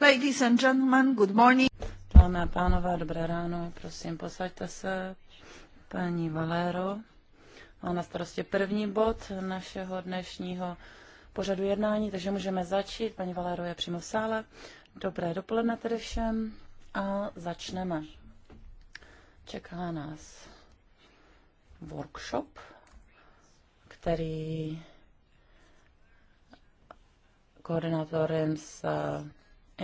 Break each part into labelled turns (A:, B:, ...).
A: Ladies and gentlemen, good morning. Dámy a pánové,
B: dobré ráno. Prosím, posaďte se. Paní Valero má na starosti první bod našeho dnešního pořadu jednání, takže můžeme začít. Paní Valero je přímo v sále. Dobré dopoledne tedy všem a začneme. Čeká nás workshop, který koordinátorem s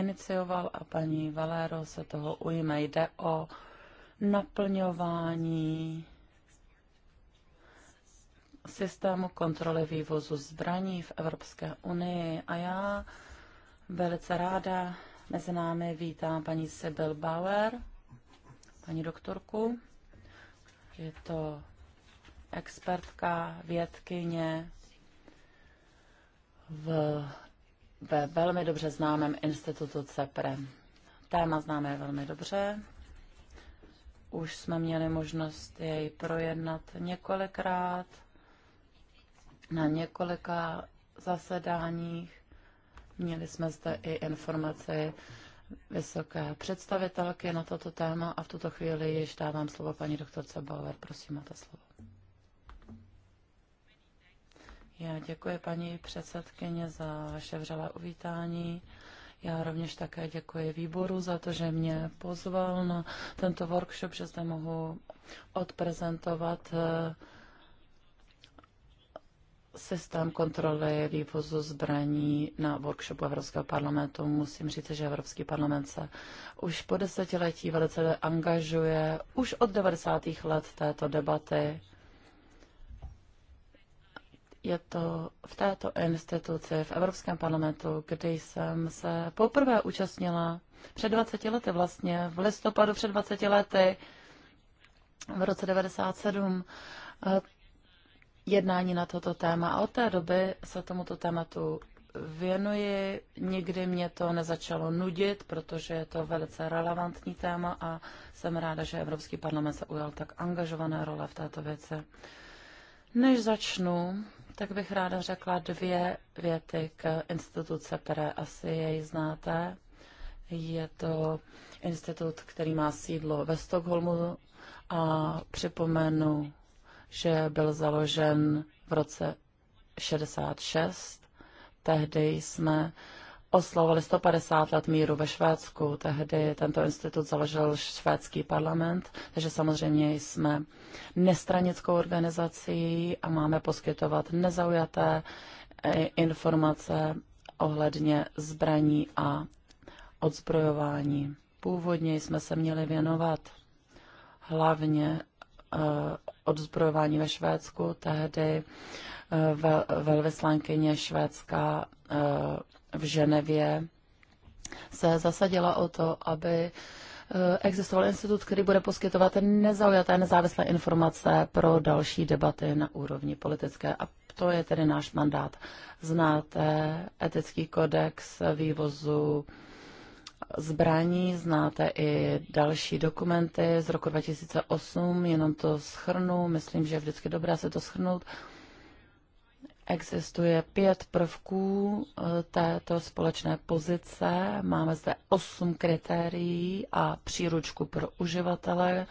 B: inicioval a paní Valero se toho ujme. Jde o naplňování systému kontroly vývozu zbraní v Evropské unii a já velice ráda mezi námi vítám paní Sibyl Bauer, paní doktorku. Je to expertka, vědkyně v ve velmi dobře známém institutu CEPRE. Téma známe velmi dobře. Už jsme měli možnost jej projednat několikrát na několika zasedáních. Měli jsme zde i informaci vysoké představitelky na toto téma a v tuto chvíli již dávám slovo paní doktorce Bauer. Prosím, máte slovo. Já děkuji paní předsedkyně za vaše vřelé uvítání. Já rovněž také děkuji výboru za to, že mě pozval na tento workshop, že zde mohu odprezentovat eh, systém kontroly vývozu zbraní na workshopu Evropského parlamentu. Musím říct, že Evropský parlament se už po desetiletí velice angažuje už od 90. let této debaty je to v této instituci, v Evropském parlamentu, kde jsem se poprvé účastnila před 20 lety vlastně, v listopadu před 20 lety, v roce 1997 eh, jednání na toto téma. A od té doby se tomuto tématu věnuji. Nikdy mě to nezačalo nudit, protože je to velice relevantní téma a jsem ráda, že Evropský parlament se ujal tak angažované role v této věci. Než začnu, tak bych ráda řekla dvě věty k instituce, které asi jej znáte. Je to institut, který má sídlo ve Stockholmu a připomenu, že byl založen v roce 66. Tehdy jsme oslavovali 150 let míru ve Švédsku. Tehdy tento institut založil švédský parlament, takže samozřejmě jsme nestranickou organizací a máme poskytovat nezaujaté eh, informace ohledně zbraní a odzbrojování. Původně jsme se měli věnovat hlavně eh, odzbrojování ve Švédsku. Tehdy eh, velvyslankyně švédská v Ženevě se zasadila o to, aby eh, existoval institut, který bude poskytovat nezaujaté, nezávislé informace pro další debaty na úrovni politické. A to je tedy náš mandát. Znáte etický kodex vývozu zbraní, znáte i další dokumenty z roku 2008, jenom to schrnu, myslím, že je vždycky dobré se to schrnout. Existuje pět prvků eh, této společné pozice. Máme zde osm kritérií a příručku pro uživatele,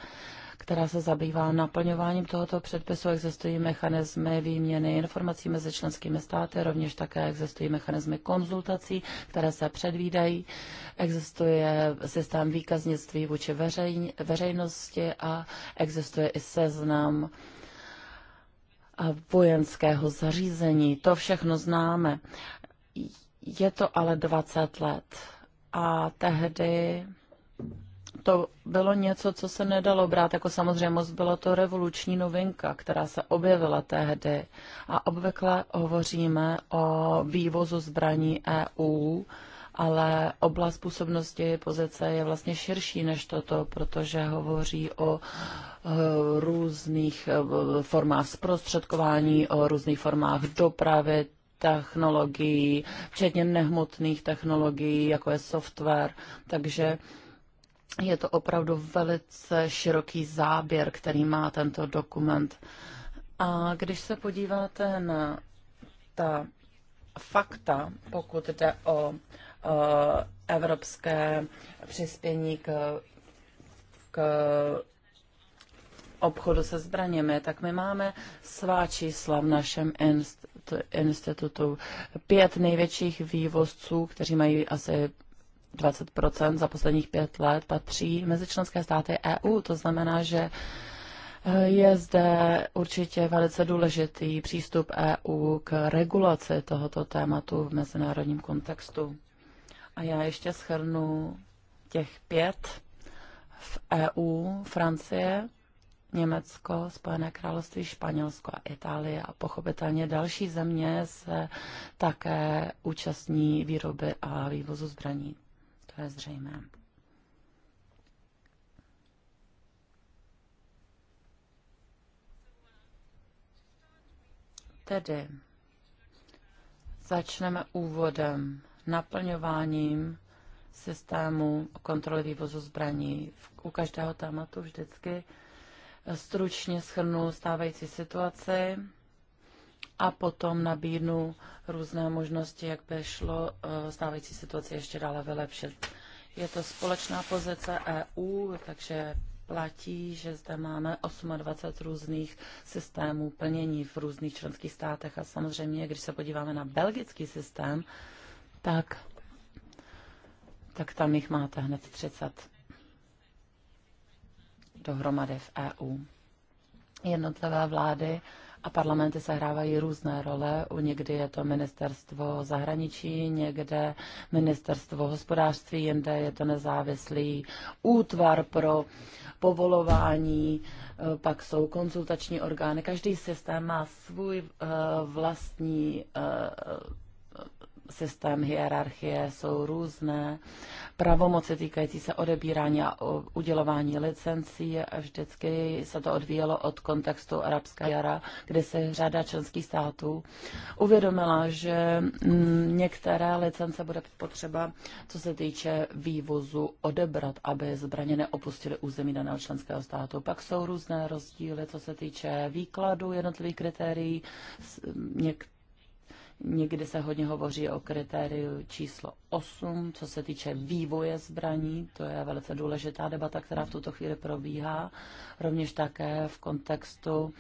B: která se zabývá naplňováním tohoto předpisu. Existují mechanismy výměny informací mezi členskými státy, rovněž také existují mechanismy konzultací, které se předvídají. Existuje systém výkaznictví vůči veřejnosti a existuje i seznam vojenského zařízení. To všechno známe. Je to ale 20 let. A tehdy to bylo něco, co se nedalo brát jako samozřejmost. Byla to revoluční novinka, která se objevila tehdy. A obvykle hovoříme o vývozu zbraní EU ale oblast působnosti pozice je vlastně širší než toto, protože hovoří o eh, různých eh, formách zprostředkování, o různých formách dopravy, technologií, včetně nehmotných technologií, jako je software. Takže je to opravdu velice široký záběr, který má tento dokument. A když se podíváte na ta fakta, pokud jde o Eh, evropské přispění k, k obchodu se zbraněmi, tak my máme svá čísla v našem institutu. Pět největších vývozců, kteří mají asi 20% za posledních pět let, patří mezi členské státy EU. To znamená, že eh, je zde určitě velice důležitý přístup EU k regulaci tohoto tématu v mezinárodním kontextu. A já ještě schrnu těch pět v EU, Francie, Německo, Spojené království, Španělsko a Itálie a pochopitelně další země se také účastní výroby a vývozu zbraní. To je zřejmé. Tedy začneme úvodem naplňováním systému kontroly vývozu zbraní. U každého tématu vždycky stručně schrnu stávající situaci a potom nabídnu různé možnosti, jak by šlo eh, stávající situaci ještě dále vylepšit. Je to společná pozice EU, takže platí, že zde máme 28 různých systémů plnění v různých členských státech a samozřejmě, když se podíváme na belgický systém, tak, tak tam jich máte hned 30 dohromady v EU. Jednotlivé vlády a parlamenty sehrávají různé role. U někdy je to ministerstvo zahraničí, někde ministerstvo hospodářství, jinde je to nezávislý útvar pro povolování, eh, pak jsou konzultační orgány. Každý systém má svůj eh, vlastní eh, systém hierarchie, jsou různé. Pravomoci týkající se odebírání a udělování licencí, vždycky se to odvíjelo od kontextu arabská jara, kdy se řada členských států uvědomila, že mm, některé licence bude potřeba, co se týče vývozu, odebrat, aby zbraně neopustily území daného členského státu. Pak jsou různé rozdíly, co se týče výkladu jednotlivých kritérií. Někdy se hodně hovoří o kritériu číslo 8, co se týče vývoje zbraní. To je velice důležitá debata, která v tuto chvíli probíhá. Rovněž také v kontextu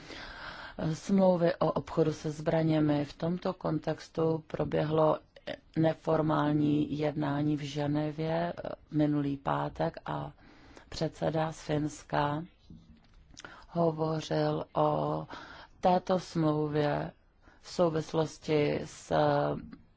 B: eh, smlouvy o obchodu se zbraněmi. V tomto kontextu proběhlo neformální jednání v Ženevě eh, minulý pátek a předseda z Finska hovořil o této smlouvě v souvislosti s eh,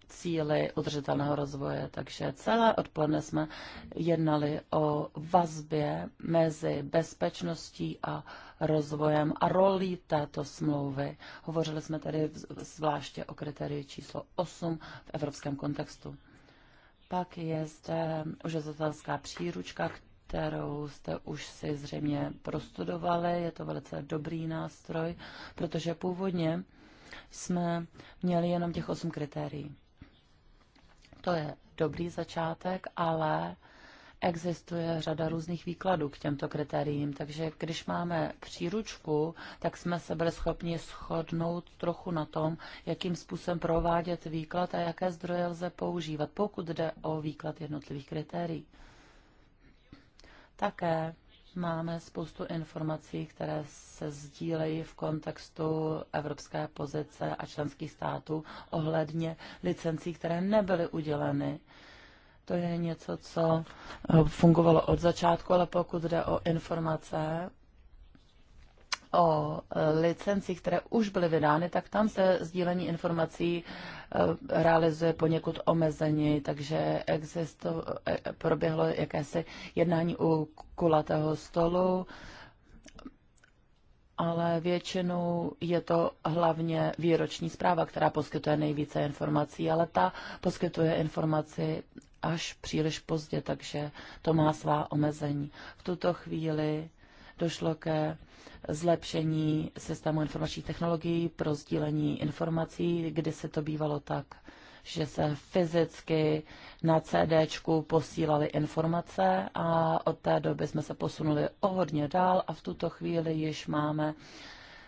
B: cíly udržitelného rozvoje. Takže celé odpoledne jsme jednali o vazbě mezi bezpečností a rozvojem a rolí této smlouvy. Hovořili jsme tady zvláště o kritérii číslo 8 v evropském kontextu. Pak je zde uživatelská příručka, kterou jste už si zřejmě prostudovali. Je to velice dobrý nástroj, protože původně jsme měli jenom těch osm kritérií. To je dobrý začátek, ale existuje řada různých výkladů k těmto kritériím, takže když máme příručku, tak jsme se byli schopni shodnout trochu na tom, jakým způsobem provádět výklad a jaké zdroje lze používat, pokud jde o výklad jednotlivých kritérií. Také máme spoustu informací, které se sdílejí v kontextu evropské pozice a členských států ohledně licencí, které nebyly uděleny. To je něco, co fungovalo od začátku, ale pokud jde o informace o e, licencích, které už byly vydány, tak tam se sdílení informací e, realizuje poněkud omezení, takže existo, e, proběhlo jakési jednání u kulatého stolu, ale většinou je to hlavně výroční zpráva, která poskytuje nejvíce informací, ale ta poskytuje informaci až příliš pozdě, takže to má svá omezení. V tuto chvíli došlo ke zlepšení systému informačních technologií pro sdílení informací, kdy se to bývalo tak, že se fyzicky na CD posílaly informace a od té doby jsme se posunuli o hodně dál a v tuto chvíli již máme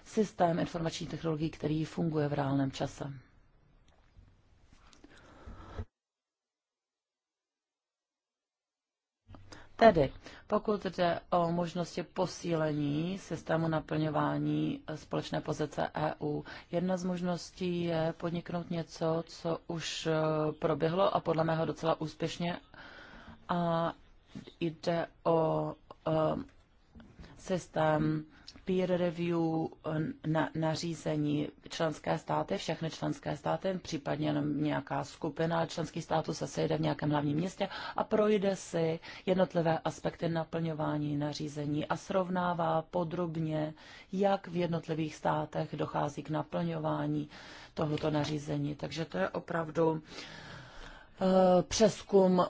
B: systém informačních technologií, který funguje v reálném čase. Tedy, pokud jde o možnosti posílení systému naplňování společné pozice EU, jedna z možností je podniknout něco, co už e, proběhlo a podle mého docela úspěšně. A jde o um, systém peer review eh, na, nařízení členské státy, všechny členské státy, případně jenom nějaká skupina členských států se sejde v nějakém hlavním městě a projde si jednotlivé aspekty naplňování nařízení a srovnává podrobně, jak v jednotlivých státech dochází k naplňování tohoto nařízení. Takže to je opravdu uh, přeskum uh,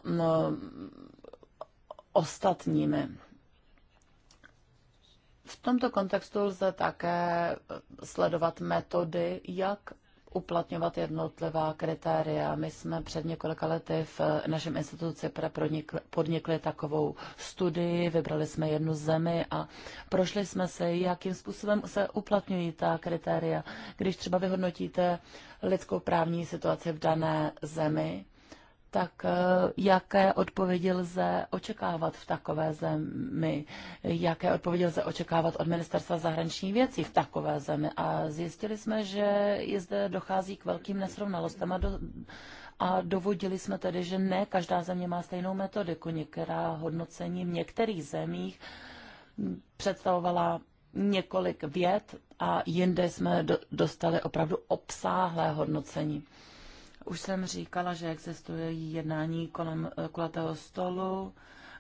B: ostatními. V tomto kontextu lze také sledovat metody, jak uplatňovat jednotlivá kritéria. My jsme před několika lety v našem instituci podnikli takovou studii, vybrali jsme jednu zemi a prošli jsme se, jakým způsobem se uplatňují ta kritéria. Když třeba vyhodnotíte lidskou právní situaci v dané zemi, tak eh, jaké odpovědi lze očekávat v takové zemi, jaké odpovědi lze očekávat od ministerstva zahraničních věcí v takové zemi. A zjistili jsme, že i zde dochází k velkým nesrovnalostem a, do, a dovodili jsme tedy, že ne každá země má stejnou metodiku. Některá hodnocení v některých zemích představovala několik věd a jinde jsme do, dostali opravdu obsáhlé hodnocení. Už jsem říkala, že existuje jednání kolem eh, kulatého stolu,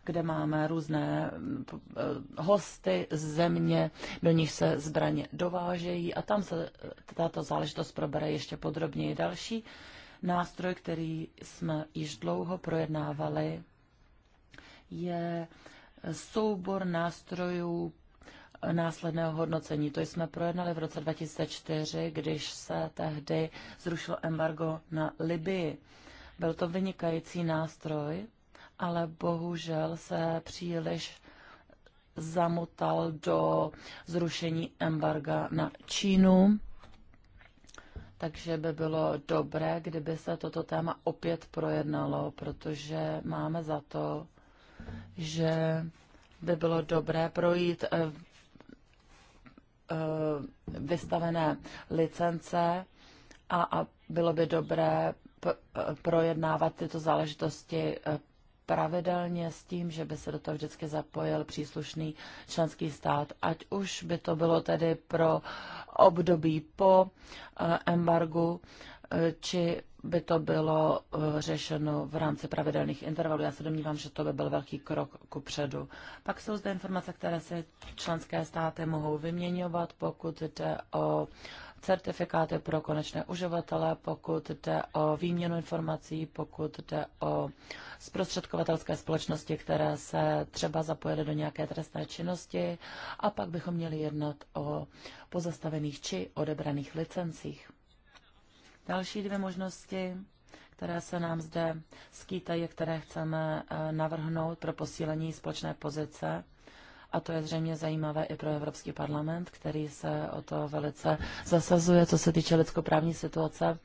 B: kde máme různé mm, eh, hosty z země, do nich se zbraně dovážejí a tam se eh, tato záležitost probere ještě podrobněji. Další nástroj, který jsme již dlouho projednávali, je soubor nástrojů následného hodnocení. To jsme projednali v roce 2004, když se tehdy zrušilo embargo na Libii. Byl to vynikající nástroj, ale bohužel se příliš zamotal do zrušení embarga na Čínu. Takže by bylo dobré, kdyby se toto téma opět projednalo, protože máme za to, že by bylo dobré projít eh, Eh, vystavené licence a, a bylo by dobré eh, projednávat tyto záležitosti eh, pravidelně s tím, že by se do toho vždycky zapojil příslušný členský stát, ať už by to bylo tedy pro období po embargu, či by to bylo eh, řešeno v rámci pravidelných intervalů. Já se domnívám, že to by byl velký krok ku předu. Pak jsou zde informace, které se členské státy mohou vyměňovat, pokud jde o certifikáty pro konečné uživatele, pokud jde o výměnu informací, pokud jde o zprostředkovatelské společnosti, které se třeba zapojily do nějaké trestné činnosti a pak bychom měli jednat o pozastavených či odebraných licencích. Další dvě možnosti, které se nám zde skýtají, které chceme eh, navrhnout pro posílení společné pozice, a to je zřejmě zajímavé i pro Evropský parlament, který se o to velice zasazuje, co se týče lidskoprávní situace.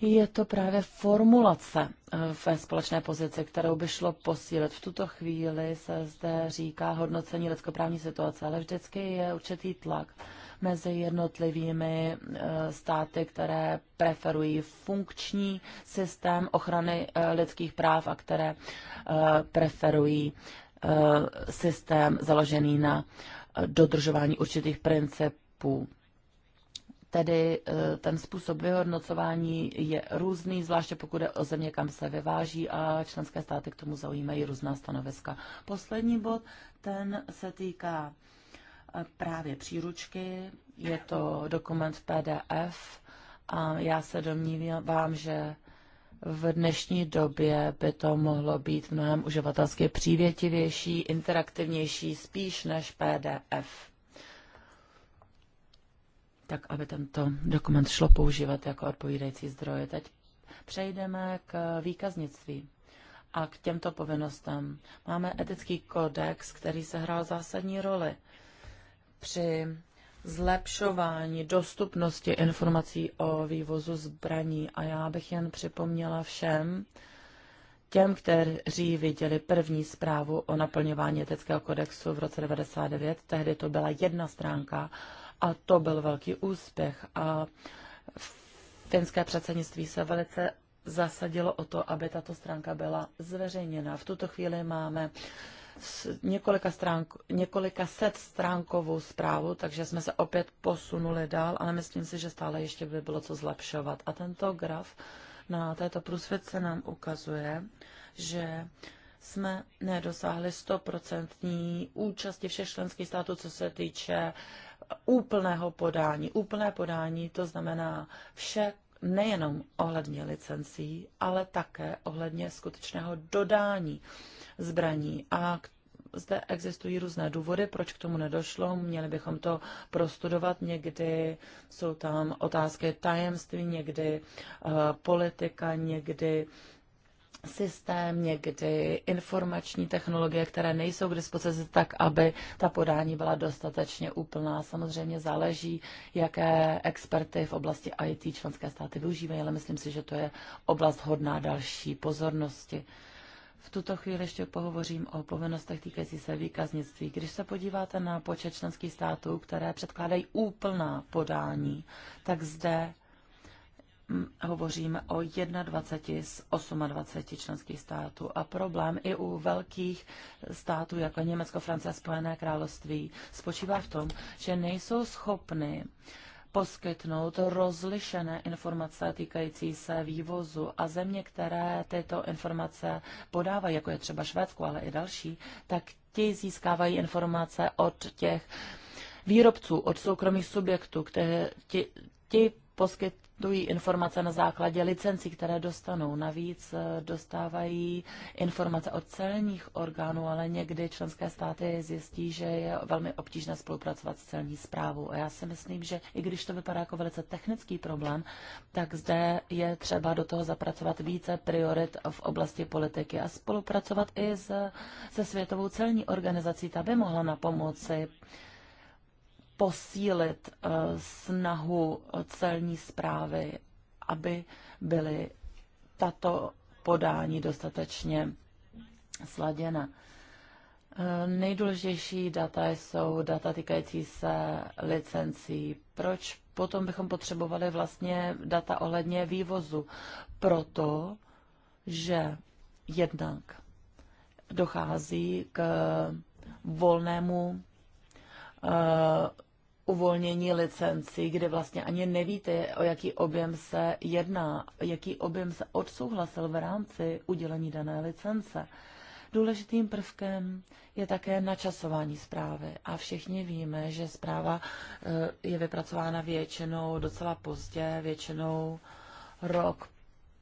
B: Je to právě formulace eh, ve společné pozici, kterou by šlo posílit. V tuto chvíli se zde říká hodnocení lidskoprávní situace, ale vždycky je určitý tlak mezi jednotlivými eh, státy, které preferují funkční systém ochrany eh, lidských práv a které eh, preferují systém založený na dodržování určitých principů. Tedy ten způsob vyhodnocování je různý, zvláště pokud je o země, kam se vyváží a členské státy k tomu zaujímají různá stanoviska. Poslední bod, ten se týká právě příručky, je to dokument PDF a já se domnívám, že v dnešní době by to mohlo být mnohem uživatelsky přívětivější, interaktivnější, spíš než PDF. Tak, aby tento dokument šlo používat jako odpovídající zdroje. Teď přejdeme k výkaznictví a k těmto povinnostem. Máme etický kodex, který se hrál zásadní roli – při zlepšování dostupnosti informací o vývozu zbraní. A já bych jen připomněla všem, těm, kteří viděli první zprávu o naplňování etického kodexu v roce 99, tehdy to byla jedna stránka a to byl velký úspěch. A finské předsednictví se velice zasadilo o to, aby tato stránka byla zveřejněna. V tuto chvíli máme několika, stránk, několika set stránkovou zprávu, takže jsme se opět posunuli dál, ale myslím si, že stále ještě by bylo co zlepšovat. A tento graf na této průsvědce nám ukazuje, že jsme nedosáhli 100% účasti všech členských států, co se týče úplného podání. Úplné podání, to znamená vše nejenom ohledně licencí, ale také ohledně skutečného dodání zbraní. A zde existují různé důvody, proč k tomu nedošlo. Měli bychom to prostudovat. Někdy jsou tam otázky tajemství, někdy uh, politika, někdy systém, někdy informační technologie, které nejsou k dispozici tak, aby ta podání byla dostatečně úplná. Samozřejmě záleží, jaké experty v oblasti IT členské státy využívají, ale myslím si, že to je oblast hodná další pozornosti. V tuto chvíli ještě pohovořím o povinnostech týkající se výkaznictví. Když se podíváte na počet členských států, které předkládají úplná podání, tak zde Mm, hovořím o 21 z 28 členských států a problém i u velkých států, jako Německo, Francie a Spojené království, spočívá v tom, že nejsou schopny poskytnout rozlišené informace týkající se vývozu a země, které tyto informace podávají, jako je třeba Švédsko, ale i další, tak ti získávají informace od těch výrobců, od soukromých subjektů, které ti, ti poskyt, dují informace na základě licencí, které dostanou. Navíc eh, dostávají informace od celních orgánů, ale někdy členské státy zjistí, že je velmi obtížné spolupracovat s celní zprávou. A já si myslím, že i když to vypadá jako velice technický problém, tak zde je třeba do toho zapracovat více priorit v oblasti politiky a spolupracovat i se Světovou celní organizací. Ta by mohla na pomoci posílit eh, snahu celní zprávy, aby byly tato podání dostatečně sladěna. Eh, nejdůležitější data jsou data týkající se licencí. Proč potom bychom potřebovali vlastně data ohledně vývozu? Proto, že jednak dochází k volnému eh, uvolnění licencí, kde vlastně ani nevíte, o jaký objem se jedná, jaký objem se odsouhlasil v rámci udělení dané licence. Důležitým prvkem je také načasování zprávy. A všichni víme, že zpráva eh, je vypracována většinou docela pozdě, většinou rok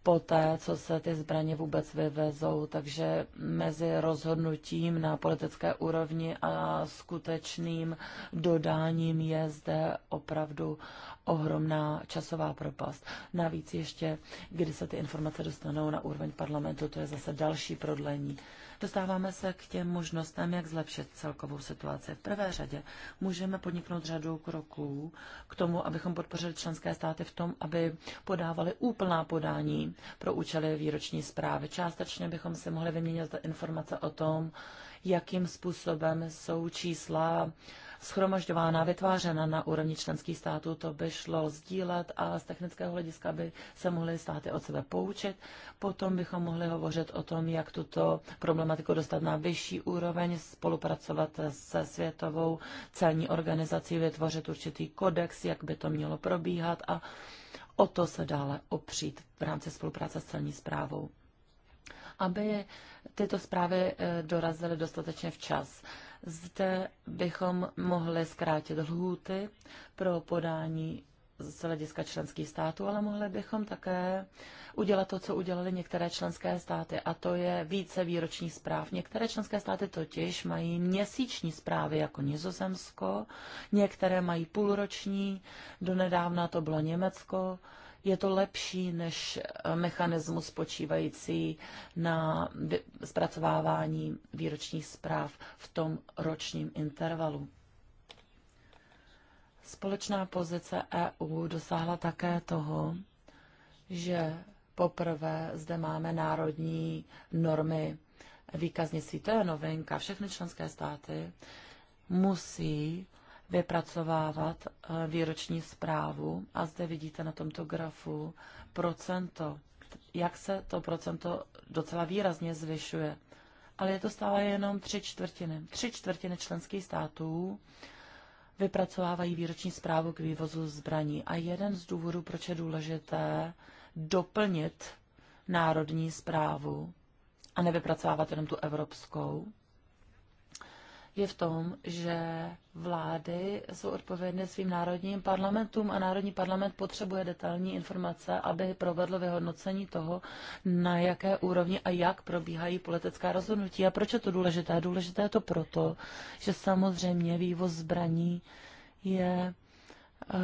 B: poté, co se ty zbraně vůbec vyvezou. Takže mezi rozhodnutím na politické úrovni a skutečným dodáním je zde opravdu ohromná časová propast. Navíc ještě, kdy se ty informace dostanou na úroveň parlamentu, to je zase další prodlení. Dostáváme se k těm možnostem, jak zlepšit celkovou situaci. V prvé řadě můžeme podniknout řadu kroků k tomu, abychom podpořili členské státy v tom, aby podávali úplná podání pro účely výroční zprávy. Částečně bychom si mohli vyměnit informace o tom, jakým způsobem jsou čísla schromažďována, vytvářena na úrovni členských států, to by šlo sdílet a z technického hlediska by se mohly státy od sebe poučit. Potom bychom mohli hovořit o tom, jak tuto problematiku dostat na vyšší úroveň, spolupracovat se světovou celní organizací, vytvořit určitý kodex, jak by to mělo probíhat a o to se dále opřít v rámci spolupráce s celní zprávou aby tyto zprávy eh, dorazily dostatečně včas. Zde bychom mohli zkrátit lhůty pro podání z hlediska členských států, ale mohli bychom také udělat to, co udělali některé členské státy, a to je více výročních zpráv. Některé členské státy totiž mají měsíční zprávy, jako Nizozemsko, některé mají půlroční, donedávna to bylo Německo, je to lepší než eh, mechanismus spočívající na zpracovávání výročních zpráv v tom ročním intervalu. Společná pozice EU dosáhla také toho, že poprvé zde máme národní normy výkaznictví. To je novinka. Všechny členské státy musí vypracovávat eh, výroční zprávu a zde vidíte na tomto grafu procento, jak se to procento docela výrazně zvyšuje. Ale je to stále jenom tři čtvrtiny. Tři čtvrtiny členských států vypracovávají výroční zprávu k vývozu zbraní. A jeden z důvodů, proč je důležité doplnit národní zprávu a nevypracovávat jenom tu evropskou, je v tom, že vlády jsou odpovědné svým národním parlamentům a národní parlament potřebuje detailní informace, aby provedl vyhodnocení toho, na jaké úrovni a jak probíhají politická rozhodnutí. A proč je to důležité? Důležité je to proto, že samozřejmě vývoz zbraní je uh,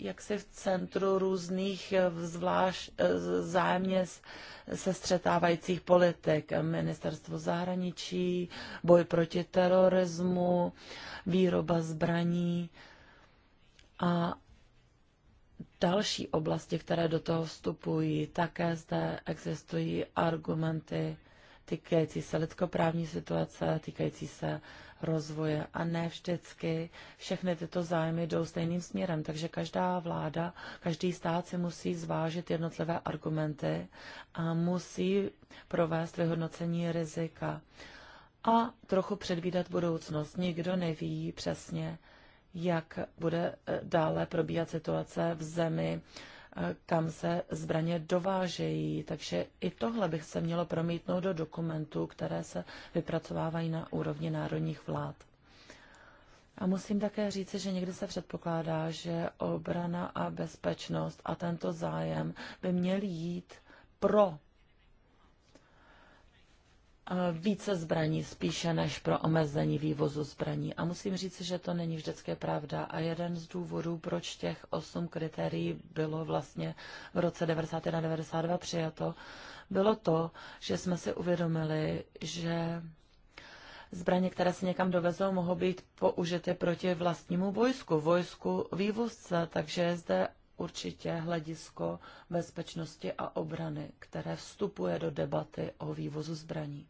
B: jak se v centru různých eh, zvlášť eh, zájemně se střetávajících politik. Ministerstvo zahraničí, boj proti terorismu, výroba zbraní a další oblasti, které do toho vstupují. Také zde existují argumenty týkající se lidskoprávní situace, týkající se rozvoje a ne vždycky všechny tyto zájmy jdou stejným směrem. Takže každá vláda, každý stát si musí zvážit jednotlivé argumenty a musí provést vyhodnocení rizika a trochu předvídat budoucnost. Nikdo neví přesně, jak bude eh, dále probíhat situace v zemi, kam se zbraně dovážejí. Takže i tohle bych se mělo promítnout do dokumentů, které se vypracovávají na úrovni národních vlád. A musím také říci, že někdy se předpokládá, že obrana a bezpečnost a tento zájem by měl jít pro Eh, více zbraní spíše než pro omezení vývozu zbraní. A musím říct, že to není vždycky pravda. A jeden z důvodů, proč těch osm kritérií bylo vlastně v roce 1991 1992 přijato, bylo to, že jsme si uvědomili, že zbraně, které se někam dovezou, mohou být použity proti vlastnímu vojsku, vojsku vývozce, takže je zde určitě hledisko bezpečnosti a obrany, které vstupuje do debaty o vývozu zbraní.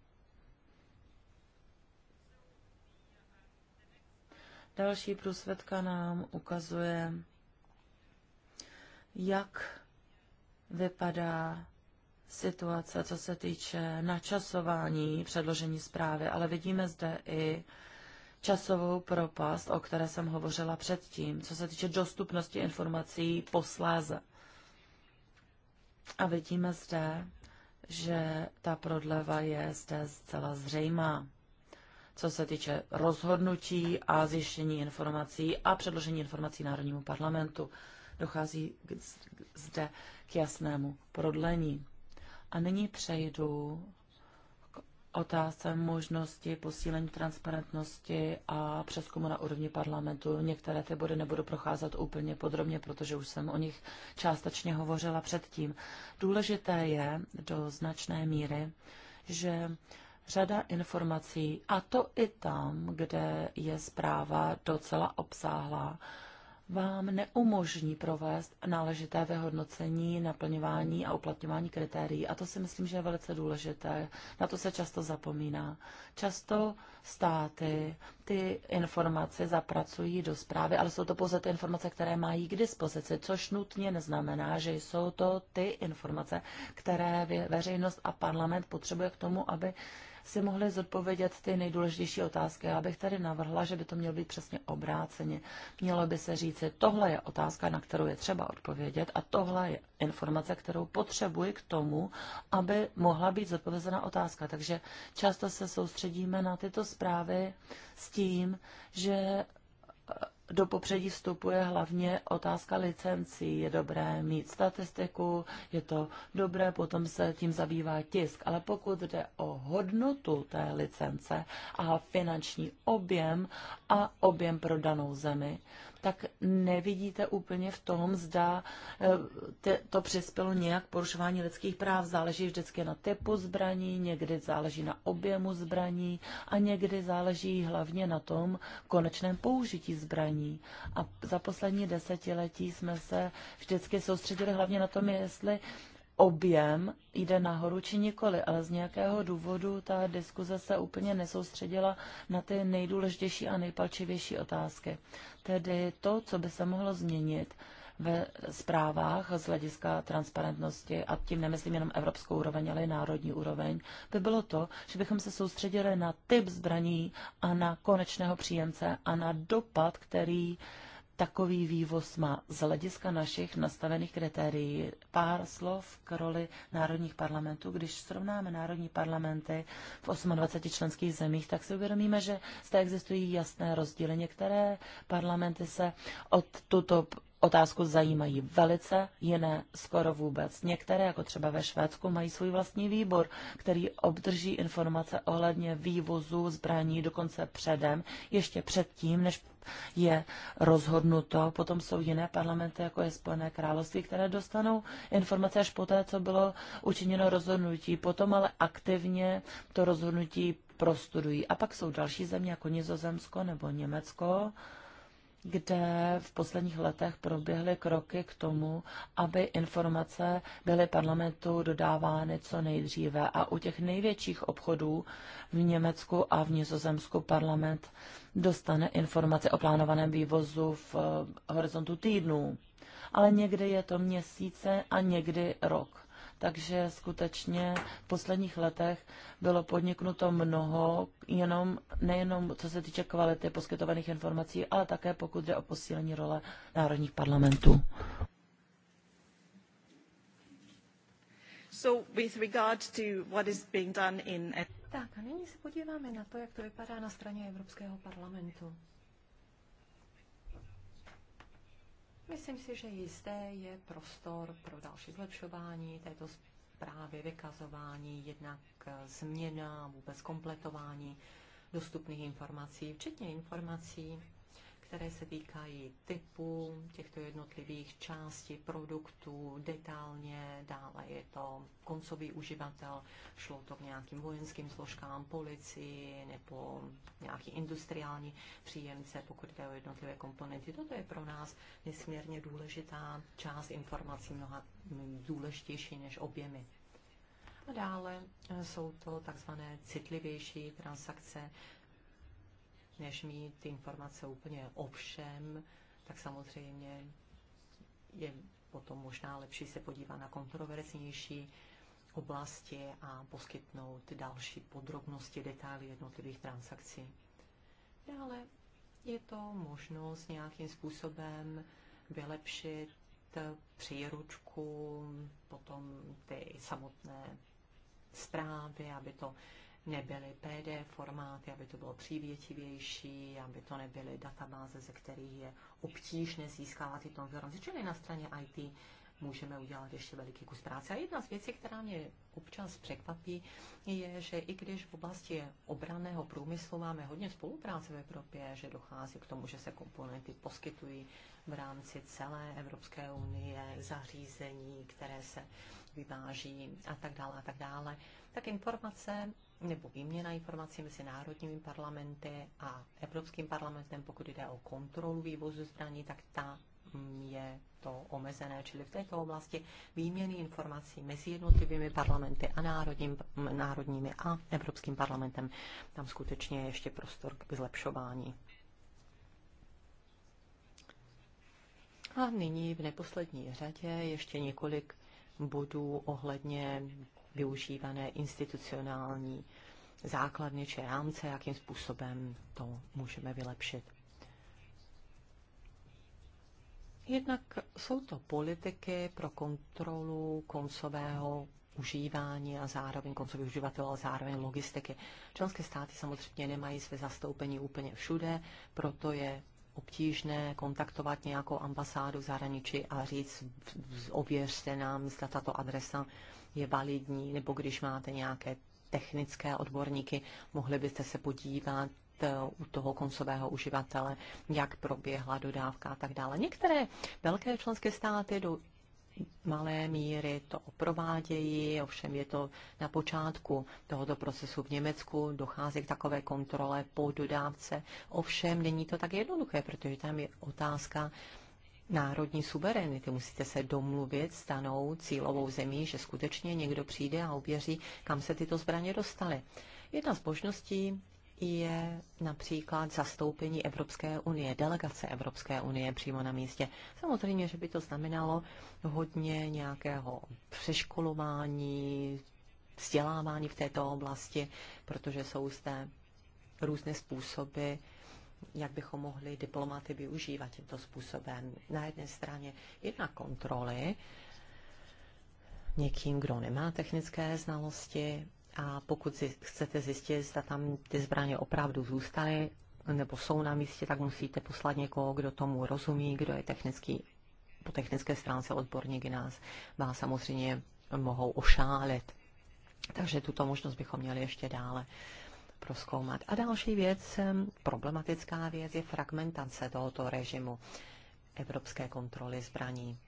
B: Další průsvědka nám ukazuje, jak vypadá situace, co se týče načasování předložení zprávy, ale vidíme zde i časovou propast, o které jsem hovořila předtím, co se týče dostupnosti informací posláze. A vidíme zde, že ta prodleva je zde zcela zřejmá co se týče rozhodnutí a zjištění informací a předložení informací Národnímu parlamentu. Dochází zde k jasnému prodlení. A nyní přejdu k otázce možnosti posílení transparentnosti a přeskumu na úrovni parlamentu. Některé ty body nebudu procházet úplně podrobně, protože už jsem o nich částečně hovořila předtím. Důležité je do značné míry, že řada informací, a to i tam, kde je zpráva docela obsáhlá, vám neumožní provést náležité vyhodnocení, naplňování a uplatňování kritérií. A to si myslím, že je velice důležité. Na to se často zapomíná. Často státy ty informace zapracují do zprávy, ale jsou to pouze ty informace, které mají k dispozici, což nutně neznamená, že jsou to ty informace, které veřejnost a parlament potřebuje k tomu, aby si mohli zodpovědět ty nejdůležitější otázky. Já bych tady navrhla, že by to mělo být přesně obráceně. Mělo by se říci, tohle je otázka, na kterou je třeba odpovědět a tohle je informace, kterou potřebuji k tomu, aby mohla být zodpovězena otázka. Takže často se soustředíme na tyto zprávy s tím, že do popředí vstupuje hlavně otázka licencí. Je dobré mít statistiku, je to dobré, potom se tím zabývá tisk. Ale pokud jde o hodnotu té licence a finanční objem a objem pro danou zemi, tak nevidíte úplně v tom, zda eh, to přispělo nějak porušování lidských práv. Záleží vždycky na typu zbraní, někdy záleží na objemu zbraní a někdy záleží hlavně na tom konečném použití zbraní. A za poslední desetiletí jsme se vždycky soustředili hlavně na tom, jestli objem jde nahoru či nikoli, ale z nějakého důvodu ta diskuze se úplně nesoustředila na ty nejdůležitější a nejpalčivější otázky. Tedy to, co by se mohlo změnit ve zprávách z hlediska transparentnosti, a tím nemyslím jenom evropskou úroveň, ale i národní úroveň, by bylo to, že bychom se soustředili na typ zbraní a na konečného příjemce a na dopad, který uh, takový vývoz má z hlediska našich nastavených kritérií. Pár slov k roli národních parlamentů. Když srovnáme národní parlamenty v 28 členských zemích, tak si uvědomíme, že zde existují jasné rozdíly. Některé parlamenty se od tuto otázku zajímají velice, jiné skoro vůbec. Některé, jako třeba ve Švédsku, mají svůj vlastní výbor, který obdrží informace ohledně vývozu zbraní dokonce předem, ještě předtím, než je rozhodnuto. Potom jsou jiné parlamenty, jako je Spojené království, které dostanou informace až poté, co bylo učiněno rozhodnutí. Potom ale aktivně to rozhodnutí prostudují. A pak jsou další země, jako Nizozemsko nebo Německo, kde v posledních letech proběhly kroky k tomu, aby informace byly parlamentu dodávány co nejdříve. A u těch největších obchodů v Německu a v Nizozemsku parlament dostane informace o plánovaném vývozu v eh, horizontu týdnů. Ale někdy je to měsíce a někdy rok takže skutečně v posledních letech bylo podniknuto mnoho, jenom, nejenom co se týče kvality poskytovaných informací, ale také pokud jde o posílení role národních parlamentů.
A: So with regard to what is being done in...
C: Tak a nyní se podíváme na to, jak to vypadá na straně Evropského parlamentu. Myslím si, že jisté je prostor pro další zlepšování této zprávy, vykazování, jednak změna, vůbec kompletování dostupných informací, včetně informací které se týkají typu těchto jednotlivých částí produktů detailně, dále je to koncový uživatel, šlo to k nějakým vojenským složkám, policii nebo nějaký industriální příjemce, pokud jde o jednotlivé komponenty. Toto je pro nás nesmírně důležitá část informací, mnoha důležitější než objemy. A dále jsou to takzvané citlivější transakce, než mít informace úplně o všem, tak samozřejmě je potom možná lepší se podívat na kontroverznější oblasti a poskytnout další podrobnosti, detaily jednotlivých transakcí. Dále je to možnost nějakým způsobem vylepšit příručku, potom ty samotné zprávy, aby to nebyly PDF formáty, aby to bylo přívětivější, aby to nebyly databáze, ze kterých je obtížné získávat tyto informace. Čili na straně IT můžeme udělat ještě veliký kus práce. A jedna z věcí, která mě občas překvapí, je, že i když v oblasti obraného průmyslu máme hodně spolupráce v Evropě, že dochází k tomu, že se komponenty poskytují v rámci celé Evropské unie, zařízení, které se vyváží a tak dále a tak dále, tak informace nebo výměna informací mezi národními parlamenty a Evropským parlamentem, pokud jde o kontrolu vývozu zbraní, tak ta je to omezené, čili v této oblasti výměny informací mezi jednotlivými parlamenty a národním, národními a Evropským parlamentem. Tam skutečně je ještě prostor k zlepšování. A nyní v neposlední řadě ještě několik bodů ohledně využívané institucionální základny či rámce, jakým způsobem to můžeme vylepšit. Jednak jsou to politiky pro kontrolu koncového užívání a zároveň koncový uživatel a zároveň logistiky. Členské státy samozřejmě nemají své zastoupení úplně všude, proto je obtížné kontaktovat nějakou ambasádu v zahraničí a říct, ověřte nám, zda tato adresa je validní, nebo když máte nějaké technické odborníky, mohli byste se podívat eh, u toho koncového uživatele, jak proběhla dodávka a tak dále. Některé velké členské státy do malé míry to provádějí, ovšem je to na počátku tohoto procesu v Německu, dochází k takové kontrole po dodávce, ovšem není to tak jednoduché, protože tam je otázka národní suverenity. Musíte se domluvit s danou cílovou zemí, že skutečně někdo přijde a ověří, kam se tyto zbraně dostaly. Jedna z možností je například zastoupení Evropské unie, delegace Evropské unie přímo na místě. Samozřejmě, že by to znamenalo hodně nějakého přeškolování, vzdělávání v této oblasti, protože jsou zde různé způsoby, jak bychom mohli diplomaty využívat tímto způsobem. Na jedné straně jedna kontroly někým, kdo nemá technické znalosti a pokud chcete zjistit, zda tam ty zbraně opravdu zůstaly nebo jsou na místě, tak musíte poslat někoho, kdo tomu rozumí, kdo je technický, po technické stránce odborníky nás má samozřejmě mohou ošálit. Takže tuto možnost bychom měli ještě dále proskoumat. A další věc, problematická věc, je fragmentace tohoto režimu evropské kontroly zbraní.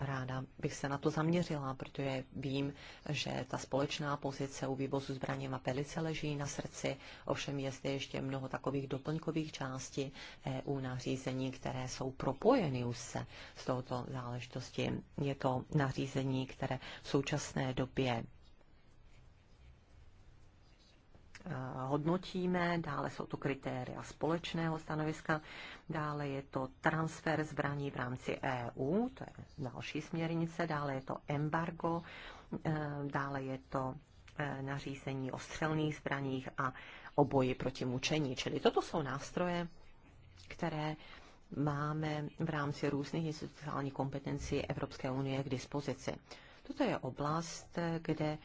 C: Ráda bych se na to zaměřila, protože vím, že ta společná pozice u vývozu zbraní má velice leží na srdci, ovšem je zde ještě mnoho takových doplňkových částí EU nařízení, které jsou propojeny už se s touto záležitostí. Je to nařízení, které v současné době hodnotíme, dále jsou to kritéria společného stanoviska, dále je to transfer zbraní v rámci EU, to je další směrnice, dále je to embargo, e, dále je to e, nařízení o střelných zbraních a o boji proti mučení. Čili toto jsou nástroje, které máme v rámci různých institucionálních kompetencí Evropské unie k dispozici. Toto je oblast, kde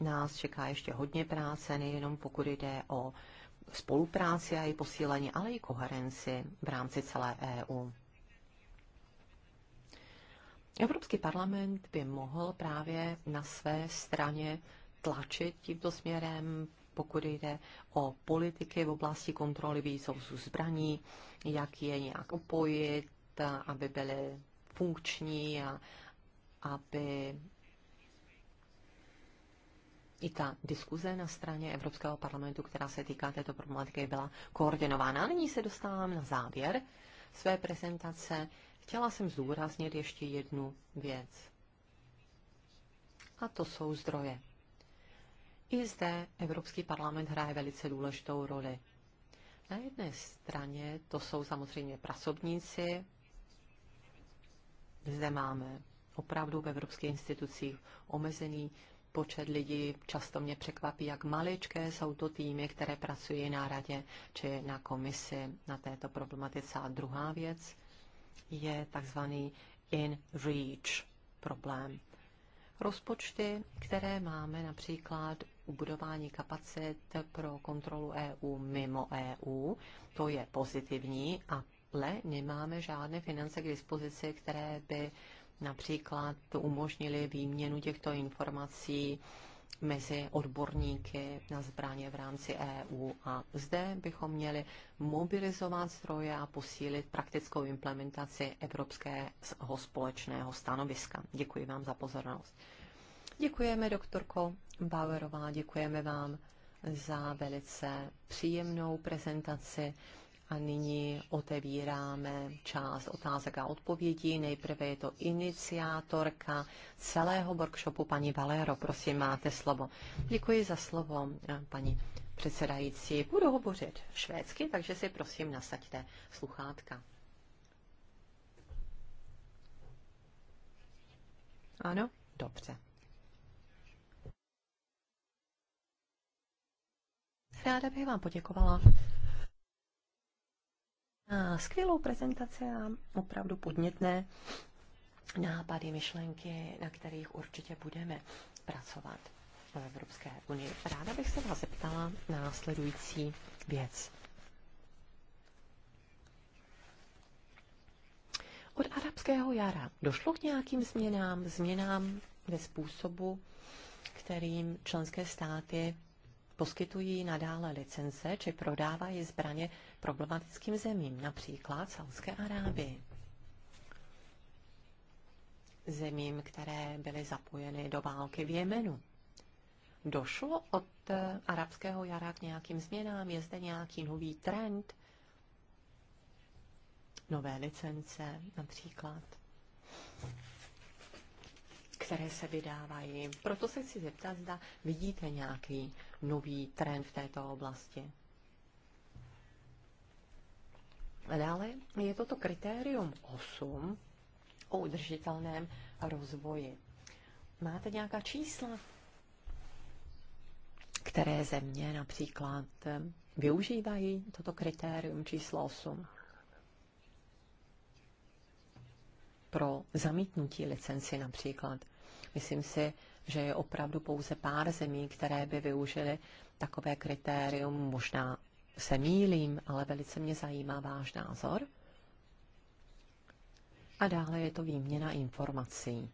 C: nás čeká ještě hodně práce, nejenom pokud jde o spolupráci a její posílení, ale i koherenci v rámci celé EU. Evropský parlament by mohl právě na své straně tlačit tímto směrem, pokud jde o politiky v oblasti kontroly výzovu zbraní, jak je nějak opojit, aby byly funkční a aby i ta diskuze na straně Evropského parlamentu, která se týká této problematiky, byla koordinována. Nyní se dostávám na závěr své prezentace. Chtěla jsem zdůraznit ještě jednu věc. A to jsou zdroje. I zde Evropský parlament hraje velice důležitou roli. Na jedné straně to jsou samozřejmě pracovníci. Zde máme opravdu v evropských institucích omezený počet lidí. Často mě překvapí, jak maličké jsou to týmy, které pracují na radě či na komisi na této problematice. A druhá věc je takzvaný in-reach problém. Rozpočty, které máme například u budování kapacit pro kontrolu EU mimo EU, to je pozitivní, ale nemáme žádné finance k dispozici, které by například umožnili výměnu těchto informací mezi odborníky na zbraně v rámci EU. A zde bychom měli mobilizovat zdroje a posílit praktickou implementaci evropského společného stanoviska. Děkuji vám za pozornost. Děkujeme, doktorko Bauerová, děkujeme vám za velice příjemnou prezentaci a nyní otevíráme část otázek a odpovědí. Nejprve je to iniciátorka celého workshopu, paní Valero. Prosím, máte slovo. Děkuji za slovo, paní předsedající. Budu hovořit švédsky, takže si prosím nasaďte sluchátka. Ano, dobře. Ráda bych vám poděkovala skvělou prezentaci a opravdu podnětné nápady, myšlenky, na kterých určitě budeme pracovat v Evropské unii. Ráda bych se vás zeptala na následující věc. Od arabského jara došlo k nějakým změnám, změnám ve způsobu, kterým členské státy poskytují nadále licence či prodávají zbraně problematickým zemím, například Saudské Arábii. Zemím, které byly zapojeny do války v Jemenu. Došlo od eh, arabského jara k nějakým změnám? Je zde nějaký nový trend? Nové licence například, které se vydávají. Proto se chci zeptat, zda vidíte nějaký nový trend v této oblasti dále je toto kritérium 8 o udržitelném rozvoji. Máte nějaká čísla? Které země například eh, využívají toto kritérium číslo 8 pro zamítnutí licenci například? Myslím si, že je opravdu pouze pár zemí, které by využily takové kritérium, možná se mýlím, ale velice mě zajímá váš názor. A dále je to výměna informací.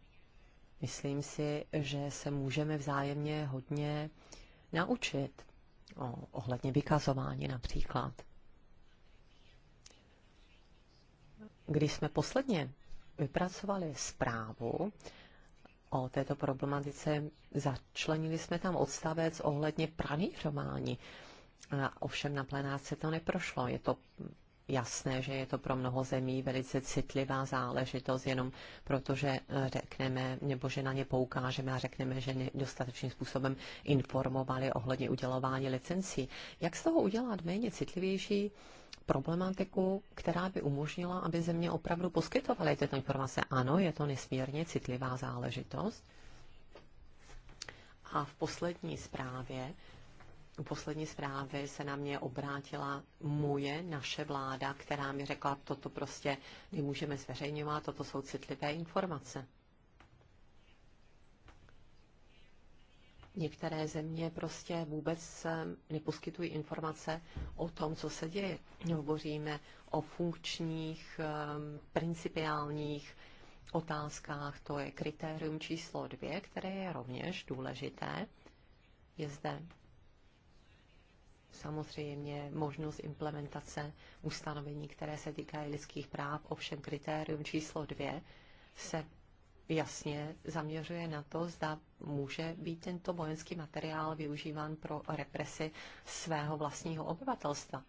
C: Myslím si, že se můžeme vzájemně hodně naučit o, ohledně vykazování například. Když jsme posledně vypracovali zprávu o této problematice, začlenili jsme tam odstavec ohledně pranýřování ovšem na plenáce to neprošlo. Je to jasné, že je to pro mnoho zemí velice citlivá záležitost, jenom protože eh, řekneme, nebo že na ně poukážeme a řekneme, že dostatečným způsobem informovali ohledně udělování licencí. Jak z toho udělat méně citlivější problematiku, která by umožnila, aby země opravdu poskytovaly tyto informace? Ano, je to nesmírně citlivá záležitost. A v poslední zprávě poslední zprávy se na mě obrátila moje, naše vláda, která mi řekla, toto prostě nemůžeme zveřejňovat, toto jsou citlivé informace. Některé země prostě vůbec eh, neposkytují informace o tom, co se děje. Hovoříme o funkčních, eh, principiálních otázkách. To je kritérium číslo dvě, které je rovněž důležité. Je zde samozřejmě možnost implementace ustanovení, které se týkají lidských práv, ovšem kritérium číslo dvě se jasně zaměřuje na to, zda může být tento vojenský materiál využíván pro represi svého vlastního obyvatelstva.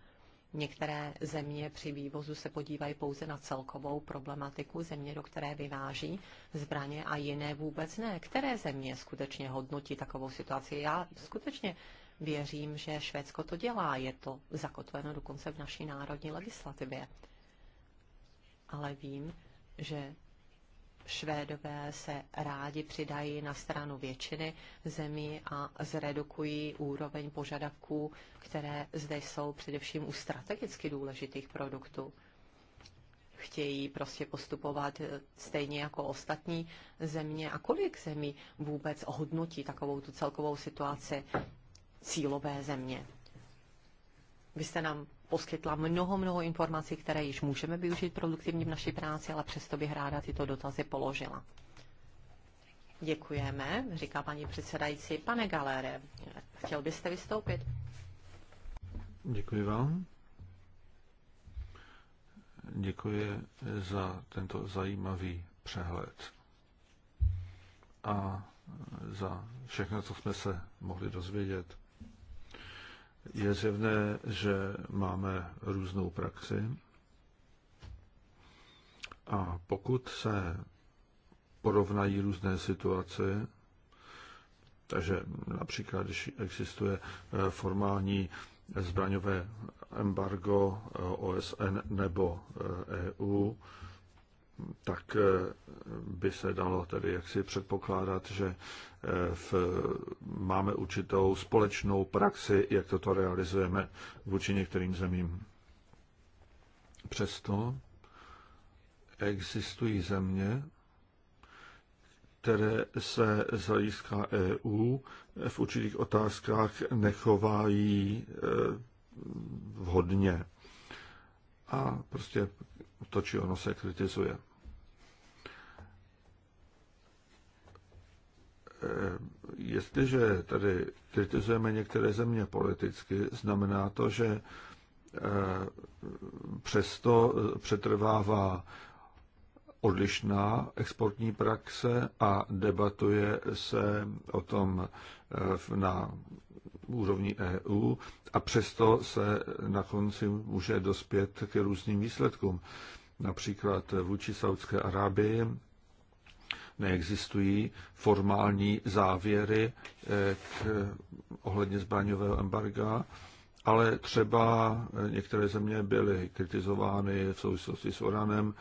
C: Některé země při vývozu se podívají pouze na celkovou problematiku země, do které vyváží zbraně a jiné vůbec ne. Které země skutečně hodnotí takovou situaci? Já skutečně věřím, že Švédsko to dělá. Je to zakotveno dokonce v naší národní legislativě. Ale vím, že Švédové se rádi přidají na stranu většiny zemí a zredukují úroveň požadavků, které zde jsou především u strategicky důležitých produktů. Chtějí prostě postupovat eh, stejně jako ostatní země. A kolik zemí vůbec hodnotí takovou tu celkovou situaci cílové země. Vy jste nám poskytla mnoho, mnoho informací, které již můžeme využít produktivně v naší práci, ale přesto bych ráda tyto dotazy položila. Děkujeme, říká paní předsedající. Pane Galére, chtěl byste vystoupit?
D: Děkuji vám. Děkuji za tento zajímavý přehled a za všechno, co jsme se mohli dozvědět. Je zjevné, že máme různou praxi. A pokud se porovnají různé situace, takže například, když existuje eh, formální zbraňové embargo eh, OSN nebo EU, eh, e tak eh, by se dalo tedy jaksi předpokládat, že eh, v, máme určitou společnou praxi, jak toto realizujeme vůči některým zemím. Přesto existují země, které se z hlediska EU v určitých otázkách nechovají eh, vhodně. A prostě to či ono se kritizuje. Eh, jestliže tady kritizujeme některé země politicky, znamená to, že eh, přesto eh, přetrvává odlišná exportní praxe a debatuje se o tom na úrovni EU a přesto se na konci může dospět k různým výsledkům. Například vůči Saudské Arábii neexistují formální závěry eh, k, ohledně zbraňového embarga, ale třeba eh, některé země byly kritizovány v souvislosti s Oranem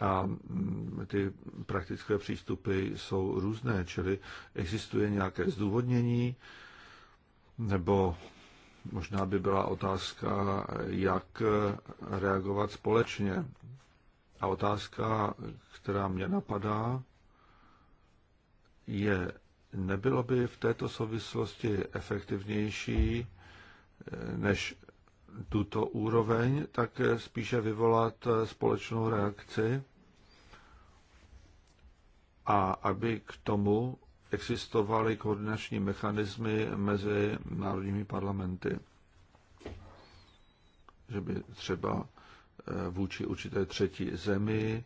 D: a mm, ty praktické přístupy jsou různé, čili existuje nějaké zdůvodnění, nebo možná by byla otázka, jak reagovat společně. A otázka, která mě napadá, je, nebylo by v této souvislosti efektivnější eh, než tuto úroveň, tak spíše vyvolat eh, společnou reakci a aby k tomu existovaly koordinační mechanismy mezi národními parlamenty. Že by třeba eh, vůči určité třetí zemi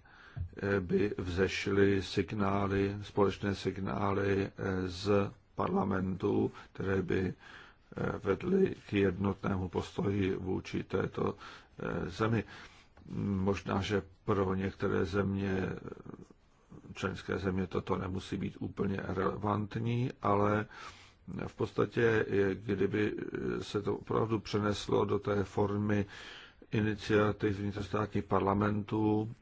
D: eh, by vzešly signály, společné signály eh, z parlamentu, které by vedly k jednotnému postoji vůči této zemi. Možná, že pro některé země členské země toto nemusí být úplně relevantní, ale v podstatě, kdyby se to opravdu přeneslo do té formy iniciativ vnitrostátních parlamentů,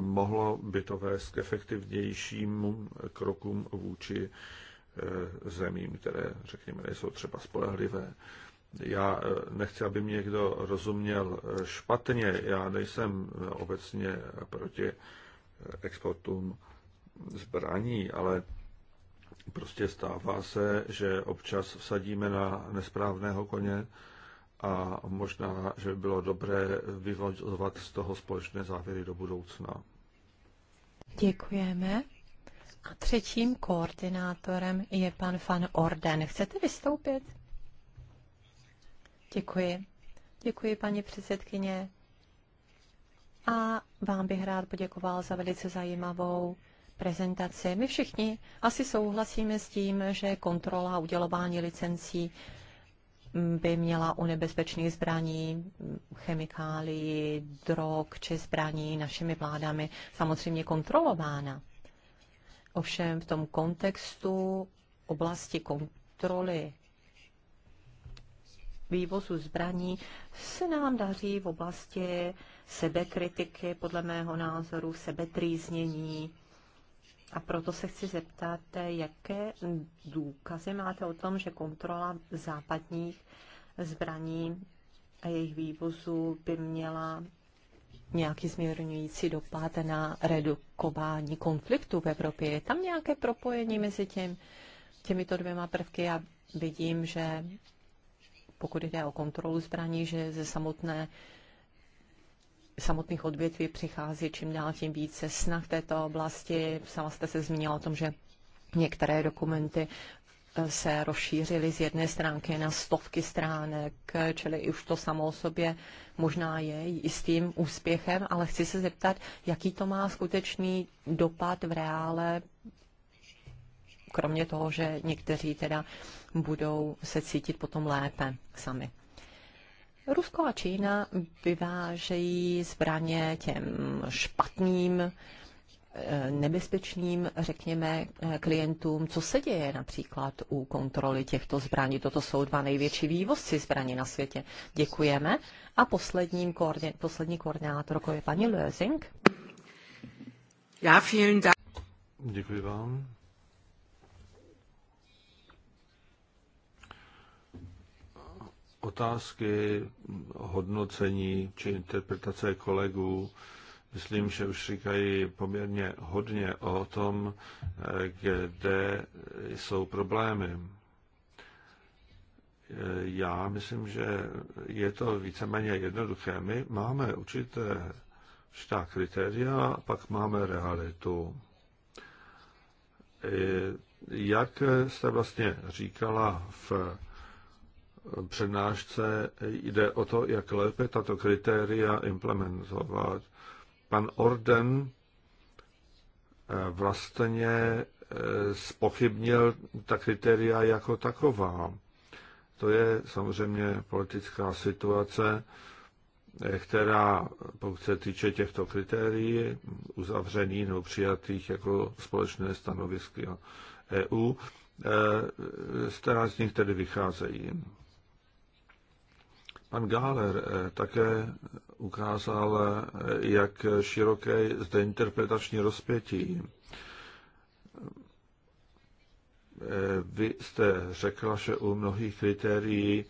D: mohlo by to vést k efektivnějším krokům vůči eh, zemím, které, řekněme, nejsou třeba spolehlivé. Já eh, nechci, aby mě někdo rozuměl eh, špatně. Já nejsem obecně proti exportům zbraní, ale prostě stává se, že občas vsadíme na nesprávného koně a možná, že by bylo dobré vyvozovat z toho společné závěry do budoucna.
C: Děkujeme. A třetím koordinátorem je pan Van Orden. Chcete vystoupit? Děkuji. Děkuji, paní předsedkyně. A vám bych rád poděkoval za velice zajímavou Prezentace, My všichni asi souhlasíme s tím, že kontrola udělování licencí by měla u nebezpečných zbraní, chemikálií, drog či zbraní našimi vládami samozřejmě kontrolována. Ovšem v tom kontextu oblasti kontroly vývozu zbraní se nám daří v oblasti sebekritiky, podle mého názoru, sebetrýznění, a proto se chci zeptat, jaké důkazy máte o tom, že kontrola západních zbraní a jejich vývozu by měla nějaký změrňující dopad na redukování konfliktu v Evropě. Je tam nějaké propojení mezi těm, těmito dvěma prvky? Já vidím, že pokud jde o kontrolu zbraní, že ze samotné uh, samotných odvětví přichází čím dál tím více snah této oblasti. Sama jste se zmínila o tom, že některé dokumenty eh, se rozšířily z jedné stránky na stovky stránek, čili už to samo o sobě možná je jistým úspěchem, ale chci se zeptat, jaký to má skutečný dopad v reále, kromě toho, že někteří teda budou se cítit potom lépe sami. Rusko a Čína vyvážejí zbraně těm špatným, eh, nebezpečným, řekněme, eh, klientům. Co se děje například u kontroly těchto zbraní? Toto jsou dva největší vývozci zbraní na světě. Děkujeme. A posledním koordin- poslední koordinátorkou jako je paní Lösing. Já
B: vielen Dank.
D: Děkuji vám. otázky hodnocení či interpretace kolegů, myslím, že už říkají poměrně hodně o tom, kde jsou problémy. Já myslím, že je to víceméně jednoduché. My máme určité štá kritéria, pak máme realitu. Jak jste vlastně říkala v přednášce jde o to, jak lépe tato kritéria implementovat. Pan Orden eh, vlastně eh, spochybnil ta kritéria jako taková. To je samozřejmě politická situace, eh, která, pokud se týče těchto kritérií, uzavřených nebo přijatých jako společné stanovisky EU, která z nich tedy vycházejí. Pan Gáler eh, také ukázal, eh, jak široké zde interpretační rozpětí. Eh, vy jste řekla, že u mnohých kritérií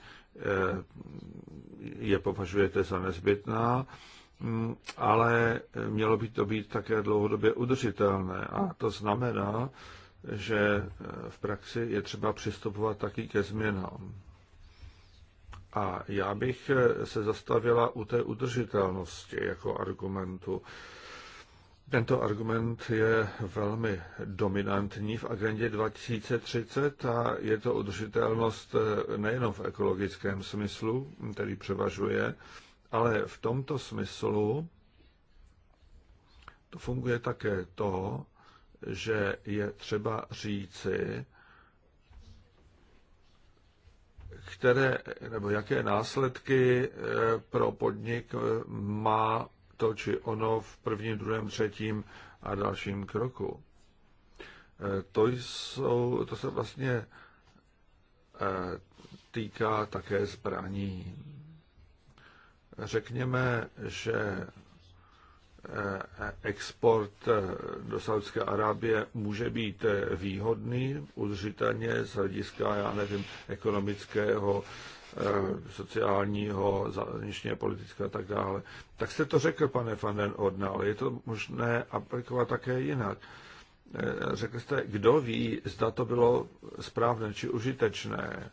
D: je považujete za nezbytná, mm, ale mělo by to být také dlouhodobě udržitelné. A to znamená, že v praxi je třeba přistupovat taky ke změnám. A já bych eh, se zastavila u té udržitelnosti jako argumentu. Tento argument je velmi dominantní v agendě 2030 a je to udržitelnost eh, nejenom v ekologickém smyslu, který převažuje, ale v tomto smyslu to funguje také to, že je třeba říci, které, nebo jaké následky eh, pro podnik eh, má to či ono v prvním, druhém, třetím a dalším kroku. Eh, to, jsou, to se vlastně týká také zbraní. Řekněme, že export eh, do Saudské Arábie může být eh, výhodný, udržitelně z hlediska, já nevím, ekonomického, eh, sociálního, zahraničně politického a tak dále. Tak jste to řekl, pane van den Odna, ale je to možné aplikovat také jinak. Řekl jste, kdo ví, zda to bylo správné či užitečné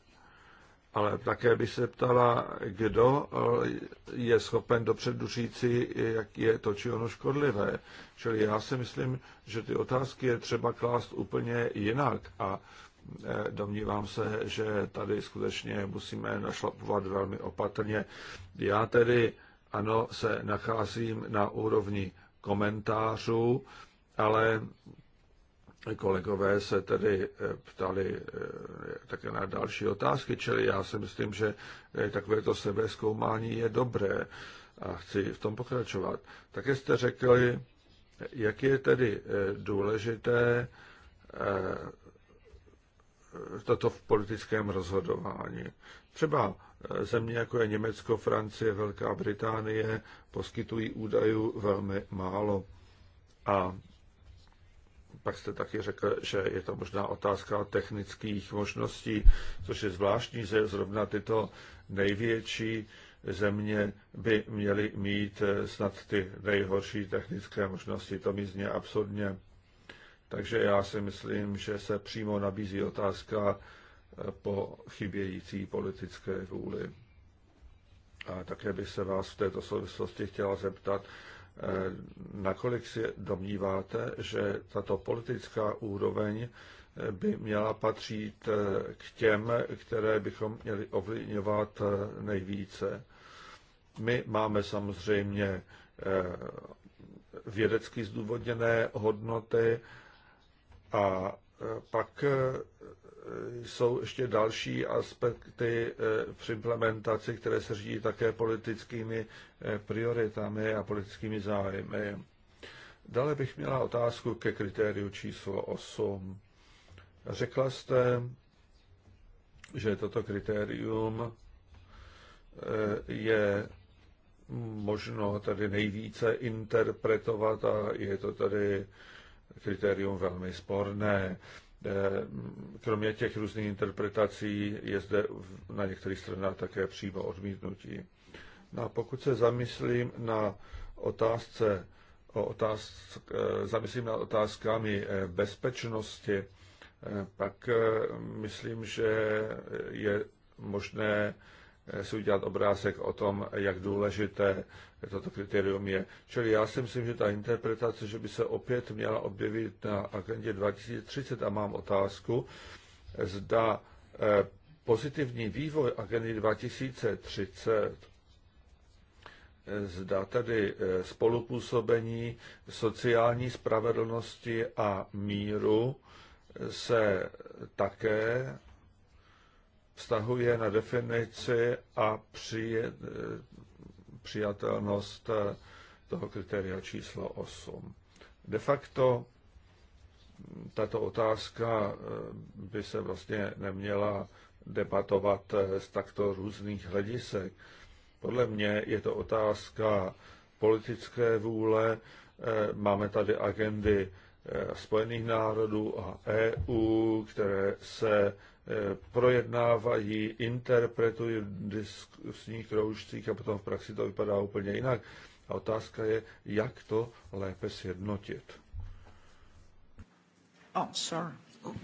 D: ale také by se ptala, kdo eh, je schopen dopředu říci, jak je to či ono škodlivé. Čili já si myslím, že ty otázky je třeba klást úplně jinak a eh, domnívám se, že tady skutečně musíme našlapovat velmi opatrně. Já tedy, ano, se nacházím na úrovni komentářů, ale kolegové se tedy eh, ptali eh, také na další otázky, čili já si myslím, že eh, takovéto sebezkoumání je dobré a chci v tom pokračovat. Také jste řekli, jak je tedy důležité toto v politickém rozhodování. Třeba země jako je Německo, Francie, Velká Británie poskytují údajů velmi málo. A pak jste taky řekl, že je to možná otázka technických možností, což je zvláštní, že zrovna tyto největší země by měly mít eh, snad ty nejhorší technické možnosti. To mi zně absurdně. Takže já si myslím, že se přímo nabízí otázka eh, po chybějící politické vůli. A také bych se vás v této souvislosti chtěla zeptat, Eh, nakolik si domníváte, že tato politická úroveň eh, by měla patřit eh, k těm, které bychom měli ovlivňovat nejvíce. My máme samozřejmě vědecky zdůvodněné hodnoty a pak jsou ještě další aspekty eh, v implementaci, které se řídí také politickými eh, prioritami a politickými zájmy. Dále bych měla otázku ke kritériu číslo 8. Řekla jste, že toto kritérium eh, je možno tady nejvíce interpretovat a je to tady kritérium velmi sporné. Eh, kromě těch různých interpretací je zde na některých stranách také přímo odmítnutí. No a pokud se zamyslím na otázce, o otázce, eh, zamyslím na otázkami eh, bezpečnosti, pak myslím, že je možné Eh, si udělat obrázek o tom, jak důležité toto kritérium je. Čili já si myslím, že ta interpretace, že by se opět měla objevit na agendě 2030 a mám otázku, zda eh, pozitivní vývoj agendy 2030 zda tedy eh, spolupůsobení sociální spravedlnosti a míru se také vztahuje na definici a eh, přijatelnost eh, toho kritéria číslo 8. De facto tato otázka eh, by se vlastně neměla debatovat z takto různých hledisek. Podle mě je to otázka politické vůle. Máme tady agendy Spojených národů a EU, které se projednávají, interpretují v diskusních kroužcích a potom v praxi to vypadá úplně jinak. A otázka je, jak to lépe sjednotit.
A: Oh, sorry. uh.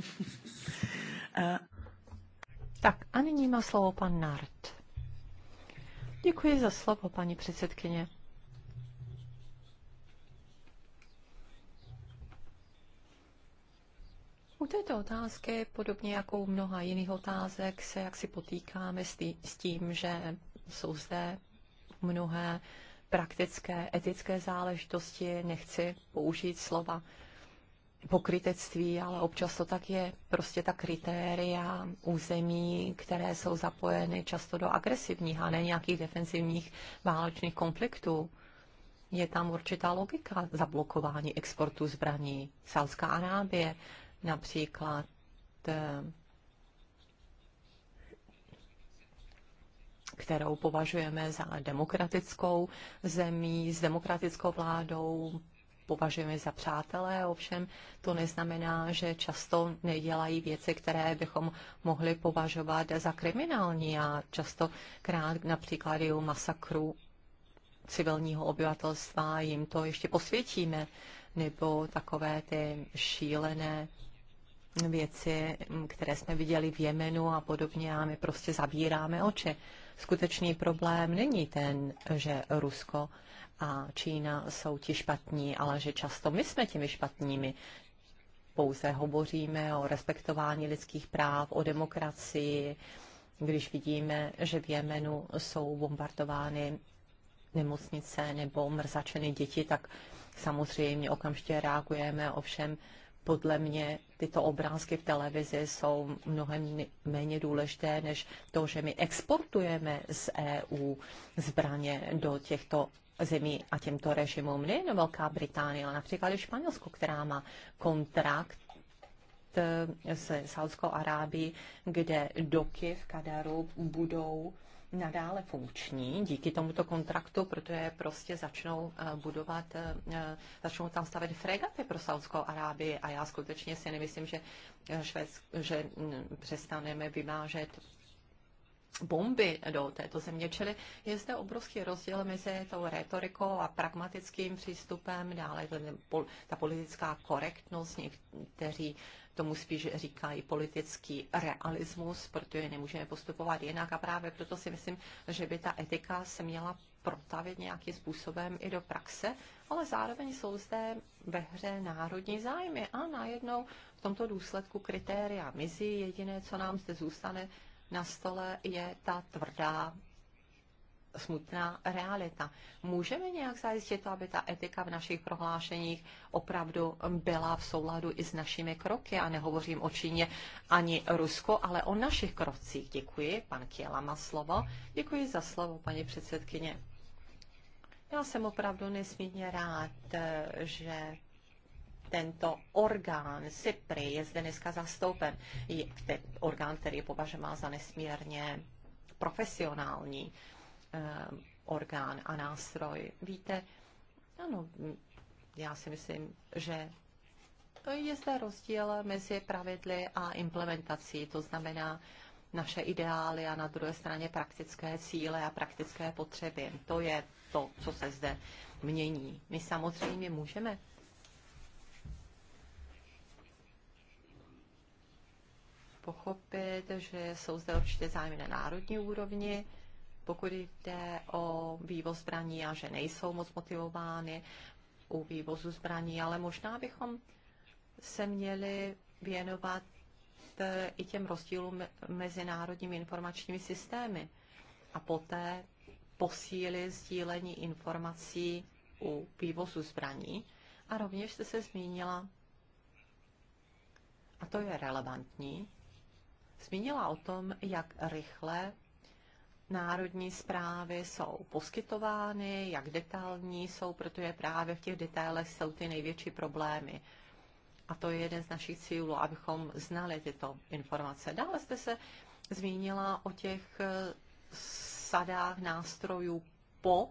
C: Tak a nyní má slovo pan Nart. Děkuji za slovo, paní předsedkyně. U této otázky, podobně jako u mnoha jiných otázek, se jaksi potýkáme s tím, že jsou zde mnohé praktické, etické záležitosti. Nechci použít slova pokrytectví, ale občas to tak je. Prostě ta kritéria území, které jsou zapojeny často do agresivních a ne nějakých defensivních válečných konfliktů. Je tam určitá logika zablokování exportu zbraní. Sálská Arábie například eh, kterou považujeme za demokratickou zemí, s demokratickou vládou, považujeme za přátelé, ovšem to neznamená, že často nedělají věci, které bychom mohli považovat za kriminální a často krát například i u masakru civilního obyvatelstva jim to ještě posvětíme, nebo takové ty šílené věci, které jsme viděli v Jemenu a podobně a my prostě zabíráme oči. Skutečný problém není ten, že Rusko a Čína jsou ti špatní, ale že často my jsme těmi špatními. Pouze hovoříme o respektování lidských práv, o demokracii, když vidíme, že v Jemenu jsou bombardovány nemocnice nebo mrzačeny děti, tak samozřejmě okamžitě reagujeme, ovšem podle mě tyto obrázky v televizi jsou mnohem méně důležité než to, že my exportujeme z EU zbraně do těchto zemí a těmto režimům. Nejen Velká Británie, ale například i Španělsko, která má kontrakt eh, se Saudskou Arábií, kde doky v Kadaru budou nadále funkční díky tomuto kontraktu, protože prostě začnou eh, budovat, eh, začnou tam stavět fregaty pro Saudskou Arábii a já skutečně si nemyslím, že, eh, švédsk, že mm, přestaneme vyvážet bomby do této země. Čili je zde obrovský rozdíl mezi tou retorikou a pragmatickým přístupem, dále ta politická korektnost, někteří tomu spíš říká i politický realismus, protože nemůžeme postupovat jinak a právě proto si myslím, že by ta etika se měla protavit nějakým způsobem i do praxe, ale zároveň jsou zde ve hře národní zájmy a najednou v tomto důsledku kritéria mizí. Jediné, co nám zde zůstane na stole, je ta tvrdá smutná realita. Můžeme nějak zajistit to, aby ta etika v našich prohlášeních opravdu byla v souladu i s našimi kroky. A nehovořím o Číně ani Rusko, ale o našich krocích. Děkuji, pan Kiela má slovo. Děkuji za slovo, paní předsedkyně. Já jsem opravdu nesmírně rád, že tento orgán SIPRI je zde dneska zastoupen. Je ten orgán, který je považován za nesmírně profesionální. Eh, orgán a nástroj. Víte, ano, já si myslím, že je zde rozdíl mezi pravidly a implementací, to znamená naše ideály a na druhé straně praktické cíle a praktické potřeby. To je to, co se zde mění. My samozřejmě můžeme pochopit, že jsou zde určitě zájmy na národní úrovni, pokud jde o vývoz zbraní a že nejsou moc motivovány u vývozu zbraní, ale možná bychom se měli věnovat eh, i těm rozdílům mezi národními informačními systémy a poté posílit sdílení informací u vývozu zbraní. A rovněž jste se zmínila, a to je relevantní, zmínila o tom, jak rychle národní zprávy jsou poskytovány, jak detailní jsou, protože právě v těch detailech jsou ty největší problémy. A to je jeden z našich cílů, abychom znali tyto informace. Dále jste se zmínila o těch eh, sadách nástrojů po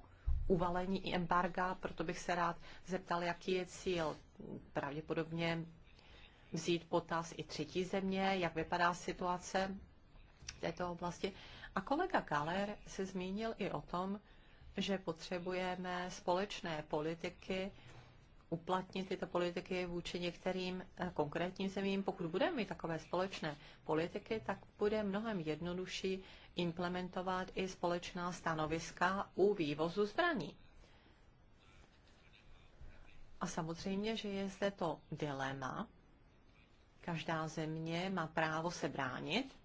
C: uvalení embarga, proto bych se rád zeptal, jaký je cíl. Pravděpodobně vzít potaz i třetí země, jak vypadá situace v této oblasti. A kolega Galer se zmínil i o tom, že potřebujeme společné politiky, uplatnit tyto politiky vůči některým eh, konkrétním zemím. Pokud budeme mít takové společné politiky, tak bude mnohem jednodušší implementovat i společná stanoviska u vývozu zbraní. A samozřejmě, že je zde to dilema. Každá země má právo se bránit,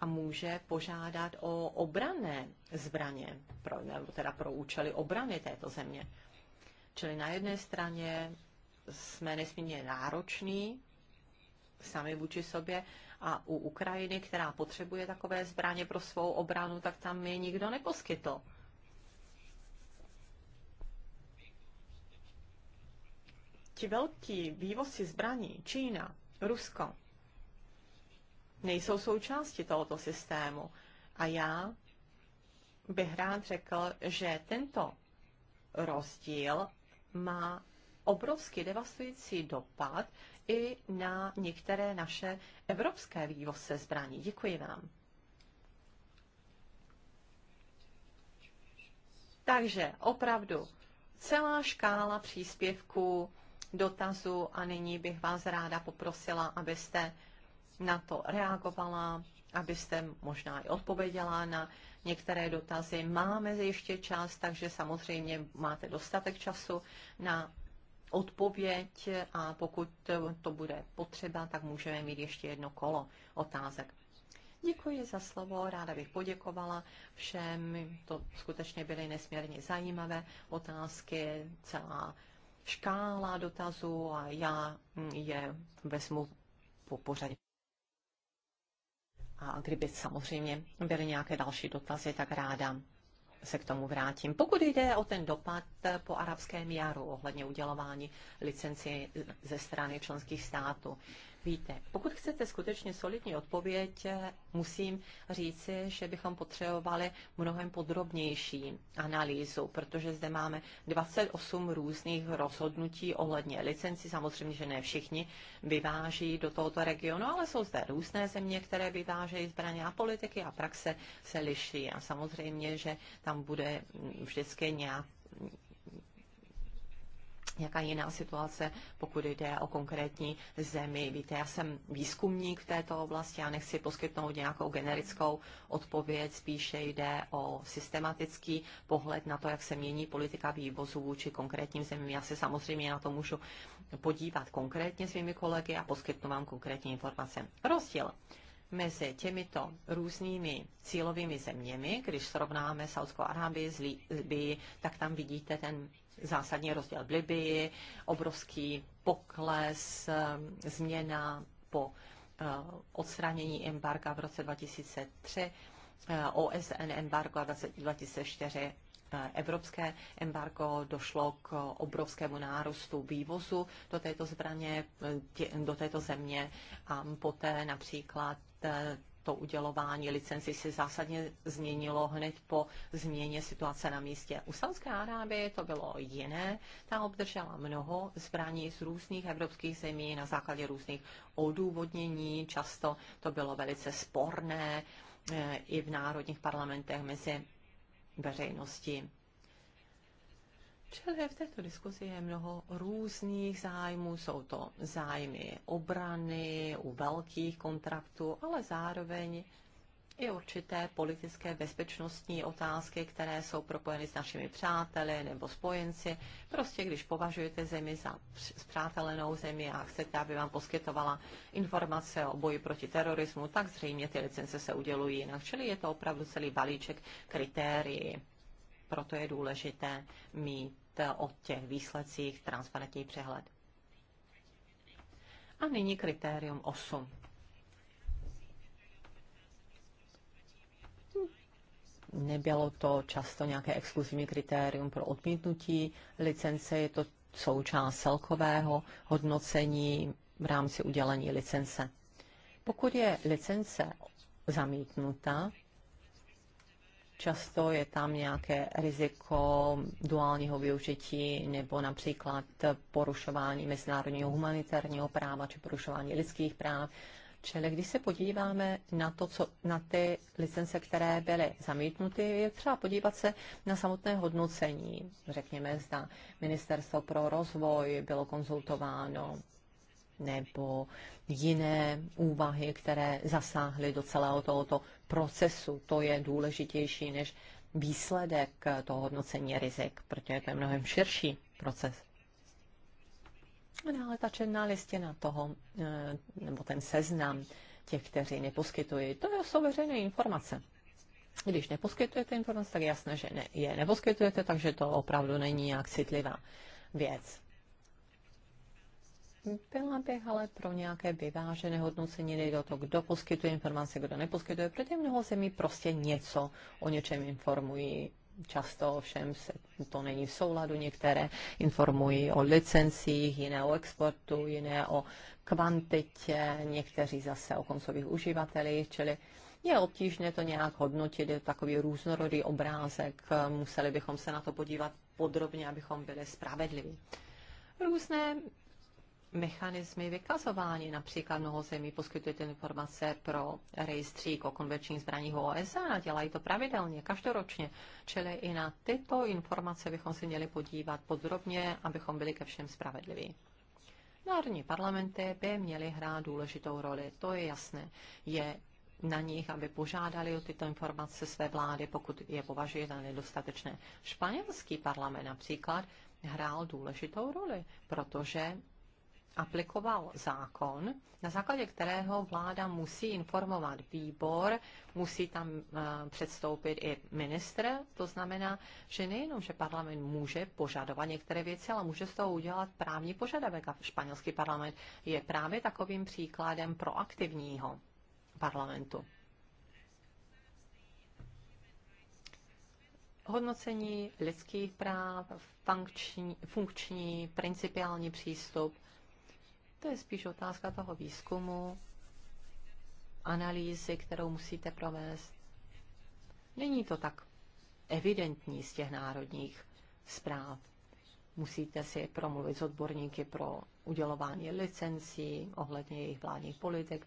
C: a může požádat o obrané zbraně, pro, nebo teda pro účely obrany této země. Čili na jedné straně jsme nesmírně nároční sami vůči sobě a u Ukrajiny, která potřebuje takové zbraně pro svou obranu, tak tam je nikdo neposkytl. Ti velký vývozci zbraní, Čína, Rusko, nejsou součástí tohoto systému. A já bych rád řekl, že tento rozdíl má obrovský devastující dopad i na některé naše evropské vývozce zbraní. Děkuji vám. Takže opravdu celá škála příspěvků, dotazů a nyní bych vás ráda poprosila, abyste na to reagovala, abyste možná i odpověděla na některé dotazy. Máme ještě čas, takže samozřejmě máte dostatek času na odpověď a pokud to bude potřeba, tak můžeme mít ještě jedno kolo otázek. Děkuji za slovo, ráda bych poděkovala všem, to skutečně byly nesmírně zajímavé otázky, celá škála dotazů a já je vezmu po pořadě. A kdyby samozřejmě byly nějaké další dotazy, tak ráda se k tomu vrátím. Pokud jde o ten dopad po arabském jaru ohledně udělování licenci ze strany členských států, Víte, pokud chcete skutečně solidní odpověď, musím říci, že bychom potřebovali mnohem podrobnější analýzu, protože zde máme 28 různých rozhodnutí ohledně licenci. Samozřejmě, že ne všichni vyváží do tohoto regionu, ale jsou zde různé země, které vyvážejí zbraně a politiky a praxe se liší. A samozřejmě, že tam bude vždycky nějak jaká jiná situace, pokud jde o konkrétní zemi. Víte, já jsem výzkumník v této oblasti, já nechci poskytnout nějakou generickou odpověď, spíše jde o systematický pohled na to, jak se mění politika vývozu vůči konkrétním zemím. Já se samozřejmě na to můžu podívat konkrétně svými kolegy a poskytnu vám konkrétní informace. Rozdíl mezi těmito různými cílovými zeměmi, když srovnáme Saudskou Arábii s Libii, tak tam vidíte ten zásadní rozdíl v Libii, obrovský pokles, um, změna po uh, odstranění embarga v roce 2003, uh, OSN embargo a 2004 uh, evropské embargo došlo k obrovskému nárůstu vývozu do této zbraně, do této země a poté například to udělování licenci se zásadně změnilo hned po změně situace na místě. U Saudské Arábie to bylo jiné. Ta obdržela mnoho zbraní z různých evropských zemí na základě různých odůvodnění. Často to bylo velice sporné eh, i v národních parlamentech mezi veřejnosti. Čili v této diskuzi je mnoho různých zájmů. Jsou to zájmy obrany u velkých kontraktů, ale zároveň i určité politické bezpečnostní otázky, které jsou propojeny s našimi přáteli nebo spojenci. Prostě když považujete zemi za zpřátelenou zemi a chcete, aby vám poskytovala informace o boji proti terorismu, tak zřejmě ty licence se udělují jinak. Čili je to opravdu celý balíček kritérií. Proto je důležité mít eh, o těch výsledcích transparentní přehled. A nyní kritérium 8. Nebylo to často nějaké exkluzivní kritérium pro odmítnutí licence, je to součást celkového hodnocení v rámci udělení licence. Pokud je licence zamítnuta, Často je tam nějaké riziko duálního využití nebo například porušování mezinárodního humanitárního práva či porušování lidských práv. Čili když se podíváme na, to, co, na ty licence, které byly zamítnuty, je třeba podívat se na samotné hodnocení. Řekněme, zda Ministerstvo pro rozvoj bylo konzultováno, nebo jiné úvahy, které zasáhly do celého tohoto procesu. To je důležitější než výsledek toho hodnocení rizik, protože to je mnohem širší proces. ale ta černá listina toho, eh, nebo ten seznam těch, kteří neposkytují, to jsou veřejné informace. Když neposkytujete informace, tak jasné, že ne, je neposkytujete, takže to opravdu není nějak citlivá věc. Byla bych ale pro nějaké vyvážené hodnocení, nejde o to, kdo poskytuje informace, kdo neposkytuje, protože mnoho zemí prostě něco o něčem informují. Často ovšem se to není v souladu, některé informují o licencích, jiné o exportu, jiné o kvantitě, někteří zase o koncových uživatelích, čili je obtížné to nějak hodnotit, je takový různorodý obrázek, museli bychom se na to podívat podrobně, abychom byli spravedliví. Různé mechanismy vykazování. Například mnoho zemí poskytuje informace pro rejstřík o konvenčních zbraních OSN a dělají to pravidelně, každoročně. Čili i na tyto informace bychom si měli podívat podrobně, abychom byli ke všem spravedliví. Národní parlamenty by měly hrát důležitou roli, to je jasné. Je na nich, aby požádali o tyto informace své vlády, pokud je považuje za nedostatečné. Španělský parlament například hrál důležitou roli, protože aplikoval zákon, na základě kterého vláda musí informovat výbor, musí tam eh, předstoupit i ministr. To znamená, že nejenom, že parlament může požadovat některé věci, ale může z toho udělat právní požadavek. A španělský parlament je právě takovým příkladem proaktivního parlamentu. hodnocení lidských práv, funkční, funkční principiální přístup to je spíš otázka toho výzkumu, analýzy, kterou musíte provést. Není to tak evidentní z těch národních zpráv. Musíte si promluvit s odborníky pro udělování licencí ohledně jejich vládních politik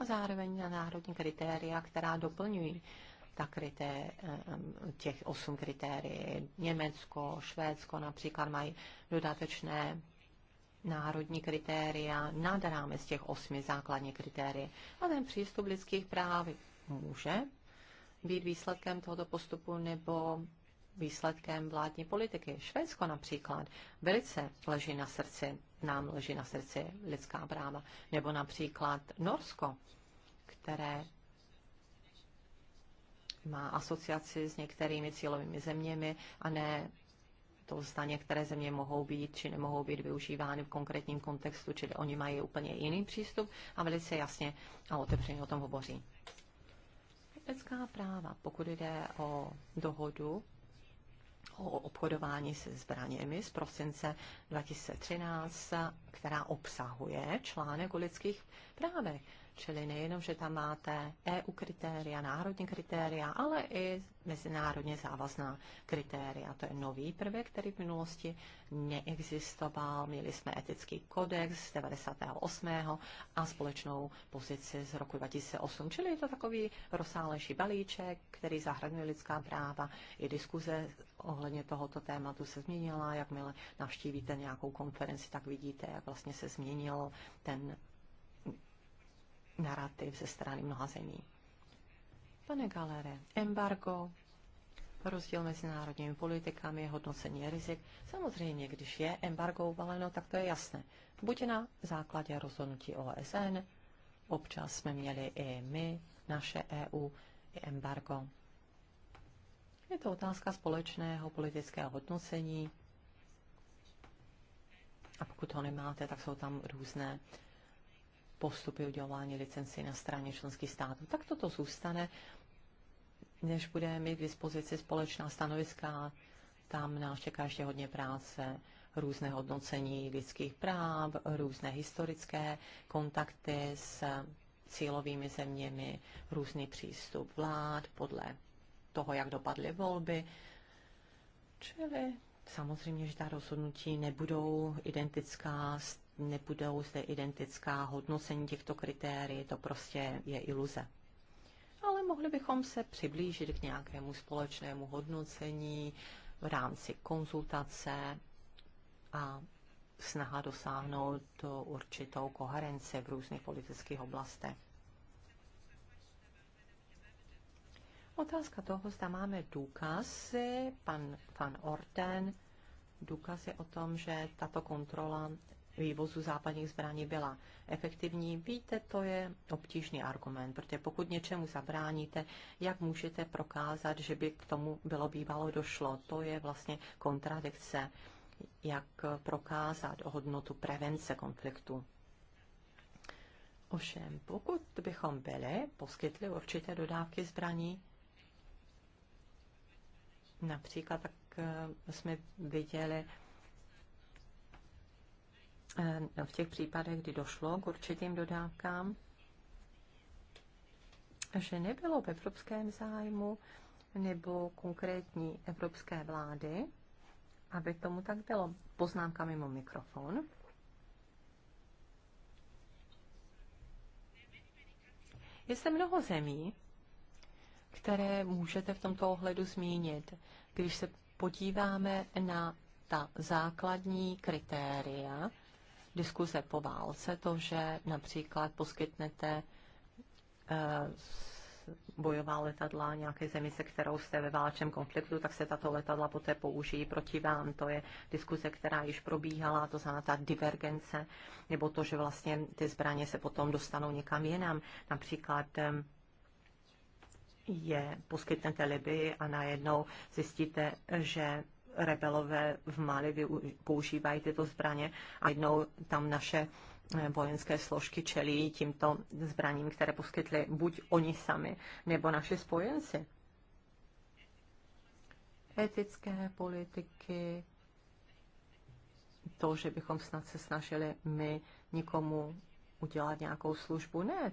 C: a zároveň na národní kritéria, která doplňují ta krité, těch osm kritérií. Německo, Švédsko například mají dodatečné národní kritéria nad rámec těch osmi základních kritérií. A ten přístup lidských práv může být výsledkem tohoto postupu nebo výsledkem vládní politiky. Švédsko například velice leží na srdci, nám leží na srdci lidská práva. Nebo například Norsko, které má asociaci s některými cílovými zeměmi a ne to, zda některé země mohou být či nemohou být využívány v konkrétním kontextu, čili oni mají úplně jiný přístup a velice jasně a otevřeně o tom hovoří. Lidská práva, pokud jde o dohodu o obchodování se zbraněmi z prosince 2013, která obsahuje článek o lidských právech. Čili nejenom, že tam máte EU kritéria, národní kritéria, ale i mezinárodně závazná kritéria. To je nový prvek, který v minulosti neexistoval. Měli jsme etický kodex z 98. a společnou pozici z roku 2008. Čili je to takový rozsálejší balíček, který zahrnuje lidská práva. I diskuze ohledně tohoto tématu se změnila. Jakmile navštívíte nějakou konferenci, tak vidíte, jak vlastně se změnil ten narrativ ze strany mnoha zemí. Pane Galere, embargo, rozdíl mezi národními politikami, hodnocení rizik. Samozřejmě, když je embargo uvaleno, tak to je jasné. Buď na základě rozhodnutí OSN, občas jsme měli i my, naše EU, i embargo. Je to otázka společného politického hodnocení. A pokud ho nemáte, tak jsou tam různé postupy udělování licenci na straně členských států. Tak toto zůstane, než bude mít k dispozici společná stanoviska. Tam nás čeká ještě hodně práce, různé hodnocení lidských práv, různé historické kontakty s cílovými zeměmi, různý přístup vlád podle toho, jak dopadly volby. Čili samozřejmě, že ta rozhodnutí nebudou identická s nebudou zde identická hodnocení těchto kritérií, to prostě je iluze. Ale mohli bychom se přiblížit k nějakému společnému hodnocení v rámci konzultace a snaha dosáhnout určitou koherenci v různých politických oblastech. Otázka toho, zda máme důkazy, pan, pan Orten, důkazy o tom, že tato kontrola vývozu západních zbraní byla efektivní. Víte, to je obtížný argument, protože pokud něčemu zabráníte, jak můžete prokázat, že by k tomu bylo bývalo došlo? To je vlastně kontradikce, jak prokázat hodnotu prevence konfliktu. Ovšem, pokud bychom byli, poskytli určité dodávky zbraní, například tak eh, jsme viděli Eh, v těch případech, kdy došlo k určitým dodávkám, že nebylo v evropském zájmu nebo konkrétní evropské vlády, aby tomu tak bylo. Poznámka mimo mikrofon. Je se mnoho zemí, které můžete v tomto ohledu zmínit, když se podíváme na ta základní kritéria, diskuze po válce, to, že například poskytnete eh, bojová letadla nějaké zemi, se kterou jste ve válčem konfliktu, tak se tato letadla poté použijí proti vám. To je diskuze, která již probíhala, to znamená ta divergence, nebo to, že vlastně ty zbraně se potom dostanou někam jinam. Například eh, je poskytnete Liby a najednou zjistíte, že rebelové v Mali používají tyto zbraně a jednou tam naše eh, vojenské složky čelí tímto zbraním, které poskytli buď oni sami, nebo naši spojenci. Etické politiky, to, že bychom snad se snažili my nikomu udělat nějakou službu, ne.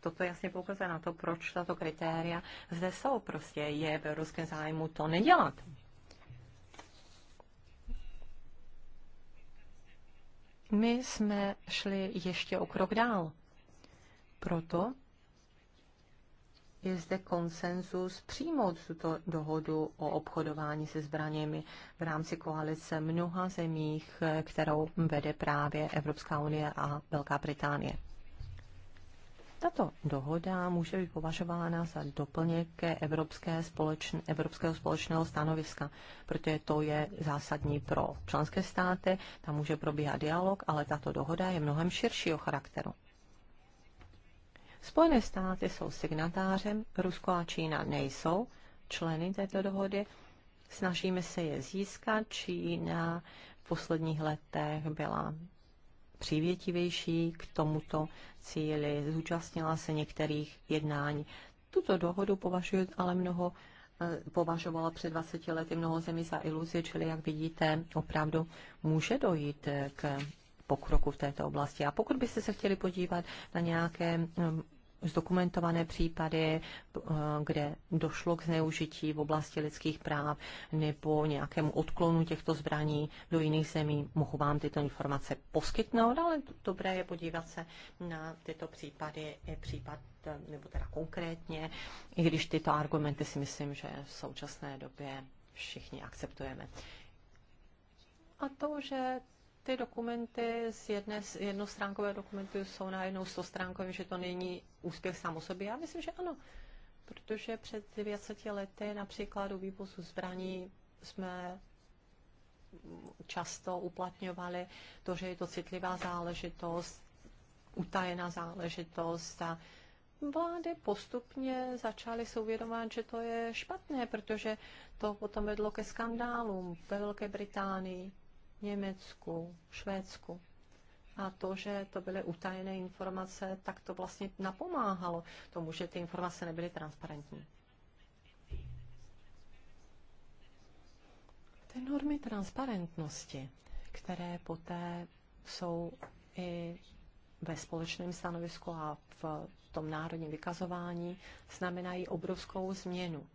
C: Toto jasně poukazuje na to, proč tato kritéria zde jsou. Prostě je v evropském zájmu to nedělat. My jsme šli ještě o krok dál. Proto je zde konsenzus přijmout tuto dohodu o obchodování se zbraněmi v rámci koalice mnoha zemích, eh, kterou vede právě Evropská unie a Velká Británie. Tato dohoda může být považována za doplněk ke evropské společn- evropského společného stanoviska, protože to je zásadní pro členské státy, tam může probíhat dialog, ale tato dohoda je mnohem širšího charakteru. Spojené státy jsou signatářem, Rusko a Čína nejsou členy této dohody. Snažíme se je získat. Čína v posledních letech byla přívětivější k tomuto cíli, zúčastnila se některých jednání. Tuto dohodu považuje ale mnoho eh, považovala před 20 lety mnoho zemí za iluzi, čili jak vidíte, opravdu může dojít eh, k pokroku v této oblasti. A pokud byste se chtěli podívat na nějaké mm, zdokumentované případy, eh, kde došlo k zneužití v oblasti lidských práv nebo nějakému odklonu těchto zbraní do jiných zemí. Mohu vám tyto informace poskytnout, ale dobré je podívat se na tyto případy, eh, případ eh, nebo teda konkrétně, i když tyto argumenty si myslím, že v současné době všichni akceptujeme. A to, že ty dokumenty z jedné, z jednostránkové dokumenty jsou najednou stostránkové, že to není úspěch sám o sobě. Já myslím, že ano, protože před 20 lety například u vývozu zbraní jsme často uplatňovali to, že je to citlivá záležitost, utajená záležitost a vlády postupně začaly si uvědomovat, že to je špatné, protože to potom vedlo ke skandálům ve Velké Británii, Německu, Švédsku. A to, že to byly utajené informace, tak to vlastně napomáhalo tomu, že ty informace nebyly transparentní. Ty normy transparentnosti, které poté jsou i ve společném stanovisku a v tom národním vykazování, znamenají obrovskou změnu.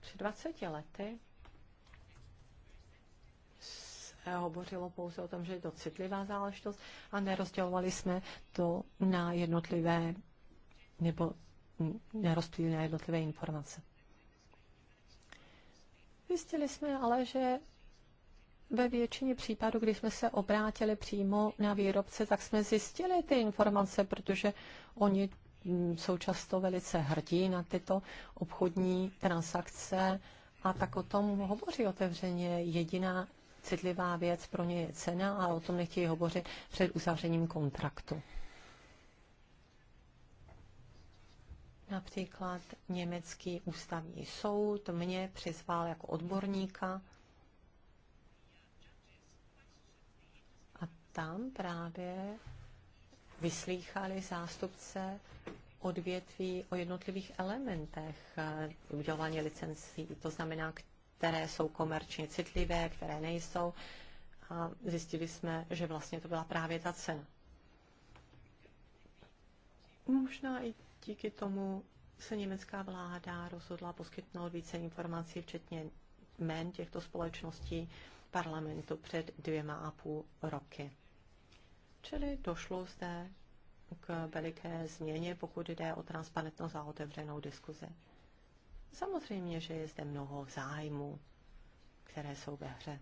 C: Před 20 lety hovořilo pouze o tom, že je to citlivá záležitost a nerozdělovali jsme to na jednotlivé nebo nerozdělili na jednotlivé informace. Zjistili jsme ale, že ve většině případů, kdy jsme se obrátili přímo na výrobce, tak jsme zjistili ty informace, protože oni mm, jsou často velice hrdí na tyto obchodní transakce a tak o tom hovoří otevřeně. Jediná citlivá věc, pro ně je cena a o tom nechtějí hovořit před uzavřením kontraktu. Například německý ústavní soud mě přizval jako odborníka a tam právě vyslýchali zástupce odvětví o jednotlivých elementech eh, udělování licencí, to znamená, které jsou komerčně citlivé, které nejsou. A zjistili jsme, že vlastně to byla právě ta cena. Možná i díky tomu se německá vláda rozhodla poskytnout více informací, včetně jmén těchto společností, parlamentu před dvěma a půl roky. Čili došlo zde k veliké změně, pokud jde o transparentnost a otevřenou diskuzi. Samozřejmě, že je zde mnoho zájmů, které jsou ve hře.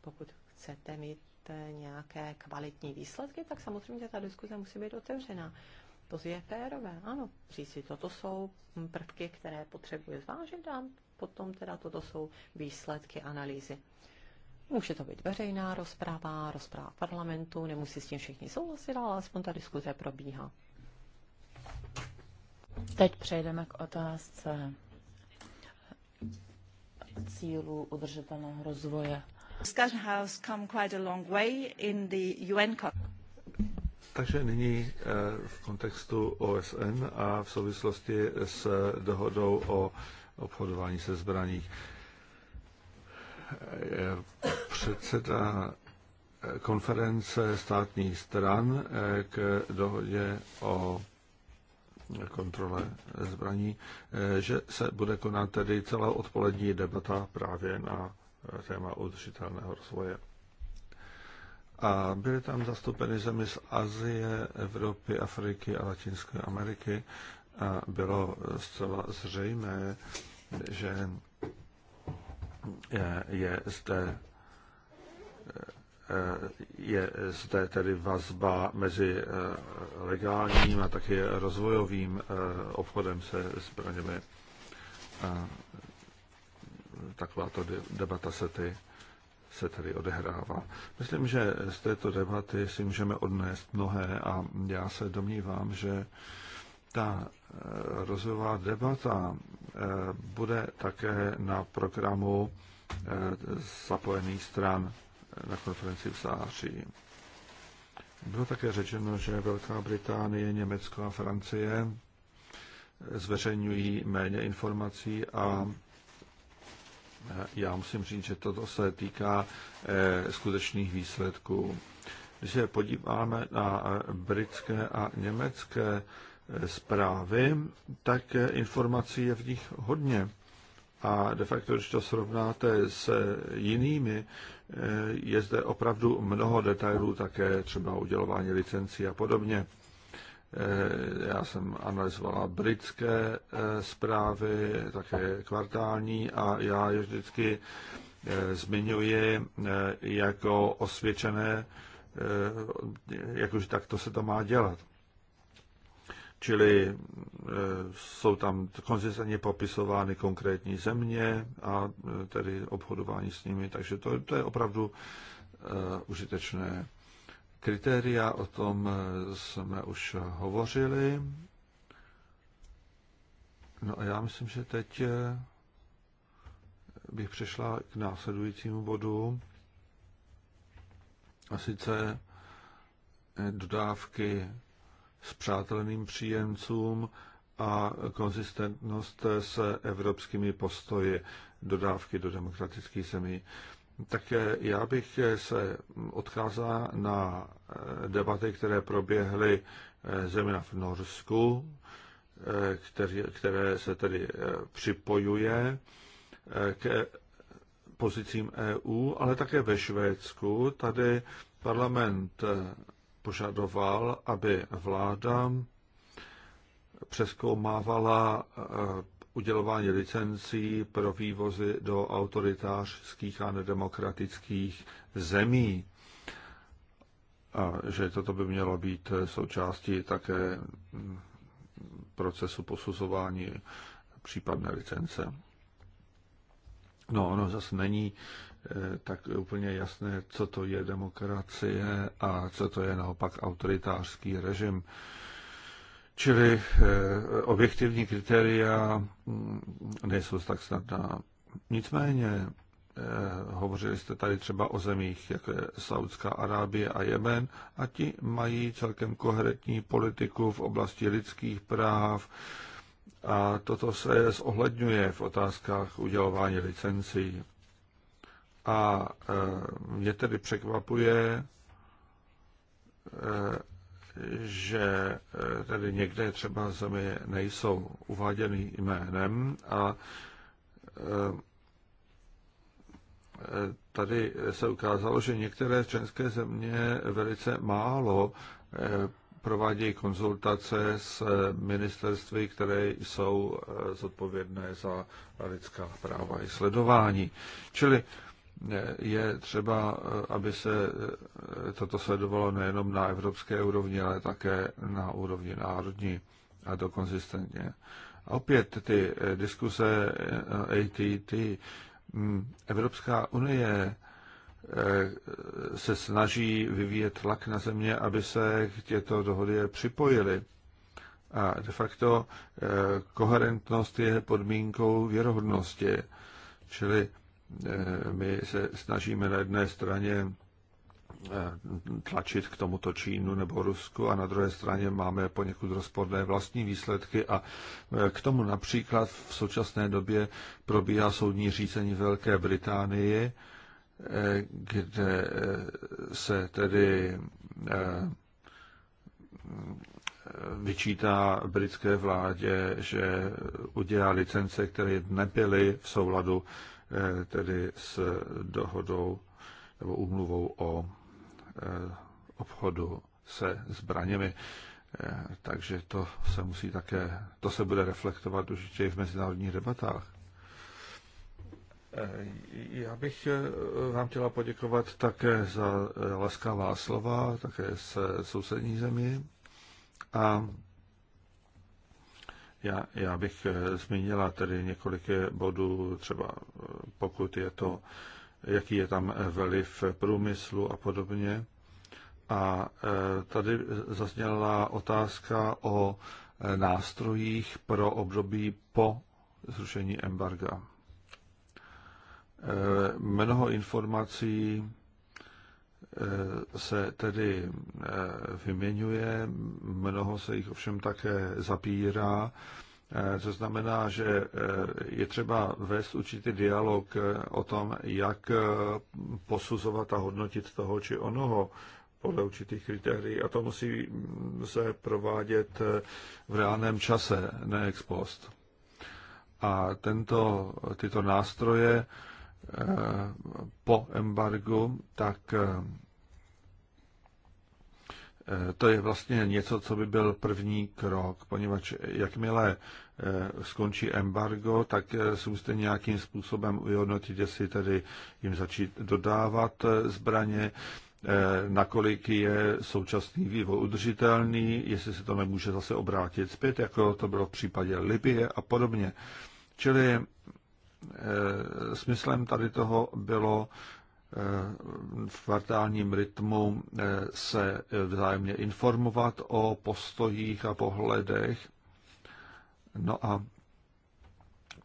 C: Pokud chcete mít eh, nějaké kvalitní výsledky, tak samozřejmě ta diskuze musí být otevřená. To je férové, ano. Říct si, toto jsou prvky, které potřebuje zvážit a potom teda toto jsou výsledky analýzy. Může to být veřejná rozprava, rozprava parlamentu, nemusí s tím všichni souhlasit, ale aspoň ta diskuze probíhá.
B: Teď přejdeme k otázce
A: cílů udržitelného rozvoje. Discussion has come quite a long way in the UN
D: takže nyní eh, v kontextu OSN a v souvislosti s dohodou o obchodování se zbraní. Eh, předseda eh, konference státních stran k dohodě o kontrole zbraní, eh, že se bude konat tedy celá odpolední debata právě na eh, téma udržitelného rozvoje. A byly tam zastoupeny zemi z Azie, Evropy, Afriky a Latinské Ameriky. A bylo eh, zcela zřejmé, že je, je zde je zde tedy vazba mezi eh, legálním a taky rozvojovým eh, obchodem se zbraněmi. Eh, takováto debata se ty se tady odehrává. Myslím, že z této debaty si můžeme odnést mnohé a já se domnívám, že ta rozvojová debata bude také na programu zapojených stran na konferenci v září. Bylo také řečeno, že Velká Británie, Německo a Francie zveřejňují méně informací a eh, já musím říct, že toto se týká eh, skutečných výsledků. Když se podíváme na eh, britské a německé zprávy, tak informací je v nich hodně. A de facto, když to srovnáte s jinými, eh, je zde opravdu mnoho detailů, také třeba udělování licencí a podobně. Eh, já jsem analyzovala britské eh, zprávy, také kvartální a já je vždycky zmiňuji jako osvědčené, jakože takto se to má dělat. Čili e, jsou tam konzistentně popisovány konkrétní země a e, tedy obchodování s nimi, takže to, to je opravdu e, užitečné. Kritéria o tom jsme už hovořili. No a já myslím, že teď bych přešla k následujícímu bodu. A sice dodávky s přátelným příjemcům a konzistentnost s evropskými postoji dodávky do demokratických zemí. Tak eh, já bych eh, se odkázal na eh, debaty, které proběhly zejména v Norsku, které, které se tedy připojuje k pozicím EU, ale také ve Švédsku. Tady parlament požadoval, aby vláda přeskoumávala eh, udělování licencí pro vývozy do autoritářských a nedemokratických zemí. A že toto by mělo být součástí také procesu posuzování případné licence. No, ono zase není Eh, tak úplně jasné, co to je demokracie a co to je naopak autoritářský režim. Čili eh, objektivní kritéria mm, nejsou tak snadná. Nicméně eh, hovořili jste tady třeba o zemích, jako je Saudská Arábie a Jemen, a ti mají celkem koherentní politiku v oblasti lidských práv a toto se zohledňuje v otázkách udělování licencí. A e, mě tedy překvapuje, e, že e, tady někde třeba země nejsou uváděny jménem a tady se ukázalo, že některé členské země velice málo provádějí konzultace s ministerstvy, které jsou zodpovědné za lidská práva i sledování. Čili je třeba, eh, aby se eh, toto sledovalo nejenom na evropské úrovni, ale také na úrovni národní a to konzistentně. A opět ty eh, diskuse ATT, hm, Evropská unie se snaží vyvíjet tlak na země, aby se k těto dohody připojili. A de facto koherentnost je podmínkou věrohodnosti. Čili Eh, my se snažíme na jedné straně eh, tlačit k tomuto Čínu nebo Rusku a na druhé straně máme poněkud rozporné vlastní výsledky a eh, k tomu například v současné době probíhá soudní řízení Velké Británii, kde se tedy vyčítá britské vládě, že udělá licence, které nebyly v souladu Eh, tedy s dohodou nebo umluvou o eh, obchodu se zbraněmi. Eh, takže to se musí také, to se bude reflektovat určitě i v mezinárodních debatách. Já bych vám chtěla poděkovat také za laskavá slova, také se sousední zemi a já, já bych eh, zmínila tedy několik eh, bodů, třeba eh, pokud je to, jaký je tam vliv průmyslu a podobně. A tady zazněla otázka o nástrojích pro období po zrušení embarga. Mnoho informací se tedy eh, vyměňuje, mnoho se jich ovšem také zapírá, To eh, znamená, že eh, je třeba vést určitý dialog o tom, jak posuzovat a hodnotit toho či onoho podle určitých kritérií a to musí se provádět v reálném čase, ne ex post. A tento, tyto nástroje po embargu, tak Eh, to je vlastně něco, co by byl první krok, poněvadž jakmile eh, skončí embargo, tak eh, se musíte nějakým způsobem ujednotit, jestli tedy jim začít dodávat zbraně, nakolik je současný vývoj udržitelný, jestli se to nemůže zase obrátit zpět, jako to bylo v případě Libie a podobně. Čili smyslem tady toho bylo v kvartálním rytmu eh, se vzájemně informovat o postojích a pohledech. No a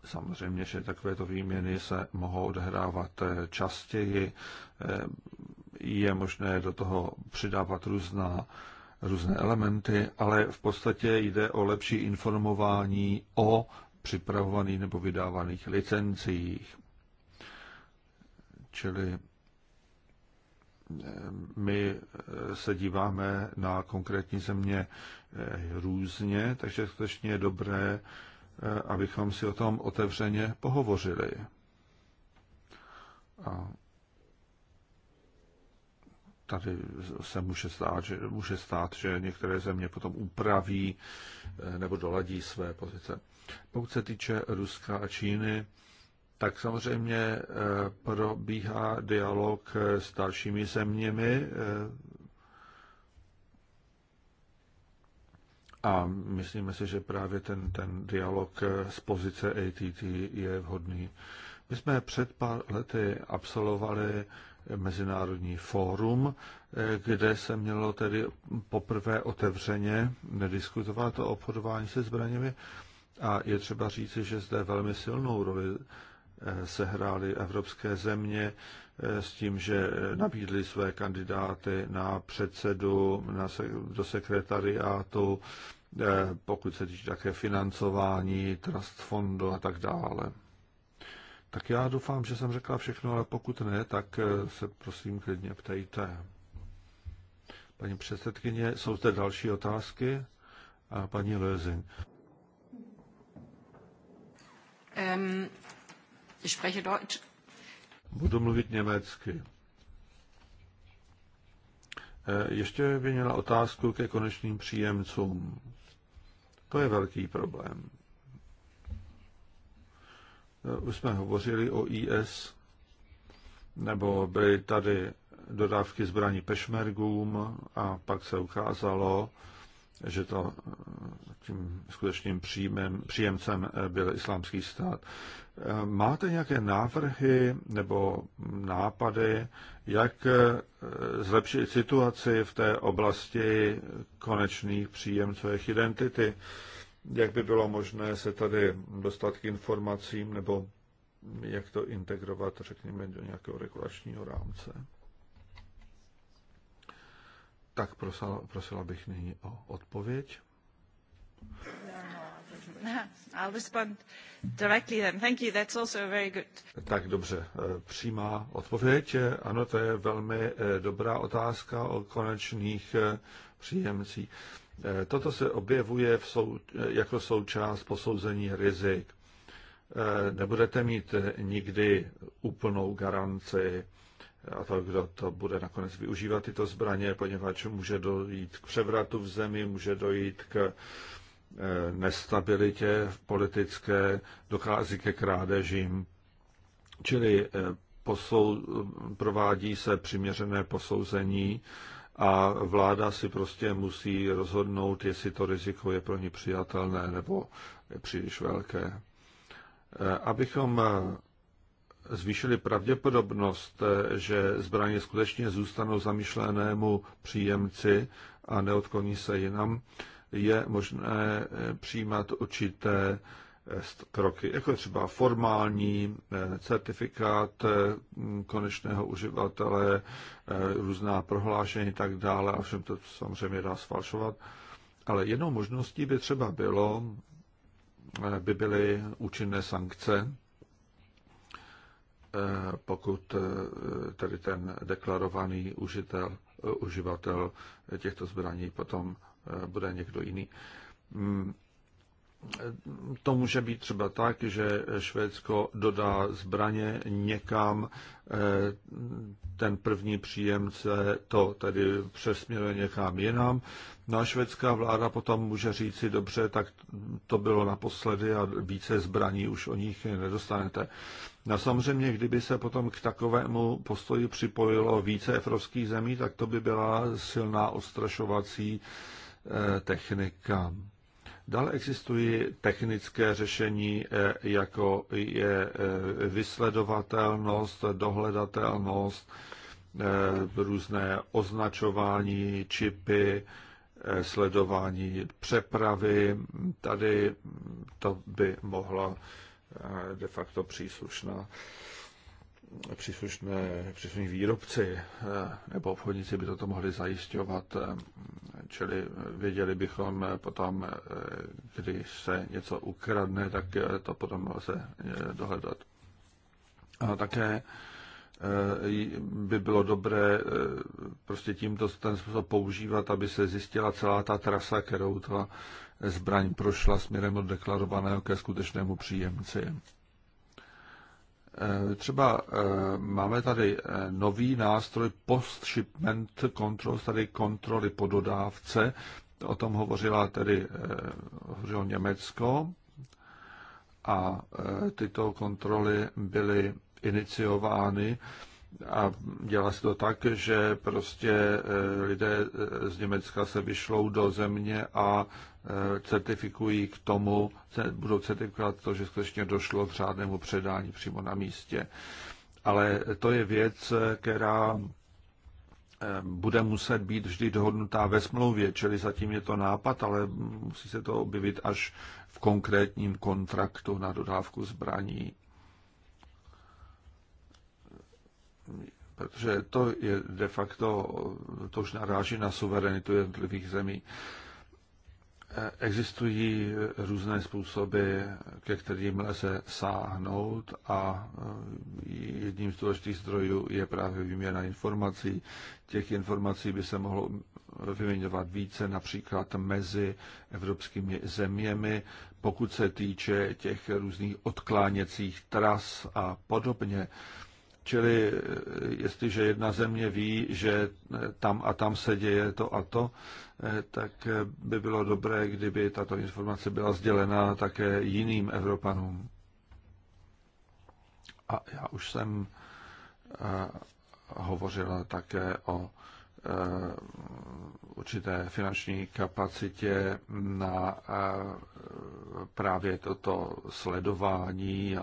D: samozřejmě, že takovéto výměny se mohou odehrávat eh, častěji. Eh, je možné do toho přidávat různá, různé elementy, ale v podstatě jde o lepší informování o připravovaných nebo vydávaných licencích. Čili my eh, se díváme na konkrétní země eh, různě, takže skutečně je dobré, eh, abychom si o tom otevřeně pohovořili. A tady se může stát, že, může stát, že některé země potom upraví nebo doladí své pozice. Pokud se týče Ruska a Číny, tak samozřejmě eh, probíhá dialog eh, s dalšími zeměmi eh, a myslíme si, že právě ten, ten dialog z pozice ATT je vhodný. My jsme před pár lety absolvovali mezinárodní fórum, kde se mělo tedy poprvé otevřeně diskutovat o obchodování se zbraněmi. A je třeba říci, že zde velmi silnou roli sehrály evropské země eh, s tím, že nabídli své kandidáty na předsedu, na, do sekretariátu, eh, pokud se týče také financování, trust fondu a tak dále. Tak já doufám, že jsem řekla všechno, ale pokud ne, tak eh, se prosím klidně ptejte. Paní předsedkyně, jsou zde další otázky? A paní Lezin.
B: Um, Ich spreche Deutsch.
D: Budu mluvit německy. E, ještě by měla otázku ke konečným příjemcům. To je velký problém. E, už jsme hovořili o IS, nebo byly tady dodávky zbraní pešmergům a pak se ukázalo, že to e, tím skutečným příjmem, příjemcem byl islámský stát. Máte nějaké návrhy nebo nápady, jak eh, zlepšit situaci v té oblasti konečných příjemců jejich identity? Jak by bylo možné se tady dostat k informacím nebo jak to integrovat, řekněme, do nějakého regulačního rámce? Tak prosila, prosila bych nyní o odpověď. Tak dobře, eh, přímá odpověď. Ano, to je velmi eh, dobrá otázka o konečných eh, příjemcích. Toto se objevuje v sou, jako součást posouzení rizik. Nebudete mít nikdy úplnou garanci a to, kdo to bude nakonec využívat tyto zbraně, poněvadž může dojít k převratu v zemi, může dojít k Eh, nestabilitě v politické, dochází ke krádežím, čili eh, posou, provádí se přiměřené posouzení a vláda si prostě musí rozhodnout, jestli to riziko je pro ní přijatelné nebo je příliš velké. Eh, abychom zvýšili pravděpodobnost, že zbraně skutečně zůstanou zamýšlenému příjemci a neodkloní se jinam, je možné eh, přijímat určité eh, kroky, jako třeba formální eh, certifikát konečného uživatele, různá prohlášení tak dále, a všem to samozřejmě dá sfalšovat. Ale jednou možností by třeba bylo, by byly účinné sankce, pokud tedy ten deklarovaný užitel, uživatel těchto zbraní potom Eh, bude někdo jiný. Mm, to může být třeba tak, že Švédsko dodá zbraně někam, eh, ten první příjemce to tedy přesměruje někam jinam. No a švédská vláda potom může říci, dobře, tak to bylo naposledy a více zbraní už o nich nedostanete. No samozřejmě, kdyby se potom k takovému postoji připojilo více evropských zemí, tak to by byla silná ostrašovací Eh, technika. Dále existují technické řešení, eh, jako je eh, vysledovatelnost, dohledatelnost, různé označování, čipy, sledování přepravy. Tady to by mohla de facto příslušná příslušné, příslušní výrobci eh, nebo obchodníci by toto mohli zajišťovat, eh, čili věděli bychom eh, potom, když se něco ukradne, tak to potom lze dohledat. A také by bylo dobré prostě tímto ten způsob používat, aby se zjistila celá ta trasa, kterou ta zbraň prošla směrem od deklarovaného ke skutečnému příjemci. Eh, třeba eh, máme tady eh, nový nástroj post-shipment Control, tady kontroly po dodávce. O tom hovořila tedy hovořilo Německo a tyto kontroly byly iniciovány a dělá se to tak, že prostě eh, lidé eh, z Německa se vyšlou do země a eh, certifikují k tomu, budou certifikovat to, že skutečně došlo k řádnému předání přímo na místě. Ale to je věc, která bude muset být vždy dohodnutá ve smlouvě, čili zatím je to nápad, ale musí se to objevit až v konkrétním kontraktu na dodávku zbraní. protože to je de facto, to už naráží na suverenitu jednotlivých zemí. E, existují různé způsoby, ke kterým lze sáhnout a e, jedním z důležitých zdrojů je právě výměna informací. Těch informací by se mohlo vyměňovat více, například mezi evropskými zeměmi, pokud se týče těch různých odkláněcích tras a podobně. Čili eh, jestliže jedna země ví, že eh, tam a tam se děje to a to, eh, tak by bylo dobré, kdyby tato informace byla sdělena také jiným Evropanům. A já už jsem hovořila také o určité finanční kapacitě na právě toto sledování,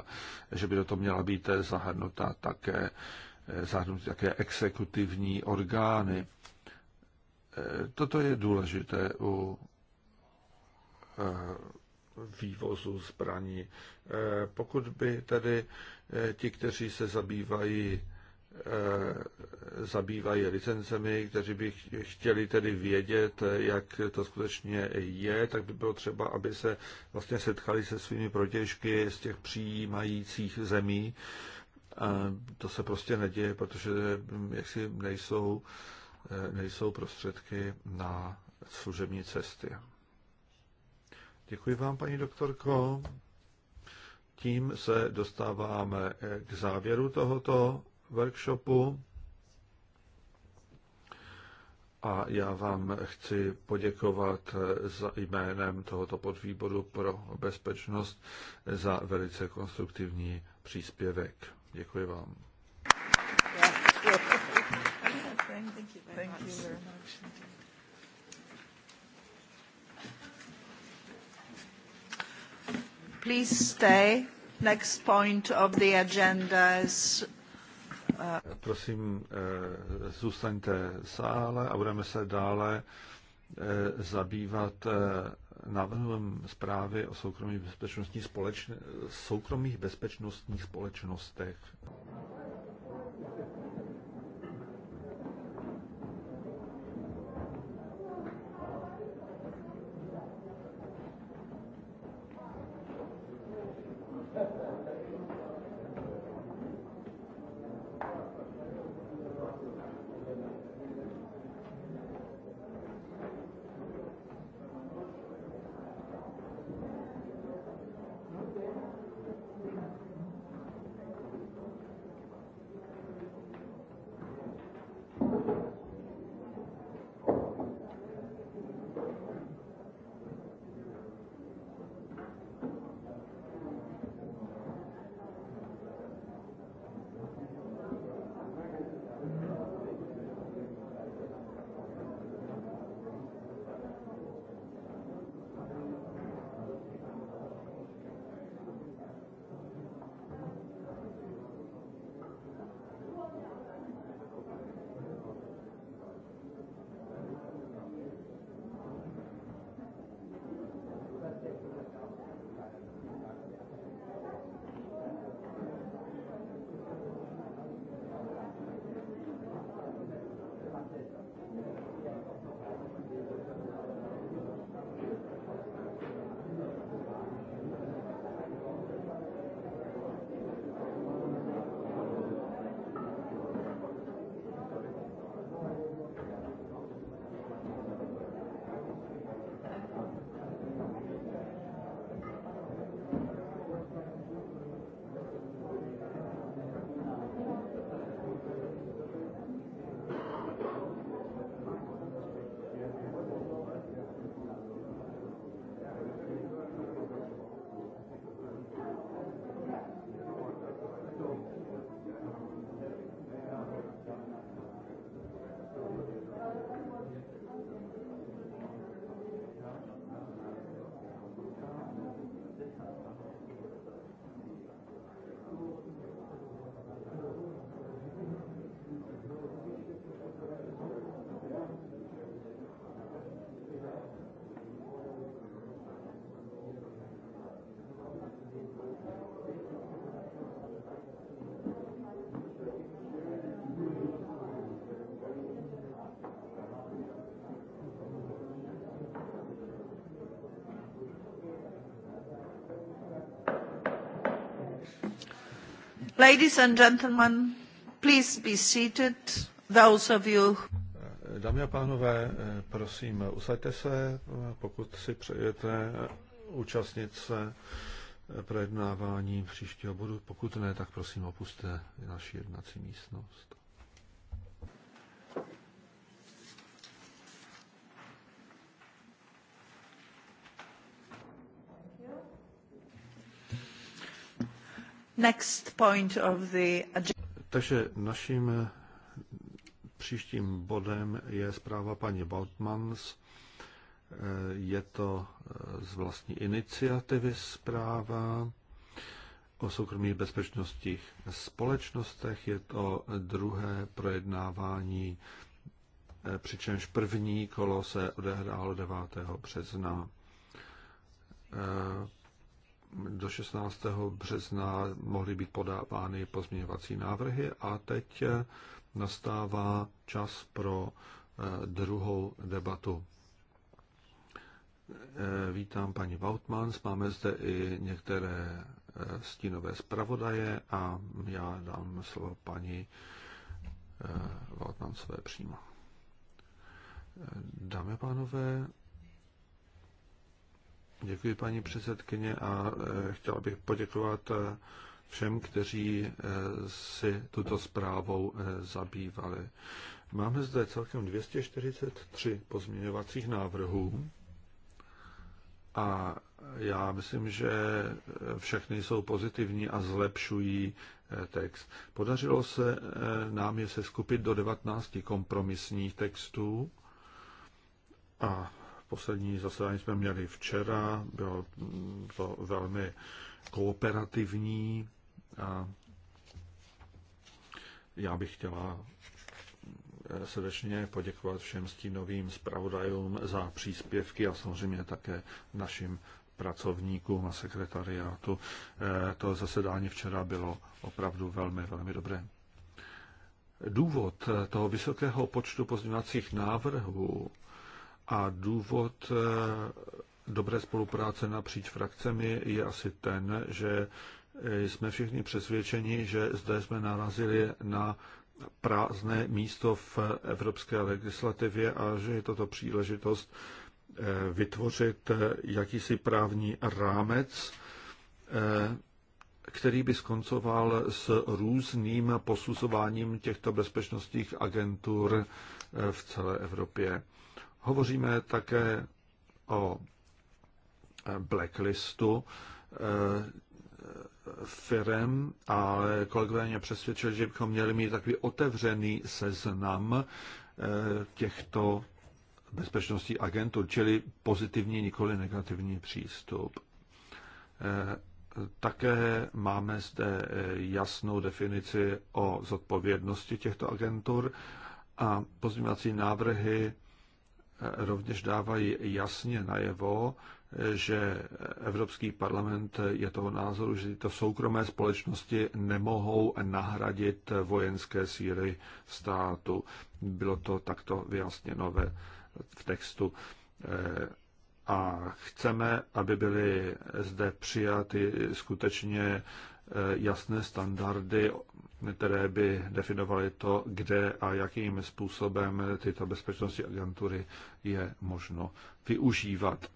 D: že by do toho měla být zahrnuta také, zahrnuty také exekutivní orgány. Toto je důležité u e, vývozu zbraní. E, pokud by tedy e, ti, kteří se zabývají Eh, zabývají licencemi, kteří by chtěli tedy vědět, eh, jak to skutečně je, tak by bylo třeba, aby se vlastně setkali se svými protěžky z těch přijímajících zemí. A to se prostě neděje, protože hm, jaksi nejsou, eh, nejsou prostředky na služební cesty. Děkuji vám, paní doktorko. Tím se dostáváme k závěru tohoto workshopu. A já vám chci poděkovat za jménem tohoto podvýboru pro bezpečnost za velice konstruktivní příspěvek. Děkuji vám.
A: Please stay. Next point of the agenda is
D: Prosím, eh, zůstaňte sále a budeme se dále eh, zabývat eh, návrhem zprávy o soukromých bezpečnostních, společn- soukromých bezpečnostních společnostech.
A: Ladies and gentlemen, please be seated, those of you.
D: Dámy a pánové, prosím, usaďte se, pokud si přejete účastnit se projednávání příštího bodu. Pokud ne, tak prosím opuste naši jednací místnost.
A: next point of the
D: Takže naším příštím bodem je zpráva paní Bautmans. Je to z vlastní iniciativy zpráva o soukromých bezpečnostních společnostech. Je to druhé projednávání, přičemž první kolo se odehrálo 9. března do 16. března mohly být podávány pozměňovací návrhy a teď eh, nastává čas pro eh, druhou debatu. Eh, vítám paní Vautmans, máme zde i některé stínové zpravodaje a já dám slovo paní Vautmansové přímo. Dámy a pánové, Děkuji paní předsedkyně a eh, chtěla bych poděkovat eh, všem, kteří eh, si tuto zprávou zabývali. Máme zde celkem 243 pozměňovacích návrhů a já myslím, že všechny jsou pozitivní a zlepšují text. Podařilo se nám je se skupit do 19 kompromisních textů a Poslední zasedání jsme měli včera, bylo to velmi kooperativní a já bych chtěla eh, srdečně poděkovat všem stínovým zpravodajům za příspěvky a samozřejmě také našim pracovníkům a sekretariátu. Eh, to zasedání včera bylo opravdu velmi, velmi dobré. Důvod eh, toho vysokého počtu pozměňovacích návrhů a důvod eh, dobré spolupráce napříč frakcemi je asi ten, že eh, jsme všichni přesvědčeni, že zde jsme narazili na prázdné místo v evropské legislativě a že je toto příležitost eh, vytvořit jakýsi právní rámec, který by skoncoval s různým posuzováním těchto bezpečnostních agentur v celé Evropě. Hovoříme také o eh, blacklistu eh, firem, ale kolegové mě přesvědčili, že bychom měli mít takový otevřený seznam eh, těchto bezpečnostní agentur, čili pozitivní, nikoli negativní přístup. Také máme zde jasnou definici o zodpovědnosti těchto agentur a pozměňovací návrhy rovněž dávají jasně najevo, že Evropský parlament je toho názoru, že tyto soukromé společnosti nemohou nahradit vojenské síly státu. Bylo to takto vyjasněno ve, v textu. Eh, a chceme, aby byly zde přijaty skutečně Eh, jasné standardy, které by definovaly to, kde a jakým způsobem tyto bezpečnostní agentury je možno využívat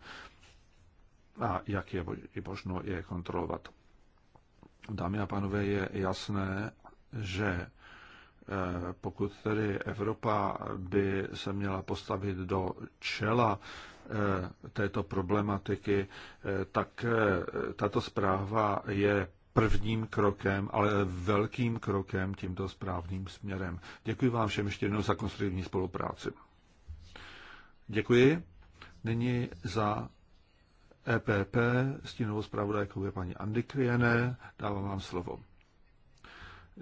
D: a jak je možno je kontrolovat. Dámy a pánové, je jasné, že eh, pokud tedy Evropa by se měla postavit do čela eh, této problematiky, tak tato zpráva je prvním krokem, ale velkým krokem tímto správným směrem. Děkuji vám všem ještě jednou za konstruktivní spolupráci. Děkuji. Nyní za EPP stínovou zpravodajkou je paní Andy Kriene. Dávám vám slovo.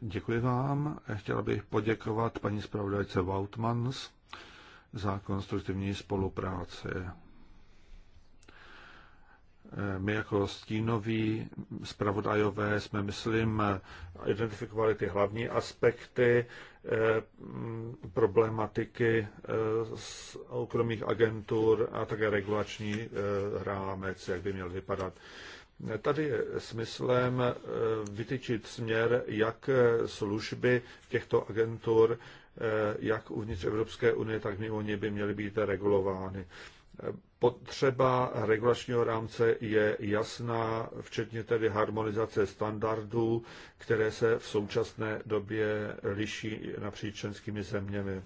D: Děkuji vám. Chtěla bych poděkovat paní zpravodajce Woutmans za konstruktivní spolupráci. Eh, my jako stínoví zpravodajové jsme, myslím, identifikovali ty hlavní aspekty eh, mm, problematiky eh, soukromých agentur a také regulační rámec, jak by měl vypadat. Tady je smyslem vytyčit směr, jak služby těchto agentur, jak uvnitř Evropské unie, tak mimo ně by měly být regulovány. Potřeba regulačního rámce je jasná, včetně tedy harmonizace standardů, které se v současné době liší napříč členskými zeměmi.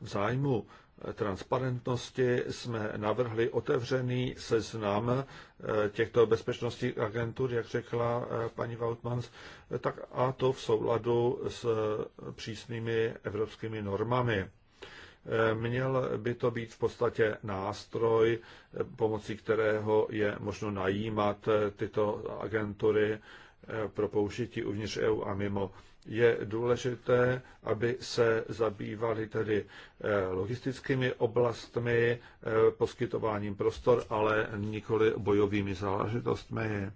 D: V zájmu transparentnosti jsme navrhli otevřený seznam eh, těchto bezpečnostních agentur, jak řekla eh, paní Vautmans, tak a to v souladu s eh, přísnými evropskými normami. Měl by to být v podstatě nástroj, pomocí kterého je možno najímat tyto agentury pro použití uvnitř EU a mimo. Je důležité, aby se zabývali tedy eh, logistickými oblastmi, eh, poskytováním prostor, ale nikoli bojovými záležitostmi.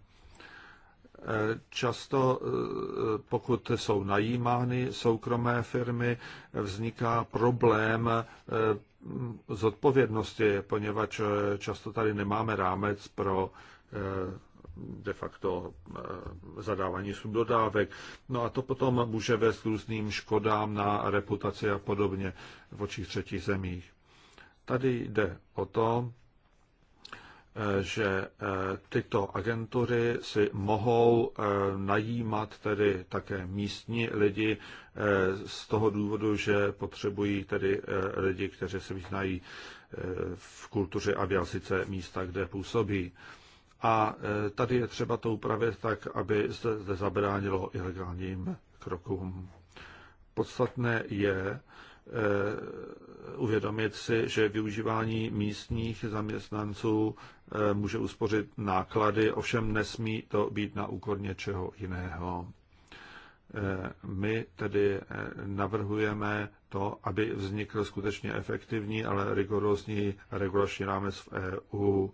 D: Často, eh, pokud jsou najímány soukromé firmy, vzniká problém eh, z odpovědnosti, poněvadž eh, často tady nemáme rámec pro de facto zadávání subdodávek. No a to potom může vést k různým škodám na reputaci a podobně v očích třetích zemích. Tady jde o to, že eh, tyto agentury si mohou eh, najímat tedy také místní lidi eh, z toho důvodu, že potřebují tedy lidi, kteří se vyznají v kultuře a v jazyce místa, kde působí. A tady je třeba to upravit tak, aby zde zabránilo ilegálním krokům. Podstatné je, uvědomit si, že využívání místních zaměstnanců E, může uspořit náklady, ovšem nesmí to být na úkor něčeho jiného. E, my tedy e, navrhujeme to, aby vznikl skutečně efektivní, ale rigorózní regulační rámec v EU.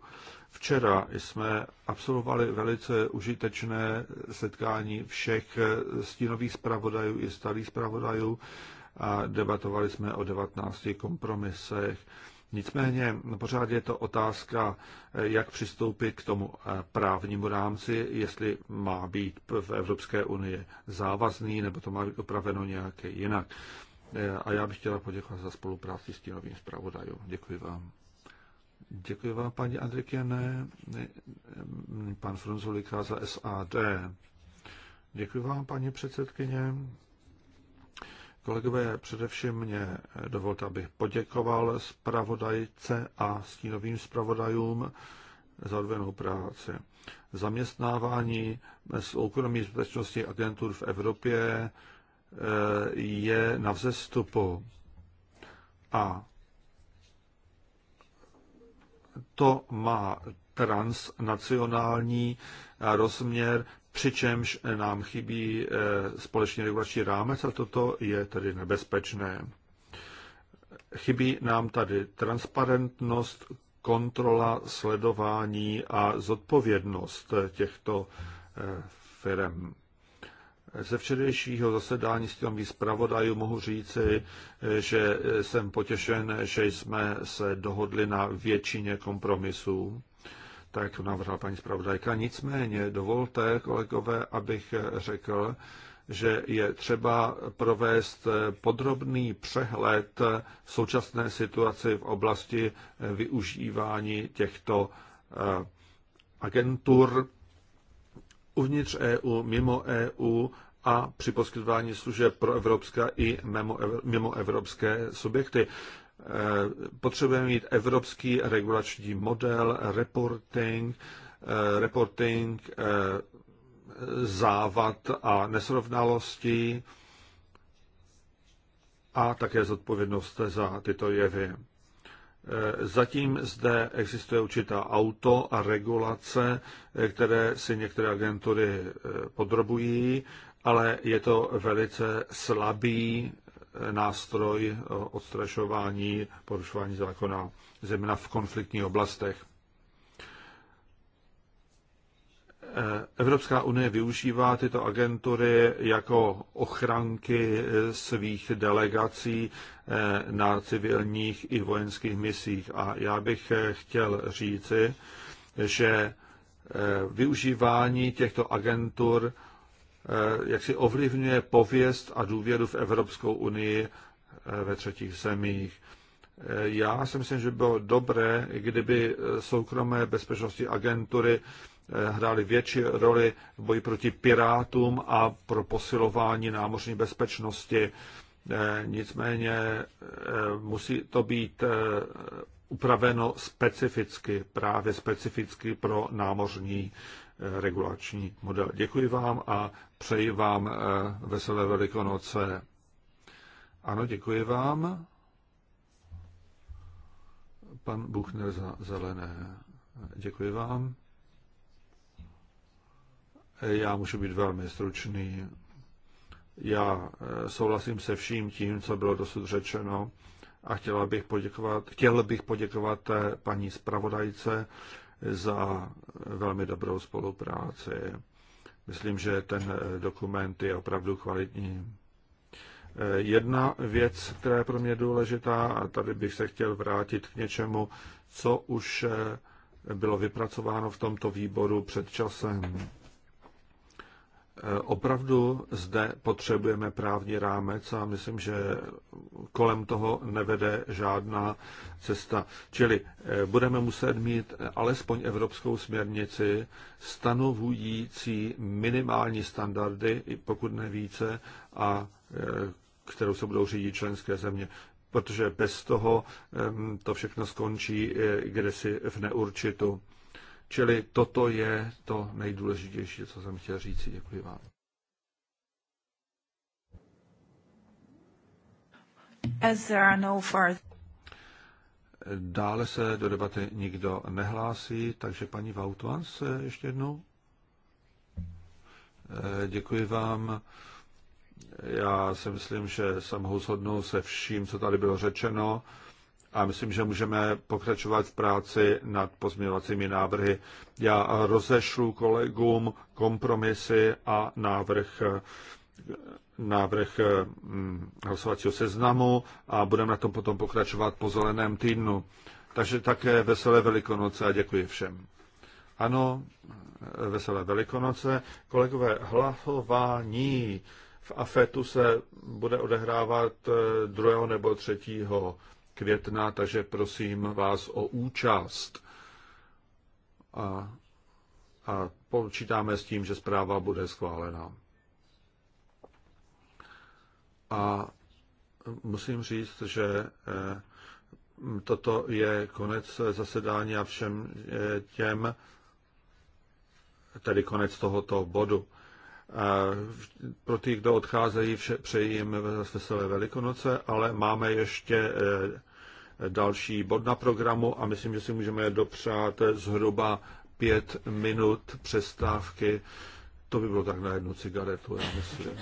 D: Včera jsme absolvovali velice užitečné setkání všech stínových zpravodajů i starých zpravodajů a debatovali jsme o 19 kompromisech. Nicméně no, pořád je to otázka, eh, jak přistoupit k tomu eh, právnímu rámci, jestli má být v Evropské unii závazný, nebo to má být upraveno nějaké jinak. Eh, a já bych chtěla poděkovat za spolupráci s tím novým zpravodajům. Děkuji vám. Děkuji vám, paní Andrikiene, pan Frunzulika za SAD. Děkuji vám, paní předsedkyně. Kolegové, především mě dovolte, abych poděkoval zpravodajce a stínovým zpravodajům za odvenou práci. Zaměstnávání s soukromých bezpečnostních agentur v Evropě eh, je na vzestupu a to má transnacionální rozměr, přičemž nám chybí eh, společný regulační rámec a toto je tedy nebezpečné. Chybí nám tady transparentnost, kontrola, sledování a zodpovědnost těchto eh, firm. Ze včerejšího zasedání s těmi zpravodajů mohu říci, eh, že jsem potěšen, že jsme se dohodli na většině kompromisů tak to navrhla paní zpravodajka. Nicméně dovolte, kolegové, abych řekl, že je třeba provést podrobný přehled současné situaci v oblasti využívání těchto eh, agentur uvnitř EU, mimo EU a při poskytování služeb pro evropské i mimo evropské subjekty. Eh, potřebujeme mít evropský regulační model, reporting, eh, reporting eh, závad a nesrovnalostí a také zodpovědnost za tyto jevy. Zatím zde existuje určitá auto a regulace, které si některé agentury podrobují, ale je to velice slabý nástroj odstrašování porušování zákona, zejména v konfliktních oblastech. Evropská unie využívá tyto agentury jako ochranky svých delegací na civilních i vojenských misích. A já bych chtěl říci, že využívání těchto agentur Eh, jak si ovlivňuje pověst a důvěru v Evropskou unii eh, ve třetích zemích. Eh, já si myslím, že bylo dobré, kdyby soukromé bezpečnostní agentury hrály větší roli v boji proti pirátům a pro posilování námořní bezpečnosti. Nicméně musí to být upraveno specificky, právě specificky pro námořní regulační model. Děkuji vám a přeji vám eh, veselé velikonoce. Ano, děkuji vám. Pan Buchner za zelené. Děkuji vám. Já můžu být velmi stručný. Já eh, souhlasím se vším tím, co bylo dosud řečeno a chtěla bych poděkovat, chtěl bych poděkovat eh, paní zpravodajce za velmi dobrou spolupráci. Myslím, že ten dokument je opravdu kvalitní. Jedna věc, která je pro mě důležitá, a tady bych se chtěl vrátit k něčemu, co už bylo vypracováno v tomto výboru před časem. Opravdu zde potřebujeme právní rámec a myslím, že kolem toho nevede žádná cesta. Čili eh, budeme muset mít alespoň evropskou směrnici stanovující minimální standardy, pokud ne více, a eh, kterou se budou řídit členské země. Protože bez toho to všechno skončí eh, kdesi v neurčitu. Čili toto je to nejdůležitější, co jsem chtěl říct. Děkuji vám.
A: As there are no
D: Dále se do debaty nikdo nehlásí, takže paní Vautvans, ještě jednou. Eh, děkuji vám. Já si myslím, že jsem mohu se vším, co tady bylo řečeno a myslím, že můžeme pokračovat v práci nad pozměňovacími návrhy. Já rozešlu kolegům kompromisy a návrh návrh mm, hlasovacího seznamu a budeme na tom potom pokračovat po zeleném týdnu. Takže také veselé Velikonoce a děkuji všem. Ano, veselé Velikonoce. Kolegové, hlasování v AFETu se bude odehrávat 2. Eh, nebo 3 května, takže prosím vás o účast. A, a počítáme s tím, že zpráva bude schválena. A musím říct, že e, toto je konec zasedání a všem e, těm, tedy konec tohoto bodu. A pro ty, kdo odcházejí, vše, přeji jim veselé velikonoce, ale máme ještě eh, další bod na programu a myslím, že si můžeme dopřát zhruba pět minut přestávky. To by bylo tak na jednu cigaretu, já myslím.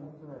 E: tam můžeme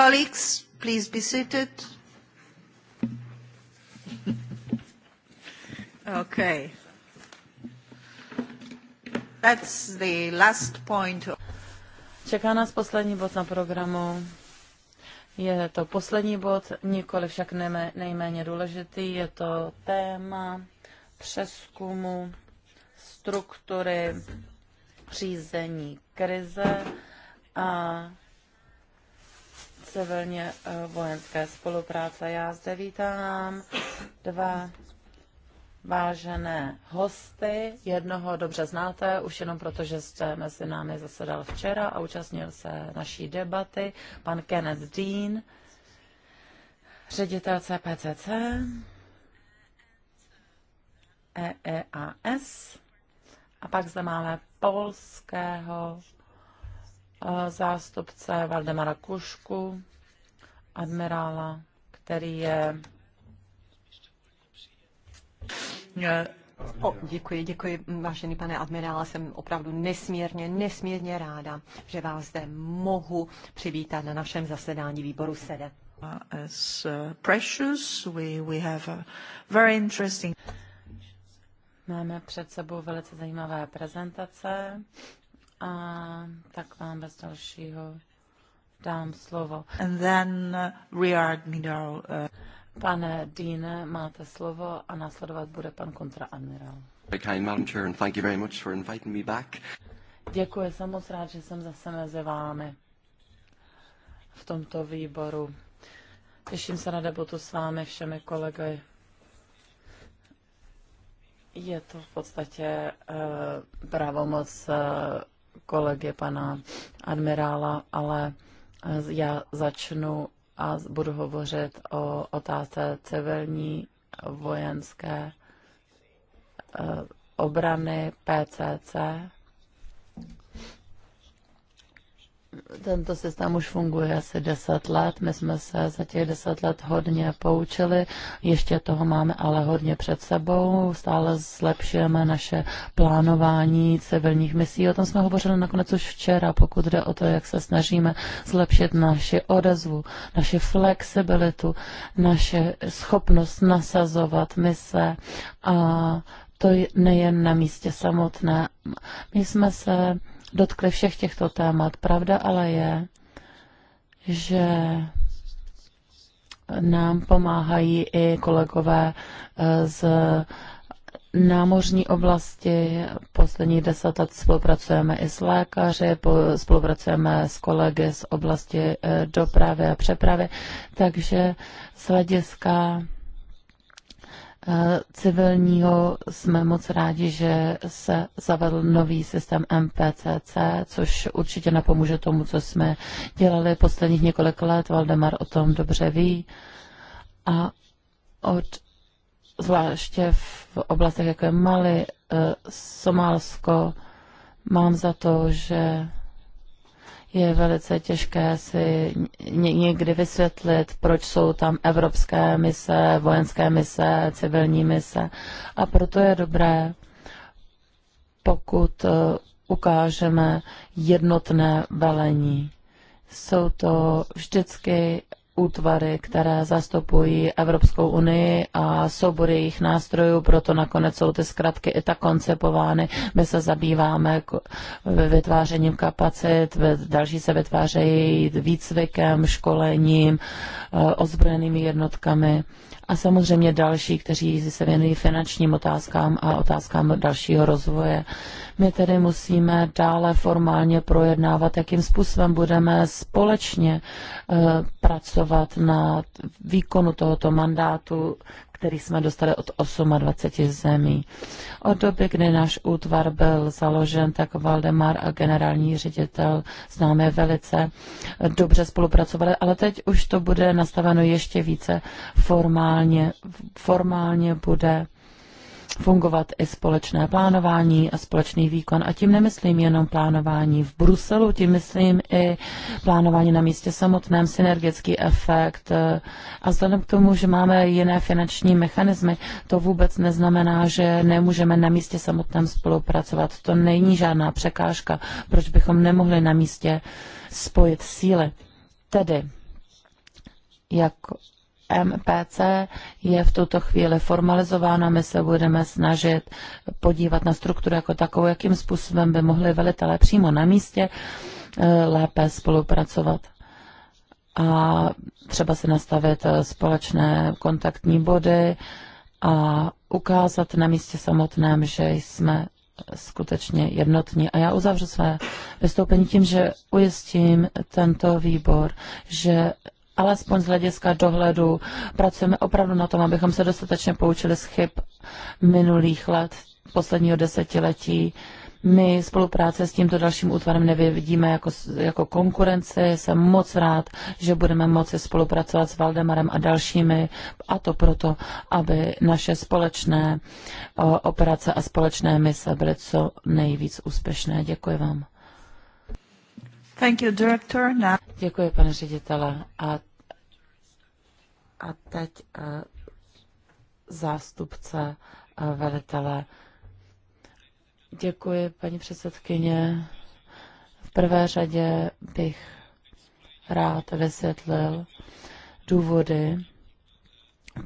A: Colleagues, please be seated. Okay. That's the last point. Čeká nás
B: poslední bod na programu. Je to poslední bod, nikoli však nejméně důležitý. Je to téma přeskumu struktury řízení krize a civilně eh, vojenské spolupráce. Já zde vítám dva vážené hosty. Jednoho dobře znáte, už jenom proto, že jste mezi námi zasedal včera a účastnil se naší debaty, pan Kenneth Dean, ředitel CPCC, EEAS. A pak zde máme polského Eh, zástupce Valdemara Kušku, admirála, který je... Eh, o, děkuji, děkuji,
C: vážený pane admirále, jsem opravdu nesmírně, nesmírně ráda, že vás zde mohu přivítat na našem zasedání výboru SEDE.
A: Eh,
B: Máme před sebou velice zajímavé prezentace a tak vám bez dalšího dám slovo.
A: And then uh, Riard Midal. Uh...
B: Pane Dine, máte slovo a následovat bude pan kontraadmirál.
C: Okay, Madam Chair,
B: Děkuji, jsem moc rád, že jsem zase mezi vámi v tomto výboru. Těším se na debutu s vámi všemi kolegy. Je to v podstatě uh, pravomoc uh, kolegy pana admirála, ale eh, já začnu a budu hovořit o otázce civilní, vojenské eh, obrany PCC Tento systém už funguje asi 10 let. My jsme se za těch 10 let hodně poučili. Ještě toho máme ale hodně před sebou. Stále zlepšujeme naše plánování civilních misí. O tom jsme hovořili nakonec už včera, pokud jde o to, jak se snažíme zlepšit naši odezvu, naši flexibilitu, naše schopnost nasazovat mise a to nejen na místě samotné. My jsme se dotkli všech těchto témat. Pravda ale je, že nám pomáhají i kolegové eh, z námořní oblasti. Poslední deset let spolupracujeme i s lékaři, spolupracujeme s kolegy z oblasti eh, dopravy a přepravy, takže z hlediska Eh, civilního jsme moc rádi, že se zavedl nový systém MPCC, což určitě napomůže tomu, co jsme dělali posledních několik let. Valdemar o tom dobře ví. A od zvláště v oblastech, jako je Mali, eh, Somálsko, mám za to, že je velice těžké si někdy vysvětlit, proč jsou tam evropské mise, vojenské mise, civilní mise. A proto je dobré, pokud eh, ukážeme jednotné velení. Jsou to vždycky útvary, které zastupují Evropskou unii a soubory jejich nástrojů, proto nakonec jsou ty zkratky i tak koncepovány. My se zabýváme vytvářením kapacit, další se vytvářejí výcvikem, školením, eh, ozbrojenými jednotkami a samozřejmě další, kteří se věnují finančním otázkám a otázkám dalšího rozvoje. My tedy musíme dále formálně projednávat, jakým způsobem budeme společně eh, pracovat na výkonu tohoto mandátu který jsme dostali od 28 zemí. Od doby, kdy náš útvar byl založen, tak Valdemar a generální ředitel s námi velice dobře spolupracovali, ale teď už to bude nastaveno ještě více formálně. Formálně bude fungovat i společné plánování a společný výkon. A tím nemyslím jenom plánování v Bruselu, tím myslím i plánování na místě samotném, synergický efekt. A vzhledem k tomu, že máme jiné finanční mechanismy, to vůbec neznamená, že nemůžeme na místě samotném spolupracovat. To není žádná překážka, proč bychom nemohli na místě spojit síly. Tedy, jak MPC je v tuto chvíli formalizována. My se budeme snažit podívat na strukturu jako takovou, jakým způsobem by mohli velitelé přímo na místě eh, lépe spolupracovat a třeba si nastavit eh, společné kontaktní body a ukázat na místě samotném, že jsme skutečně jednotní. A já uzavřu své vystoupení tím, že ujistím tento výbor, že alespoň z hlediska dohledu, pracujeme opravdu na tom, abychom se dostatečně poučili z chyb minulých let, posledního desetiletí. My spolupráce s tímto dalším útvarem nevidíme jako, jako konkurenci. Jsem moc rád, že budeme moci spolupracovat s Valdemarem a dalšími, a to proto, aby naše společné operace a společné mise byly co nejvíc úspěšné. Děkuji vám.
A: Thank you, director.
B: Now... Děkuji, pane ředitele. A a teď eh, zástupce eh, velitele. Děkuji, paní předsedkyně. V prvé řadě bych rád vysvětlil důvody,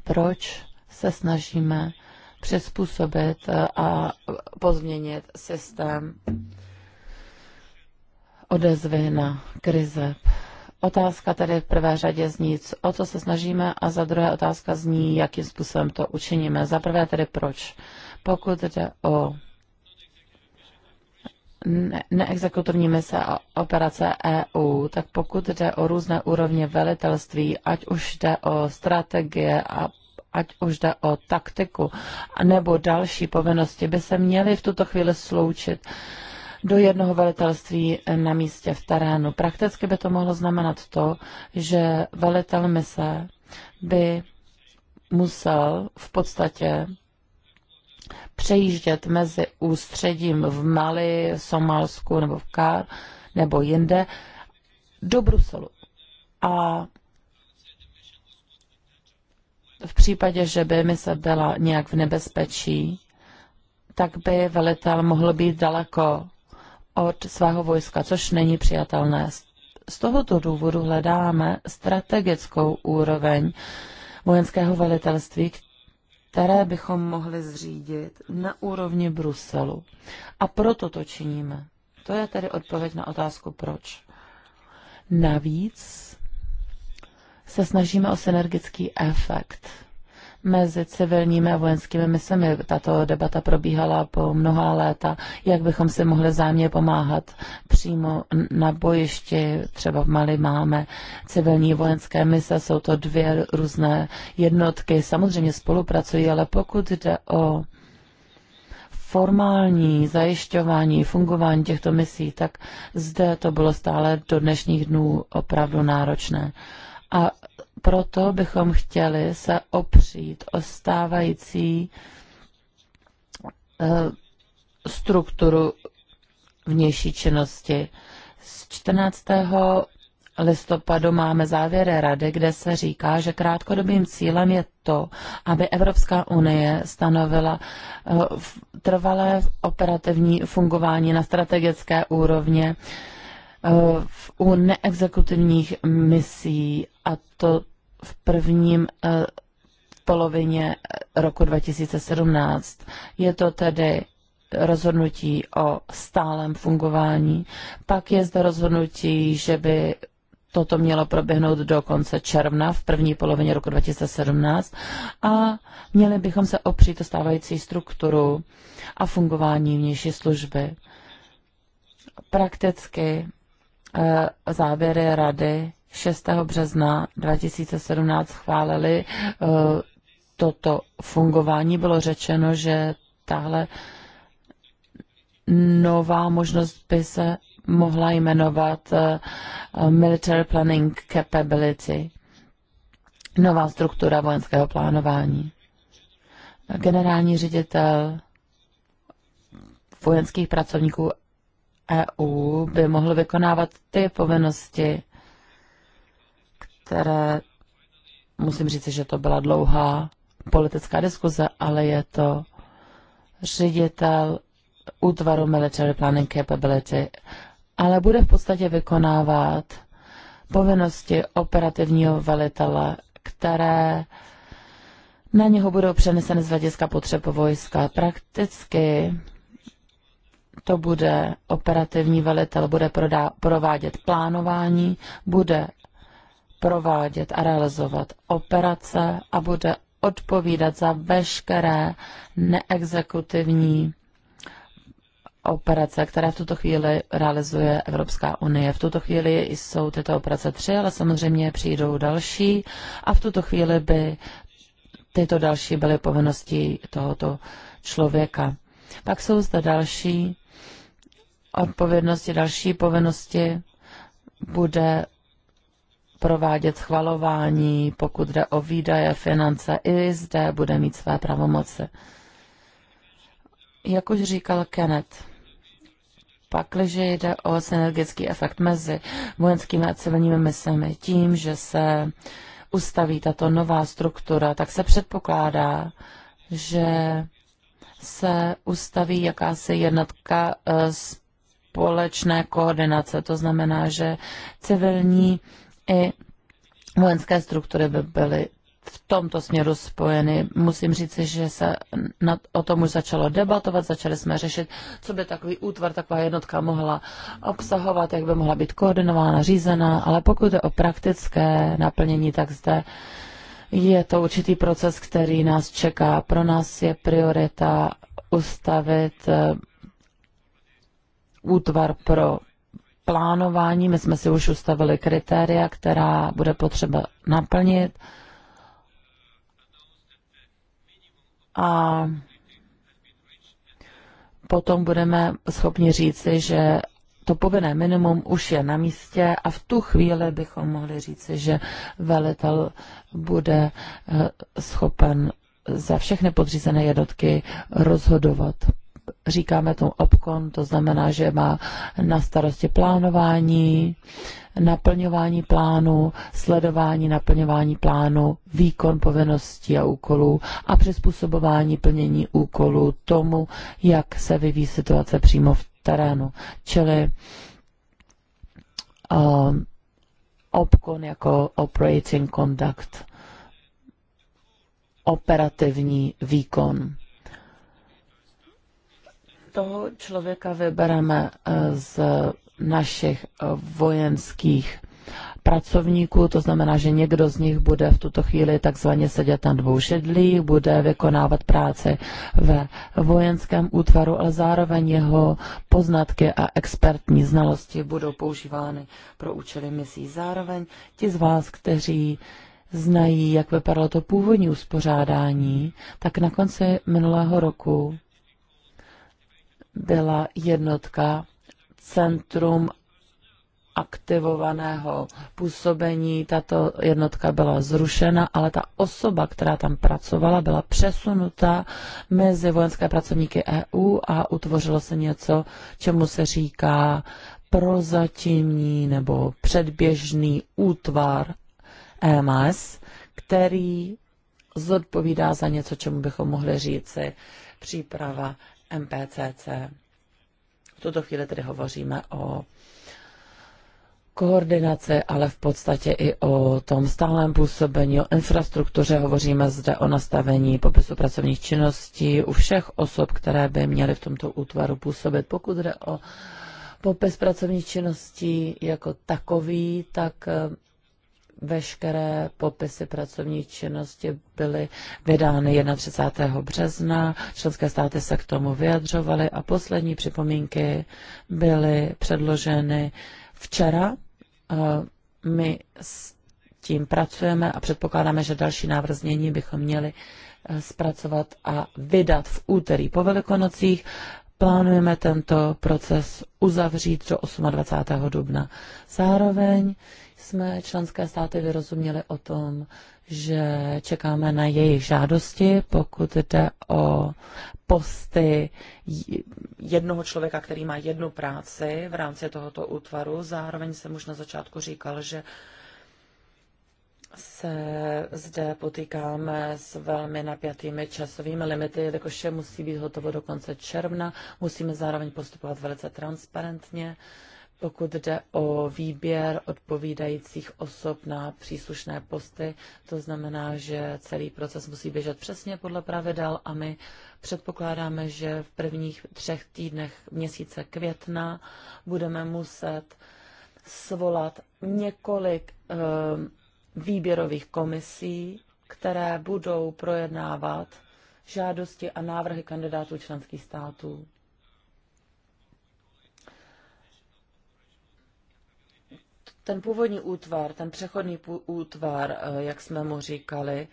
B: proč se snažíme přizpůsobit eh, a pozměnit systém odezvy na krize. Otázka tedy v prvé řadě zní, o co se snažíme, a za druhé otázka zní, jakým způsobem to učiníme. Za prvé tedy proč. Pokud jde o ne- neexekutivní mise a operace EU, tak pokud jde o různé úrovně velitelství, ať už jde o strategie a ať už jde o taktiku nebo další povinnosti, by se měly v tuto chvíli sloučit do jednoho velitelství na místě v terénu. Prakticky by to mohlo znamenat to, že velitel mise by musel v podstatě přejíždět mezi ústředím v Mali, v Somálsku nebo v Kár nebo jinde do Bruselu. A v případě, že by se byla nějak v nebezpečí, tak by velitel mohl být daleko od svého vojska, což není přijatelné. Z tohoto důvodu hledáme strategickou úroveň vojenského velitelství, které bychom mohli zřídit na úrovni Bruselu. A proto to činíme. To je tedy odpověď na otázku proč. Navíc se snažíme o synergický efekt mezi civilními a vojenskými misemi. Tato debata probíhala po mnoha léta, jak bychom si mohli zájemně pomáhat přímo na bojišti. Třeba v Mali máme civilní vojenské mise, jsou to dvě různé jednotky. Samozřejmě spolupracují, ale pokud jde o formální zajišťování, fungování těchto misí, tak zde to bylo stále do dnešních dnů opravdu náročné. A proto bychom chtěli se opřít o stávající eh, strukturu vnější činnosti. Z 14. listopadu máme závěry rady, kde se říká, že krátkodobým cílem je to, aby Evropská unie stanovila eh, trvalé operativní fungování na strategické úrovně Eh, u neexekutivních misí a to v prvním eh, polovině eh, roku 2017. Je to tedy rozhodnutí o stálem fungování. Pak je zde rozhodnutí, že by toto mělo proběhnout do konce června v první polovině roku 2017 a měli bychom se opřít o stávající strukturu a fungování vnější služby. Prakticky Eh, závěry rady 6. března 2017 schválili eh, toto fungování. Bylo řečeno, že tahle nová možnost by se mohla jmenovat eh, Military Planning Capability, nová struktura vojenského plánování. Generální ředitel vojenských pracovníků EU by mohl vykonávat ty povinnosti, které, musím říct, že to byla dlouhá politická diskuze, ale je to ředitel útvaru Military Planning Capability, ale bude v podstatě vykonávat povinnosti operativního velitele, které na něho budou přeneseny z hlediska potřeb vojska. Prakticky to bude operativní velitel, bude prodá, provádět plánování, bude provádět a realizovat operace a bude odpovídat za veškeré neexekutivní operace, které v tuto chvíli realizuje Evropská unie. V tuto chvíli jsou tyto operace tři, ale samozřejmě přijdou další a v tuto chvíli by tyto další byly povinností tohoto člověka. Pak jsou zde další odpovědnosti, další povinnosti bude provádět schvalování, pokud jde o výdaje, finance, i zde bude mít své pravomoci. Jak už říkal Kenneth, pakliže jde o synergický efekt mezi vojenskými a civilními misemi, tím, že se ustaví tato nová struktura, tak se předpokládá, že se ustaví jakási jednotka z eh, společné koordinace. To znamená, že civilní i vojenské struktury by byly v tomto směru spojeny. Musím říct, že se nad, o tom už začalo debatovat, začali jsme řešit, co by takový útvar, taková jednotka mohla obsahovat, jak by mohla být koordinována, řízená, ale pokud je o praktické naplnění, tak zde je to určitý proces, který nás čeká. Pro nás je priorita ustavit eh, útvar pro plánování. My jsme si už ustavili kritéria, která bude potřeba naplnit. A potom budeme schopni říci, že to povinné minimum už je na místě a v tu chvíli bychom mohli říci, že velitel bude eh, schopen za všechny podřízené jednotky rozhodovat říkáme tomu obkon, to znamená, že má na starosti plánování, naplňování plánu, sledování, naplňování plánu, výkon povinností a úkolů a přizpůsobování plnění úkolů tomu, jak se vyvíjí situace přímo v terénu. Čili um, obkon jako operating conduct, operativní výkon toho člověka vybereme eh, z našich eh, vojenských pracovníků, to znamená, že někdo z nich bude v tuto chvíli takzvaně sedět na dvou šedlích, bude vykonávat práci ve vojenském útvaru, ale zároveň jeho poznatky a expertní znalosti budou používány pro účely misí. Zároveň ti z vás, kteří znají, jak vypadalo to původní uspořádání, tak na konci minulého roku byla jednotka Centrum aktivovaného působení. Tato jednotka byla zrušena, ale ta osoba, která tam pracovala, byla přesunuta mezi vojenské pracovníky EU a utvořilo se něco, čemu se říká prozatímní nebo předběžný útvar EMS, který zodpovídá za něco, čemu bychom mohli říci příprava MPCC. V tuto chvíli tedy hovoříme o koordinaci, ale v podstatě i o tom stálém působení, o infrastruktuře. Hovoříme zde o nastavení popisu pracovních činností u všech osob, které by měly v tomto útvaru působit. Pokud jde o popis pracovních činností jako takový, tak Veškeré popisy pracovní činnosti byly vydány 31. března, členské státy se k tomu vyjadřovaly a poslední připomínky byly předloženy včera. My s tím pracujeme a předpokládáme, že další návrh znění bychom měli eh, zpracovat a vydat v úterý po Velikonocích. Plánujeme tento proces uzavřít do 28. dubna. Zároveň jsme členské státy vyrozuměli o tom, že čekáme na jejich žádosti, pokud jde o posty jednoho člověka, který má jednu práci v rámci tohoto útvaru. Zároveň jsem už na začátku říkal, že se zde potýkáme s velmi napjatými časovými limity, jelikož musí být hotovo do konce června. Musíme zároveň postupovat velice transparentně. Uh, pokud jde o výběr odpovídajících osob na příslušné posty. To znamená, že celý proces musí běžet přesně podle pravidel a my předpokládáme, že v prvních třech týdnech měsíce května budeme muset svolat několik e, výběrových komisí, které budou projednávat žádosti a návrhy kandidátů členských států Ten původní útvar, ten přechodný útvar, eh, jak jsme mu říkali,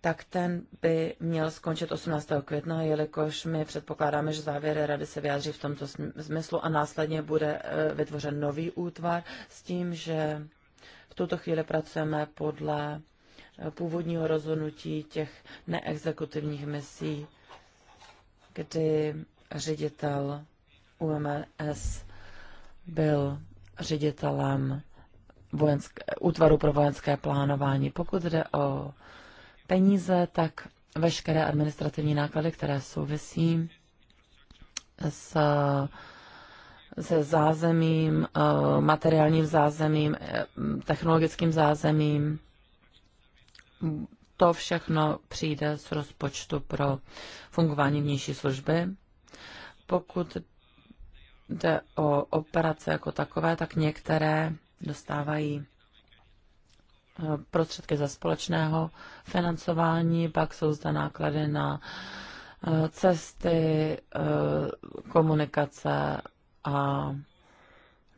B: tak ten by měl skončit 18. května, jelikož my předpokládáme, že závěry rady se vyjádří v tomto smyslu a následně bude eh, vytvořen nový útvar s tím, že v tuto chvíli pracujeme podle eh, původního rozhodnutí těch neexekutivních misí, kdy ředitel UMS byl ředitelem vojenské, útvaru pro vojenské plánování. Pokud jde o peníze, tak veškeré administrativní náklady, které souvisí s, se zázemím, eh, materiálním zázemím, eh, technologickým zázemím, to všechno přijde z rozpočtu pro fungování vnější služby. Pokud jde o operace jako takové, tak některé dostávají eh, prostředky ze společného financování, pak jsou zde náklady na eh, cesty, eh, komunikace a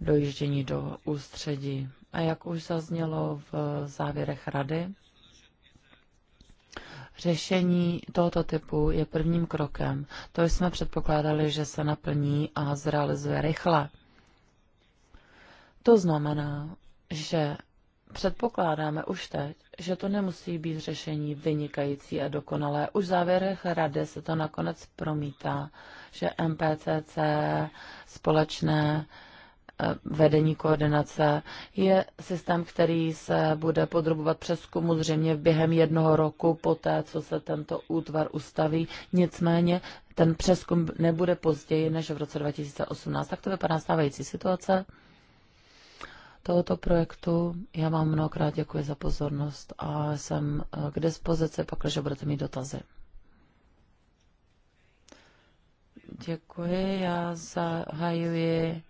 B: dojíždění do ústředí. A jak už zaznělo v závěrech rady, Řešení tohoto typu je prvním krokem. To jsme předpokládali, že se naplní a zrealizuje rychle. To znamená, že předpokládáme už teď, že to nemusí být řešení vynikající a dokonalé. Už v závěrech rady se to nakonec promítá, že MPCC, společné Eh, vedení koordinace je systém, který se bude podrobovat přeskumu zřejmě během jednoho roku poté, co se tento útvar ustaví. Nicméně ten přeskum nebude později než v roce 2018. Tak to vypadá stávající situace tohoto projektu. Já vám mnohokrát děkuji za pozornost a jsem eh, k dispozici, pakliže budete mít dotazy. Děkuji, já zahajuji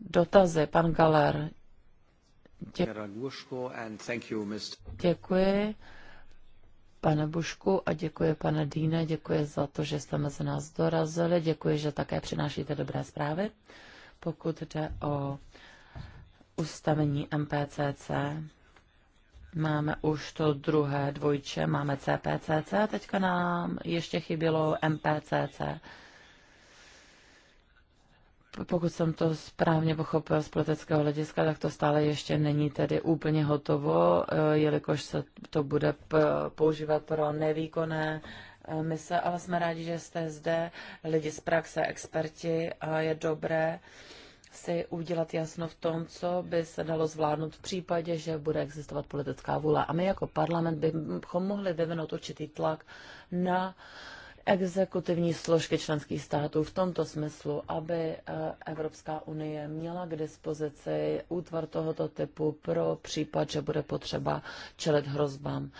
B: dotazy. Pan Galer.
E: Děkuji.
B: děkuji pane Bušku a děkuji pane Dýne, děkuji za to, že jste mezi nás dorazili, děkuji, že také přinášíte dobré zprávy. Pokud jde o ustavení MPCC, máme už to druhé dvojče, máme CPCC, teďka nám ještě chybělo MPCC pokud jsem to správně pochopil z politického hlediska, tak to stále ještě není tedy úplně hotovo, eh, jelikož se to bude používat pro nevýkonné eh, mise, ale jsme rádi, že jste zde, lidi z praxe, experti a je dobré si udělat jasno v tom, co by se dalo zvládnout v případě, že bude existovat politická vůle. A my jako parlament bychom mohli vyvinout určitý tlak na uh, exekutivní složky členských států v tomto smyslu, aby eh, Evropská unie měla k dispozici útvar tohoto typu pro případ, že bude potřeba čelit hrozbám.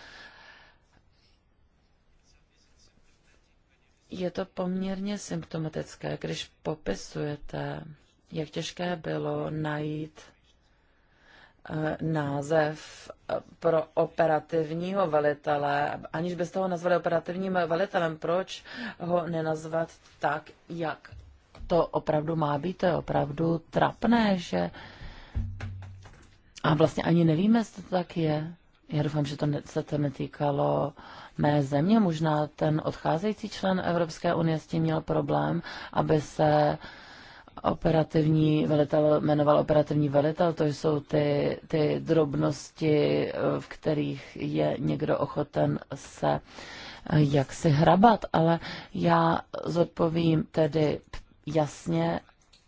B: Je to poměrně symptomatické, když popisujete, jak těžké bylo najít Eh, název eh, pro operativního velitele, aniž byste ho nazvali operativním velitelem. Proč ho nenazvat tak, jak to opravdu má být? To je opravdu trapné, že... A vlastně ani nevíme, jestli to tak je. Já doufám, že to se to netýkalo mé země. Možná ten odcházející člen Evropské unie s tím měl problém, aby se uh, operativní velitel jmenoval operativní velitel, to jsou ty, ty drobnosti, v kterých je někdo ochoten se eh, jak si hrabat, ale já zodpovím tedy jasně,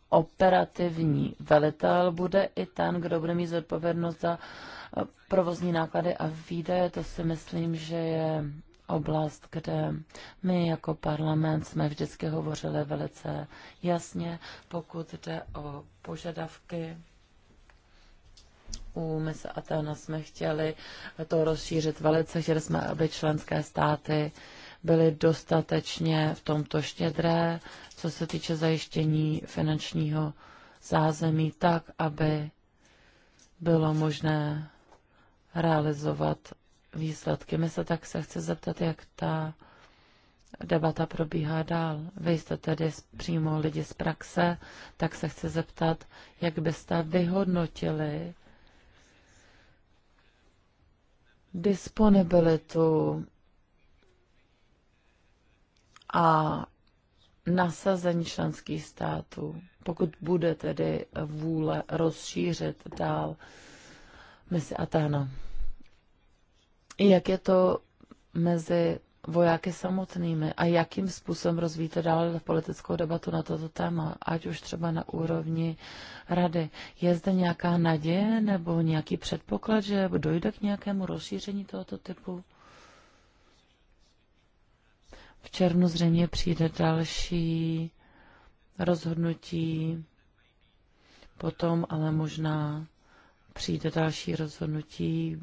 B: operativní velitel bude i ten, kdo bude mít zodpovědnost za eh, provozní náklady a výdaje, to si myslím, že je oblast, kde my jako parlament jsme vždycky hovořili velice jasně, pokud jde o požadavky u mise Atena jsme chtěli to rozšířit velice, chtěli jsme, aby členské státy byly dostatečně v tomto štědré, co se týče zajištění finančního zázemí, tak, aby bylo možné realizovat výsledky. My se tak se chce zeptat, jak ta debata probíhá dál. Vy jste tedy přímo lidi z praxe, tak se chci zeptat, jak byste vyhodnotili disponibilitu a nasazení členských států, pokud bude tedy vůle rozšířit dál misi Atena. Jak je to mezi vojáky samotnými a jakým způsobem rozvíjíte dále politickou debatu na toto téma, ať už třeba na úrovni rady. Je zde nějaká naděje nebo nějaký předpoklad, že dojde k nějakému rozšíření tohoto typu? V červnu zřejmě přijde další rozhodnutí, potom ale možná přijde další rozhodnutí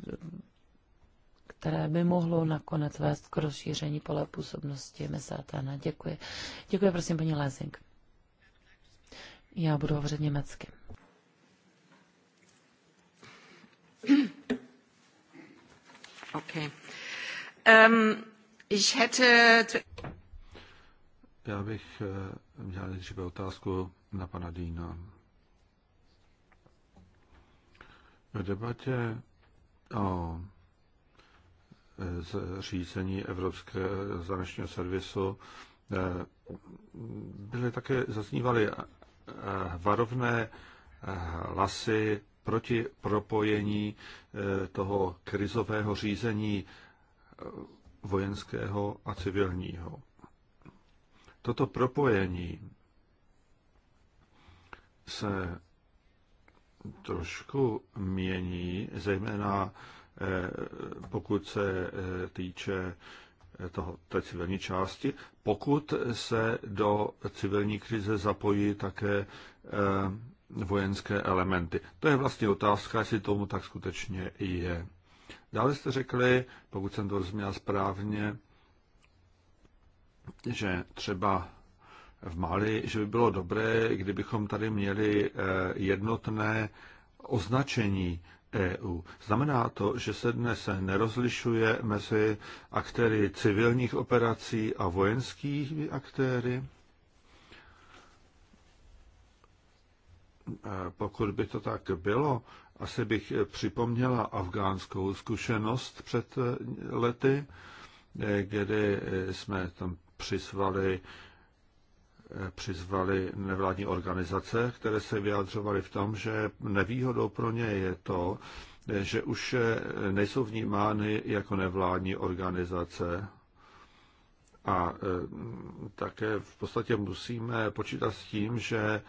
B: které by mohlo nakonec vést k rozšíření pole působnosti Mesátana. Děkuji. Děkuji, prosím, paní Lézing. Já budu hovořit německy.
A: Okay. Um, ich hätte...
D: Já bych eh, měl nejdříve otázku na pana Dýna. V debatě o z řízení evropské zahraničního servisu eh, byly také zaznívaly eh, varovné eh, hlasy proti propojení toho krizového řízení vojenského a civilního. Toto propojení se trošku mění, zejména Eh, pokud se eh, týče eh, toho, té civilní části, pokud se do civilní krize zapojí také vojenské elementy. To je vlastně otázka, jestli tomu tak skutečně je. Dále jste řekli, pokud jsem to rozuměl správně, že třeba v Mali, že by bylo dobré, kdybychom tady měli jednotné označení EU. Znamená to, že se dnes nerozlišuje mezi aktéry civilních operací a vojenských aktéry? E, pokud by to tak bylo, asi bych připomněla afgánskou zkušenost před lety, e, kdy jsme tam přizvali přizvali nevládní organizace, které se vyjadřovaly v tom, že nevýhodou pro ně je to, že už nejsou vnímány jako nevládní organizace. A e, také v podstatě musíme počítat s tím, že e,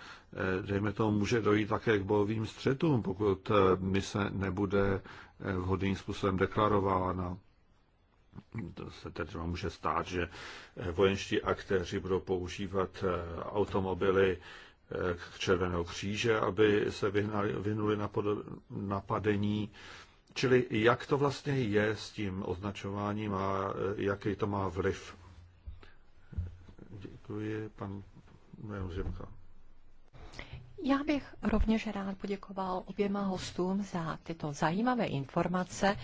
D: dejme tomu může dojít také k bojovým střetům, pokud e, mise nebude vhodným způsobem deklarována to se tedy třeba může stát, že eh, vojenští aktéři budou používat eh, automobily eh, k Červeného kříže, aby se vyhnali, vyhnuli napadení. Čili jak to vlastně je s tím označováním a jaký to má vliv? Děkuji, pan Zemka.
C: Já bych rovněž rád poděkoval oběma hostům za tyto zajímavé informace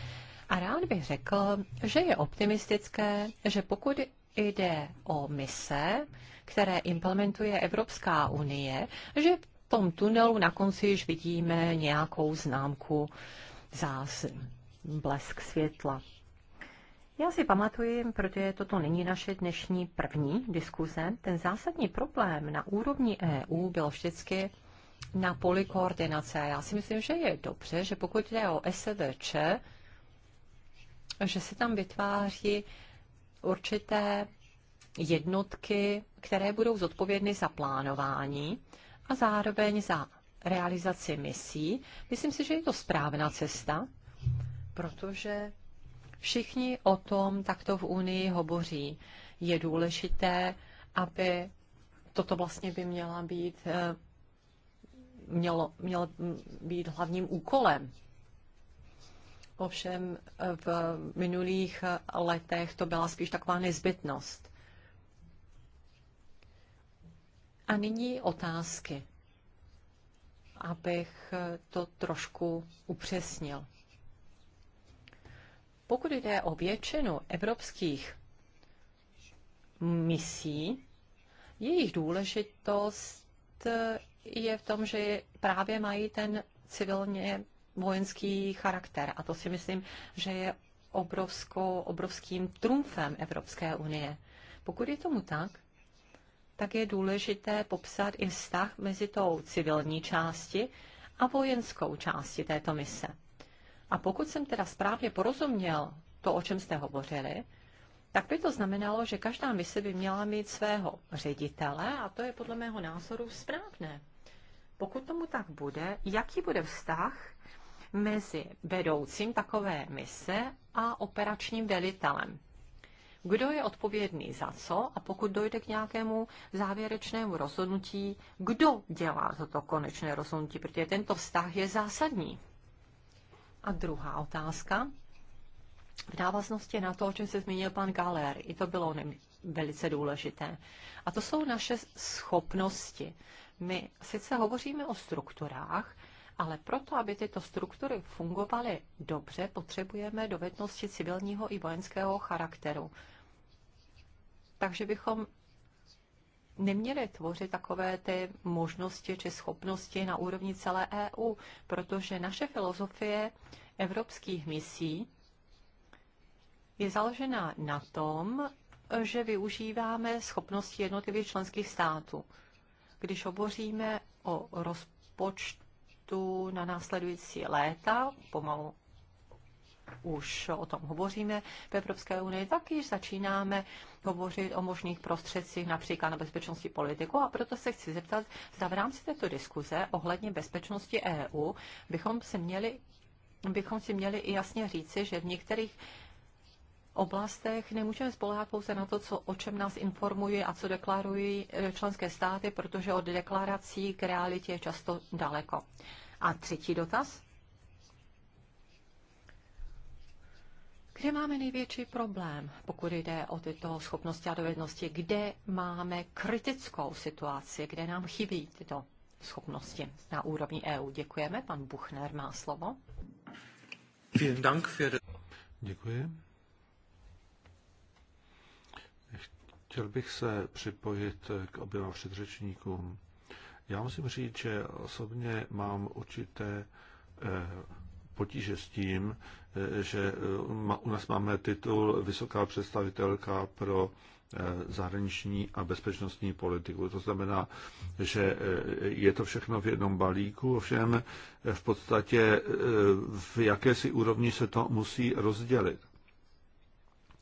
C: a rád bych řekl, že je optimistické, že pokud jde o mise, které implementuje Evropská unie, že v tom tunelu na konci již vidíme nějakou známku zás blesk světla. Já si pamatuji, protože toto není naše dnešní první diskuze, ten zásadní problém na úrovni EU byl vždycky na poli koordinace. Já si myslím, že je dobře, že pokud jde o SVČ, že se tam vytváří určité jednotky, které budou zodpovědny za plánování a zároveň za realizaci misí. Myslím si, že je to správná cesta, protože všichni o tom takto v Unii hovoří. Je důležité, aby toto vlastně by měla být, eh, mělo, mělo být hlavním úkolem Ovšem v minulých letech to byla spíš taková nezbytnost. A nyní otázky, abych to trošku upřesnil. Pokud jde o většinu evropských misí, jejich důležitost je v tom, že právě mají ten civilně vojenský charakter. A to si myslím, že je obrovsko obrovským trumfem Evropské unie. Pokud je tomu tak, tak je důležité popsat i vztah mezi tou civilní části a vojenskou části této mise. A pokud jsem teda správně porozuměl to, o čem jste hovořili, tak by to znamenalo, že každá mise by měla mít svého ředitele a to je podle mého názoru správné. Pokud tomu tak bude, jaký bude vztah mezi vedoucím takové mise a operačním velitelem. Kdo je odpovědný za co a pokud dojde k nějakému závěrečnému rozhodnutí, kdo dělá toto konečné rozhodnutí, protože tento vztah je zásadní. A druhá otázka. V návaznosti na to, o čem se zmínil pan Galer, i to bylo velice důležité. A to jsou naše schopnosti. My sice hovoříme o strukturách, ale proto, aby tyto struktury fungovaly dobře, potřebujeme dovednosti civilního i vojenského charakteru. Takže bychom neměli tvořit takové ty možnosti či schopnosti na úrovni celé EU, protože naše filozofie evropských misí je založena na tom, že využíváme schopnosti jednotlivých členských států. Když hovoříme o rozpočtu, projektů na následující léta, pomalu už o tom hovoříme v Evropské unii, tak již začínáme hovořit o možných prostředcích například na bezpečnosti politiku a proto se chci zeptat, zda v rámci této diskuze ohledně bezpečnosti EU bychom si měli bychom si měli i jasně říci, že v některých oblastech nemůžeme spolehat pouze na to, co, o čem nás informují a co deklarují eh, členské státy, protože od deklarací k realitě je často daleko. A třetí dotaz. Kde máme největší problém, pokud jde o tyto schopnosti a dovednosti? Kde máme kritickou situaci, kde nám chybí tyto schopnosti na úrovni EU? Děkujeme. Pan Buchner má slovo.
D: Děkuji Chtěl bych se připojit k oběma předřečníkům. Já musím říct, že osobně mám určité eh, potíže s tím, eh, že eh, u nás máme titul Vysoká představitelka pro zahraniční a bezpečnostní politiku. To znamená, že je to všechno v jednom balíku, ovšem v podstatě v jakési úrovni se to musí rozdělit.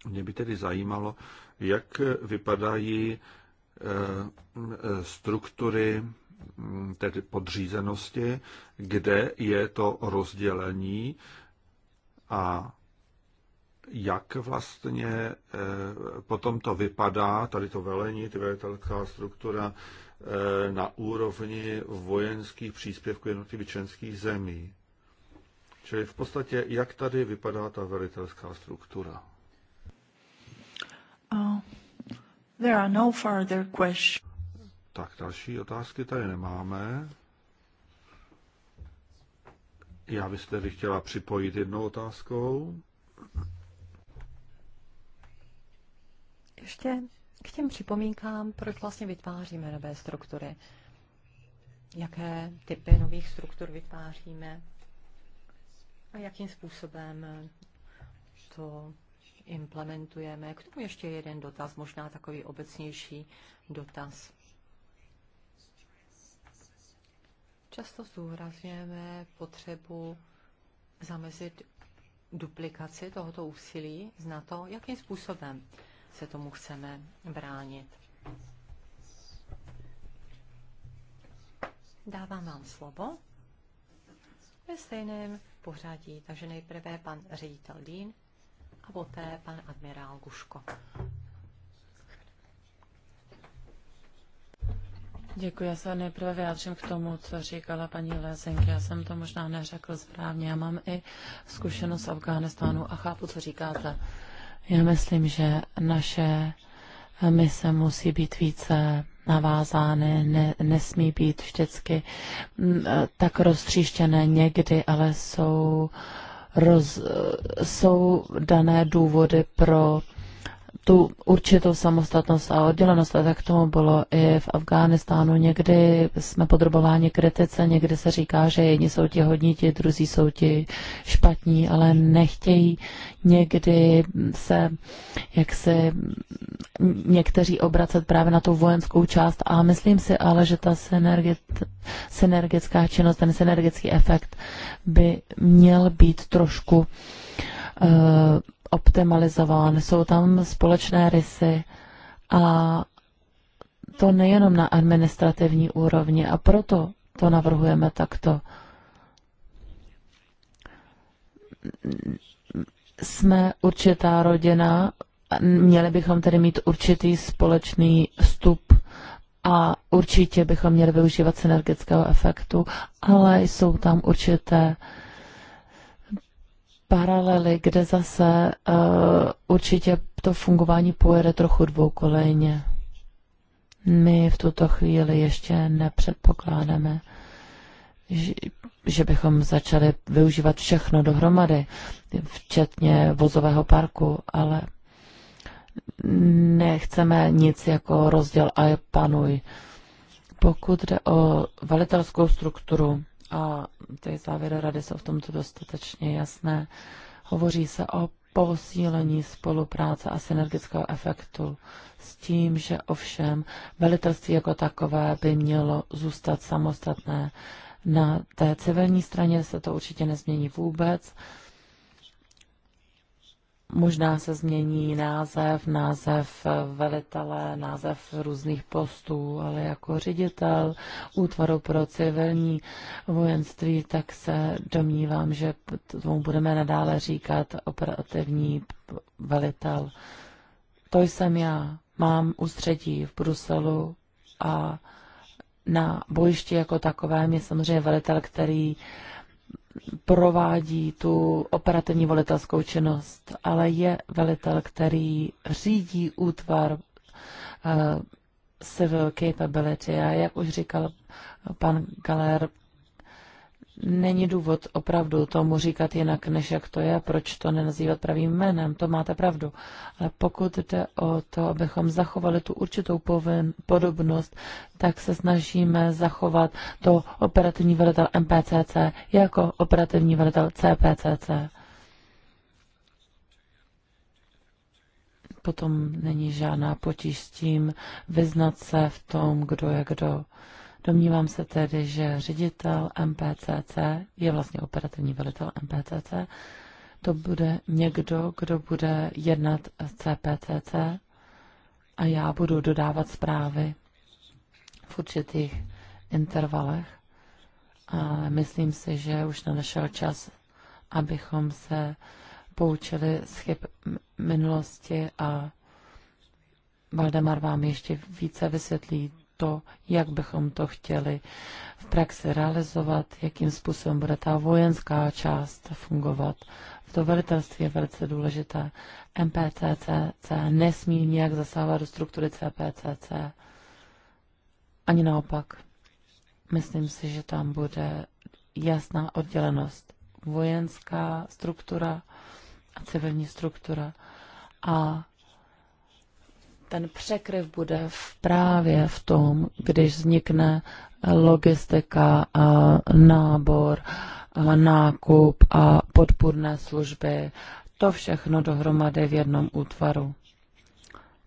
D: Mě by tedy zajímalo, jak vypadají eh, struktury hm, tedy podřízenosti, kde je to rozdělení a jak vlastně eh, potom to vypadá, tady to velení, ty velitelská struktura eh, na úrovni vojenských příspěvků jednotlivých členských zemí. Čili v podstatě, jak tady vypadá ta velitelská struktura.
A: Oh, there are no further questions.
D: Tak další otázky tady nemáme. Já bych chtěla připojit jednou otázkou.
C: Ještě k těm připomínkám, proč vlastně vytváříme nové struktury. Jaké typy nových struktur vytváříme a jakým způsobem to implementujeme. K tomu ještě jeden dotaz, možná takový obecnější dotaz. Často zdůrazňujeme potřebu zamezit duplikaci tohoto úsilí na to, jakým způsobem se tomu chceme bránit. Dávám vám slovo ve stejném pořadí. Takže nejprve pan ředitel Dean, a poté pan admirál Guško.
B: Děkuji, já se nejprve vyjádřím k tomu, co říkala paní Lézenk. Já jsem to možná neřekl správně. Já mám i zkušenost z Afganistánu a chápu, co říkáte. Já myslím, že naše mise musí být více navázány, ne, nesmí být vždycky mm, eh, tak roztříštěné někdy, ale jsou uh, roz, eh, jsou dané důvody pro tu určitou samostatnost a oddělenost, a tak tomu bylo i v Afghánistánu. Někdy jsme podrobováni kritice, někdy se říká, že jedni jsou ti hodní, ti druzí jsou ti špatní, ale nechtějí někdy se, jak se někteří obracet právě na tu vojenskou část a myslím si ale, že ta synergie, synergická činnost, ten synergický efekt by měl být trošku uh, optimalizován, jsou tam společné rysy a to nejenom na administrativní úrovni a proto to navrhujeme takto. Jsme určitá rodina, měli bychom tedy mít určitý společný vstup a určitě bychom měli využívat synergického efektu, ale jsou tam určité uh, paralely, kde zase uh, určitě to fungování pojede trochu dvoukolejně. My v tuto chvíli ještě nepředpokládáme, že bychom začali využívat všechno dohromady, včetně vozového parku, ale nechceme nic jako rozděl a panuj. Pokud jde o velitelskou strukturu, a ty závěry rady jsou v tomto dostatečně jasné. Hovoří se o posílení spolupráce a synergického efektu s tím, že ovšem velitelství jako takové by mělo zůstat samostatné. Na té civilní straně se to určitě nezmění vůbec. Možná se změní název, název velitele, název různých postů, ale jako ředitel útvaru pro civilní vojenství, tak se domnívám, že tomu budeme nadále říkat operativní velitel. To jsem já. Mám ústředí v Bruselu a na bojišti jako takovém je samozřejmě velitel, který provádí tu operativní velitelskou činnost, ale je velitel, který řídí útvar uh, civil capability. A jak už říkal pan Galer, Není důvod opravdu tomu říkat jinak, než jak to je, proč to nenazývat pravým jménem, to máte pravdu. Ale pokud jde o to, abychom zachovali tu určitou povin, podobnost, tak se snažíme zachovat to operativní velitel MPCC jako operativní velitel CPCC. Potom není žádná potíž s tím vyznat se v tom, kdo je kdo. Domnívám se tedy, že ředitel MPCC je vlastně operativní velitel MPCC. To bude někdo, kdo bude jednat s CPCC a já budu dodávat zprávy v určitých intervalech. A myslím si, že už nadešel čas, abychom se poučili z chyb minulosti a Valdemar vám ještě více vysvětlí to, jak bychom to chtěli v praxi realizovat, jakým způsobem bude ta vojenská část fungovat. To velitelství je velice důležité. MPCCC nesmí nijak zasahovat do struktury CPCC. Ani naopak. Myslím si, že tam bude jasná oddělenost. Vojenská struktura a civilní struktura. A ten překryv bude v právě v tom, když vznikne logistika, a nábor, a nákup a podpůrné služby. To všechno dohromady v jednom útvaru.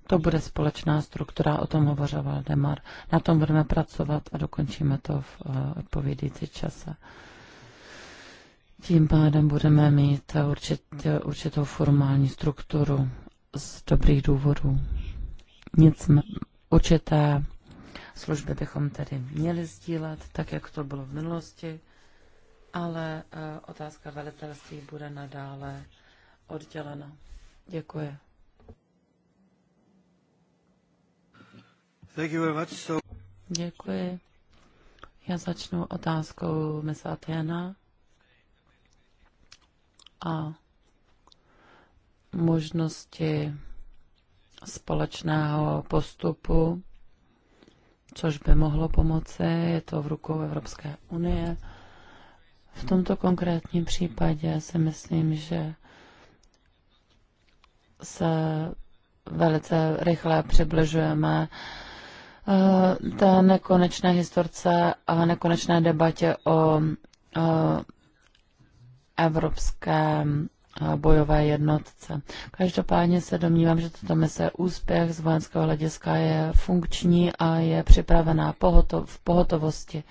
B: To bude společná struktura, o tom hovořil Valdemar. Na tom budeme pracovat a dokončíme to v eh, odpovědící čase. Tím pádem budeme mít určit, určitou formální strukturu z dobrých důvodů nic určité služby bychom tedy měli sdílet, tak jak to bylo v minulosti, ale e, otázka velitelství bude nadále oddělena. Děkuji.
D: Thank you very much. So...
B: Děkuji. Já začnu otázkou Mesatiana a možnosti společného postupu, což by mohlo pomoci. Je to v rukou Evropské unie. V tomto konkrétním případě si myslím, že se velice rychle přibližujeme eh, té nekonečné historce a nekonečné debatě o eh, evropském bojové jednotce. Každopádně se domnívám, že tato mise úspěch z vojenského hlediska je funkční a je připravená v pohotovosti.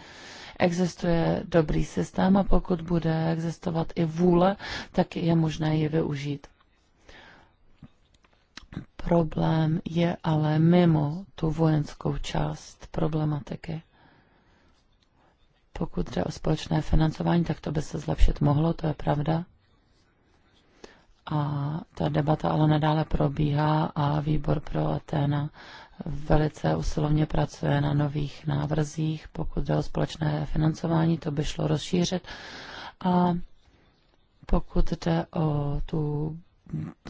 B: Existuje dobrý systém a pokud bude existovat i vůle, tak je možné ji využít. Problém je ale mimo tu vojenskou část problematiky. Pokud jde o společné financování, tak to by se zlepšit mohlo, to je pravda a ta debata ale nadále probíhá a výbor pro Aténa velice usilovně pracuje na nových návrzích, pokud jde o společné financování, to by šlo rozšířit. A pokud jde o tu,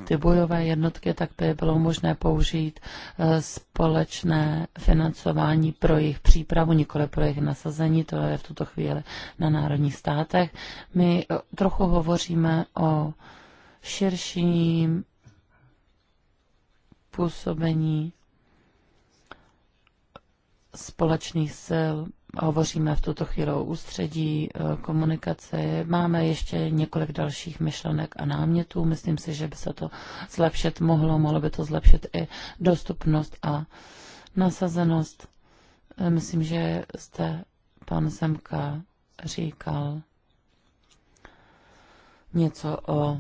B: ty bojové jednotky, tak by bylo možné použít eh, společné financování pro jejich přípravu, nikoli pro jejich nasazení, to je v tuto chvíli na národních státech. My eh, trochu hovoříme o širším působení společných sil. Hovoříme v tuto chvíli o ústředí eh, komunikace. Máme ještě několik dalších myšlenek a námětů. Myslím si, že by se to zlepšit mohlo. Mohlo by to zlepšit i dostupnost a nasazenost. Eh, myslím, že jste pan Semka říkal něco o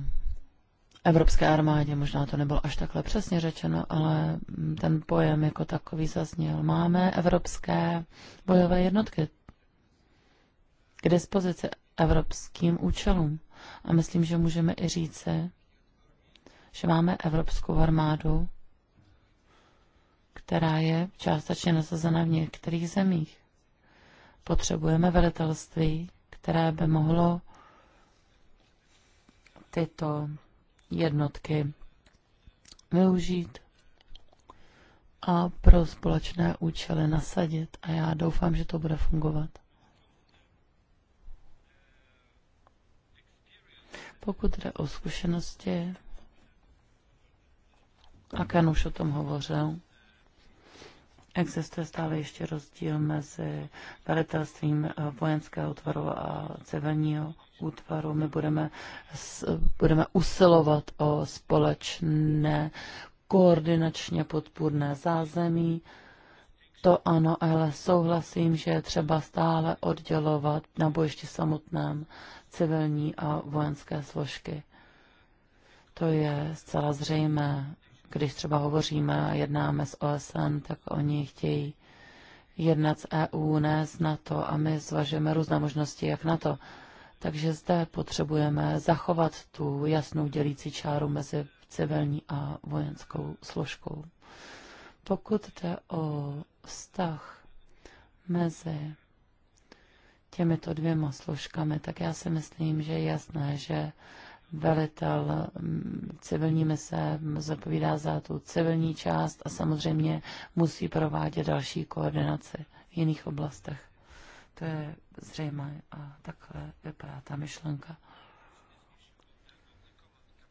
B: evropské armádě. Možná to nebylo až takhle přesně řečeno, ale ten pojem jako takový zazněl. Máme evropské bojové jednotky k dispozici evropským účelům. A myslím, že můžeme i říci, že máme evropskou armádu, která je částečně nasazena v některých zemích. Potřebujeme velitelství, které by mohlo tyto jednotky využít a pro společné účely nasadit. A já doufám, že to bude fungovat. Pokud jde o zkušenosti, a Ken už o tom hovořil, existuje stále ještě rozdíl mezi velitelstvím vojenského tvaru a civilního útvaru. My budeme, budeme usilovat o společné koordinačně podpůrné zázemí. To ano, ale souhlasím, že je třeba stále oddělovat na bojišti samotném civilní a vojenské složky. To je zcela zřejmé. Když třeba hovoříme a jednáme s OSN, tak oni chtějí jednat s EU, ne s NATO a my zvažujeme různé možnosti, jak na to. Takže zde potřebujeme zachovat tu jasnou dělící čáru mezi civilní a vojenskou složkou. Pokud jde o vztah mezi těmito dvěma složkami, tak já si myslím, že je jasné, že velitel mm, civilní mise zapovídá za tu civilní část a samozřejmě musí provádět další koordinaci v jiných oblastech. To je zřejmé a takhle vypadá ta myšlenka.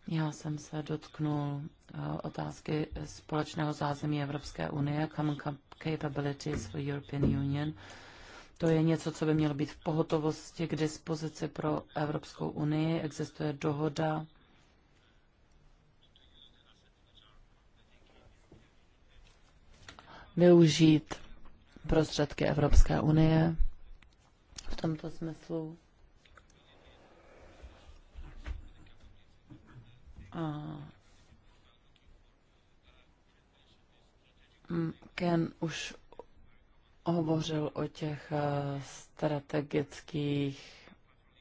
B: Já jsem se dotknul eh, otázky společného zázemí Evropské unie, Common Capabilities for European Union. To je něco, co by mělo být v pohotovosti k dispozici pro Evropskou unii. Existuje dohoda využít prostředky Evropské unie v tomto smyslu. A mm, Ken už hovořil o těch eh, strategických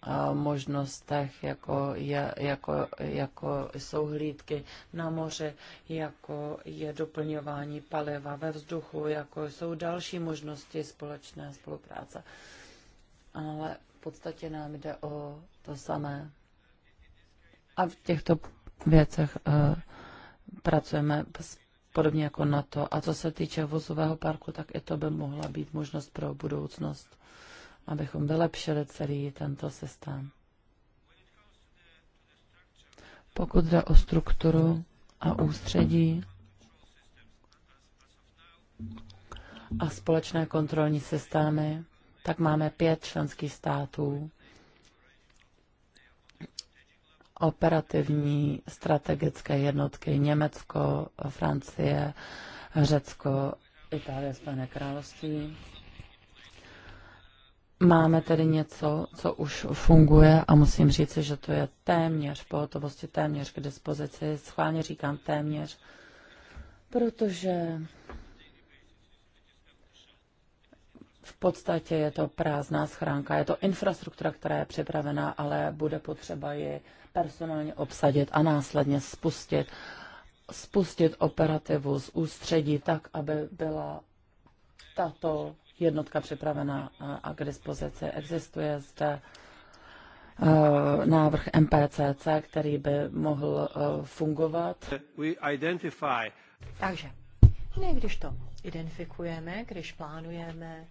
B: eh, možnostech, jako, je, jako, jako jsou hlídky na moře, jako je doplňování paliva ve vzduchu, jako jsou další možnosti společné spolupráce. Uh, ale v podstatě nám jde o to samé. A v těchto věcech uh, pracujeme podobně jako na to. A co se týče vozového parku, tak i to by mohla být možnost pro budoucnost, abychom vylepšili celý tento systém. Pokud jde o strukturu a ústředí a společné kontrolní systémy, tak máme pět členských států operativní strategické jednotky Německo, Francie, Řecko, Itálie, Spojené království. Máme tedy něco, co už funguje a musím říct, že to je téměř v pohotovosti, téměř k dispozici. Schválně říkám téměř, protože V podstatě je to prázdná schránka, je to infrastruktura, která je připravená, ale bude potřeba ji personálně obsadit a následně spustit. Spustit operativu z ústředí tak, aby byla tato jednotka připravená a k dispozici. Existuje zde eh, návrh MPCC, který by
D: mohl eh, fungovat.
B: Takže
C: my, když to identifikujeme, když plánujeme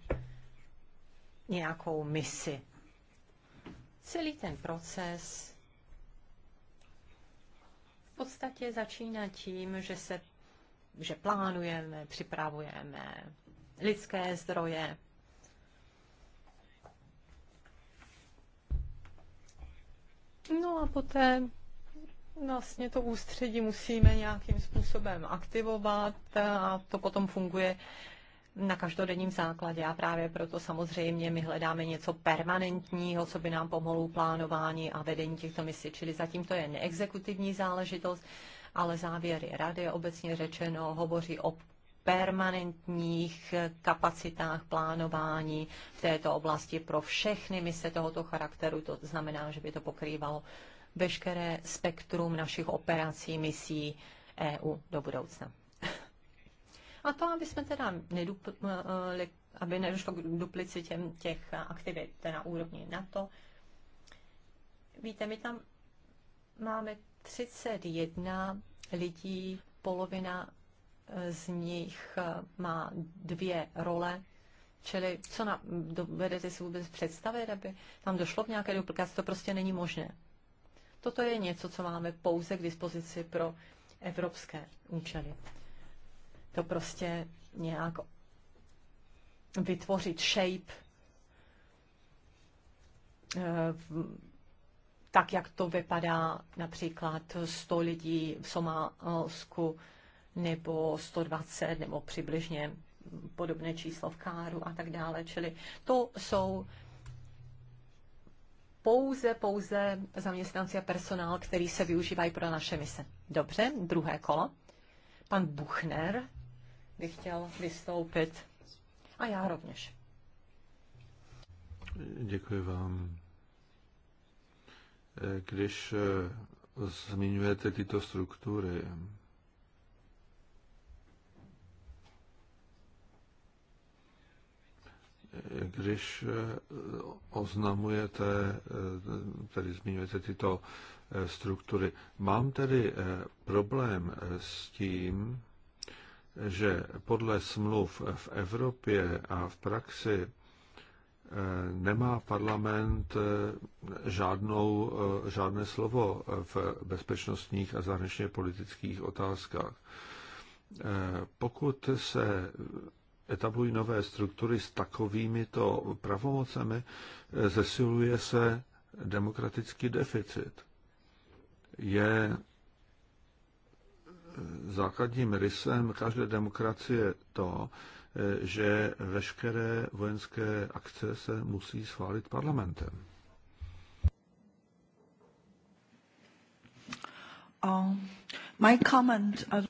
C: nějakou misi. Celý ten proces v podstatě začíná tím, že se že plánujeme, připravujeme lidské zdroje. No a poté vlastně to ústředí musíme nějakým způsobem aktivovat a to potom funguje na každodenním základě a právě proto samozřejmě my hledáme něco permanentního, co by nám pomohlo plánování a vedení těchto misí. Čili zatím to je neexekutivní záležitost, ale závěry rady obecně řečeno hovoří o permanentních kapacitách plánování v této oblasti pro všechny mise tohoto charakteru. To znamená, že by to pokrývalo veškeré spektrum našich operací, misí EU do budoucna. A to, aby jsme teda nedupli, aby nedošlo k duplicitě těch aktivit na úrovni NATO. Víte, my tam máme 31 lidí, polovina eh, z nich eh, má dvě role, čili co na, dovedete si vůbec představit, aby tam došlo k nějaké duplikaci, to prostě není možné. Toto je něco, co máme pouze k dispozici pro evropské účely. To prostě nějak vytvořit shape eh, tak, jak to vypadá například 100 lidí v Somálsku nebo 120 nebo přibližně podobné číslo v Káru a tak dále. Čili to jsou pouze, pouze zaměstnanci a personál, který se využívají pro naše mise. Dobře, druhé kolo. Pan Buchner by chtěl vystoupit a já rovněž.
D: Děkuji vám. Když eh, zmiňujete tyto struktury, když eh, oznamujete, eh, tedy zmiňujete tyto eh, struktury, mám tedy problém s tím, že podle smluv v Evropě a v praxi nemá parlament žádnou, žádné slovo v bezpečnostních a zahraničně politických otázkách. Pokud se etablují nové struktury s takovými to pravomocemi, eh, zesiluje se demokratický deficit. Je eh, základním rysem každé demokracie to, eh, že veškeré vojenské akce se musí schválit parlamentem.
A: Oh, my comment... Uh,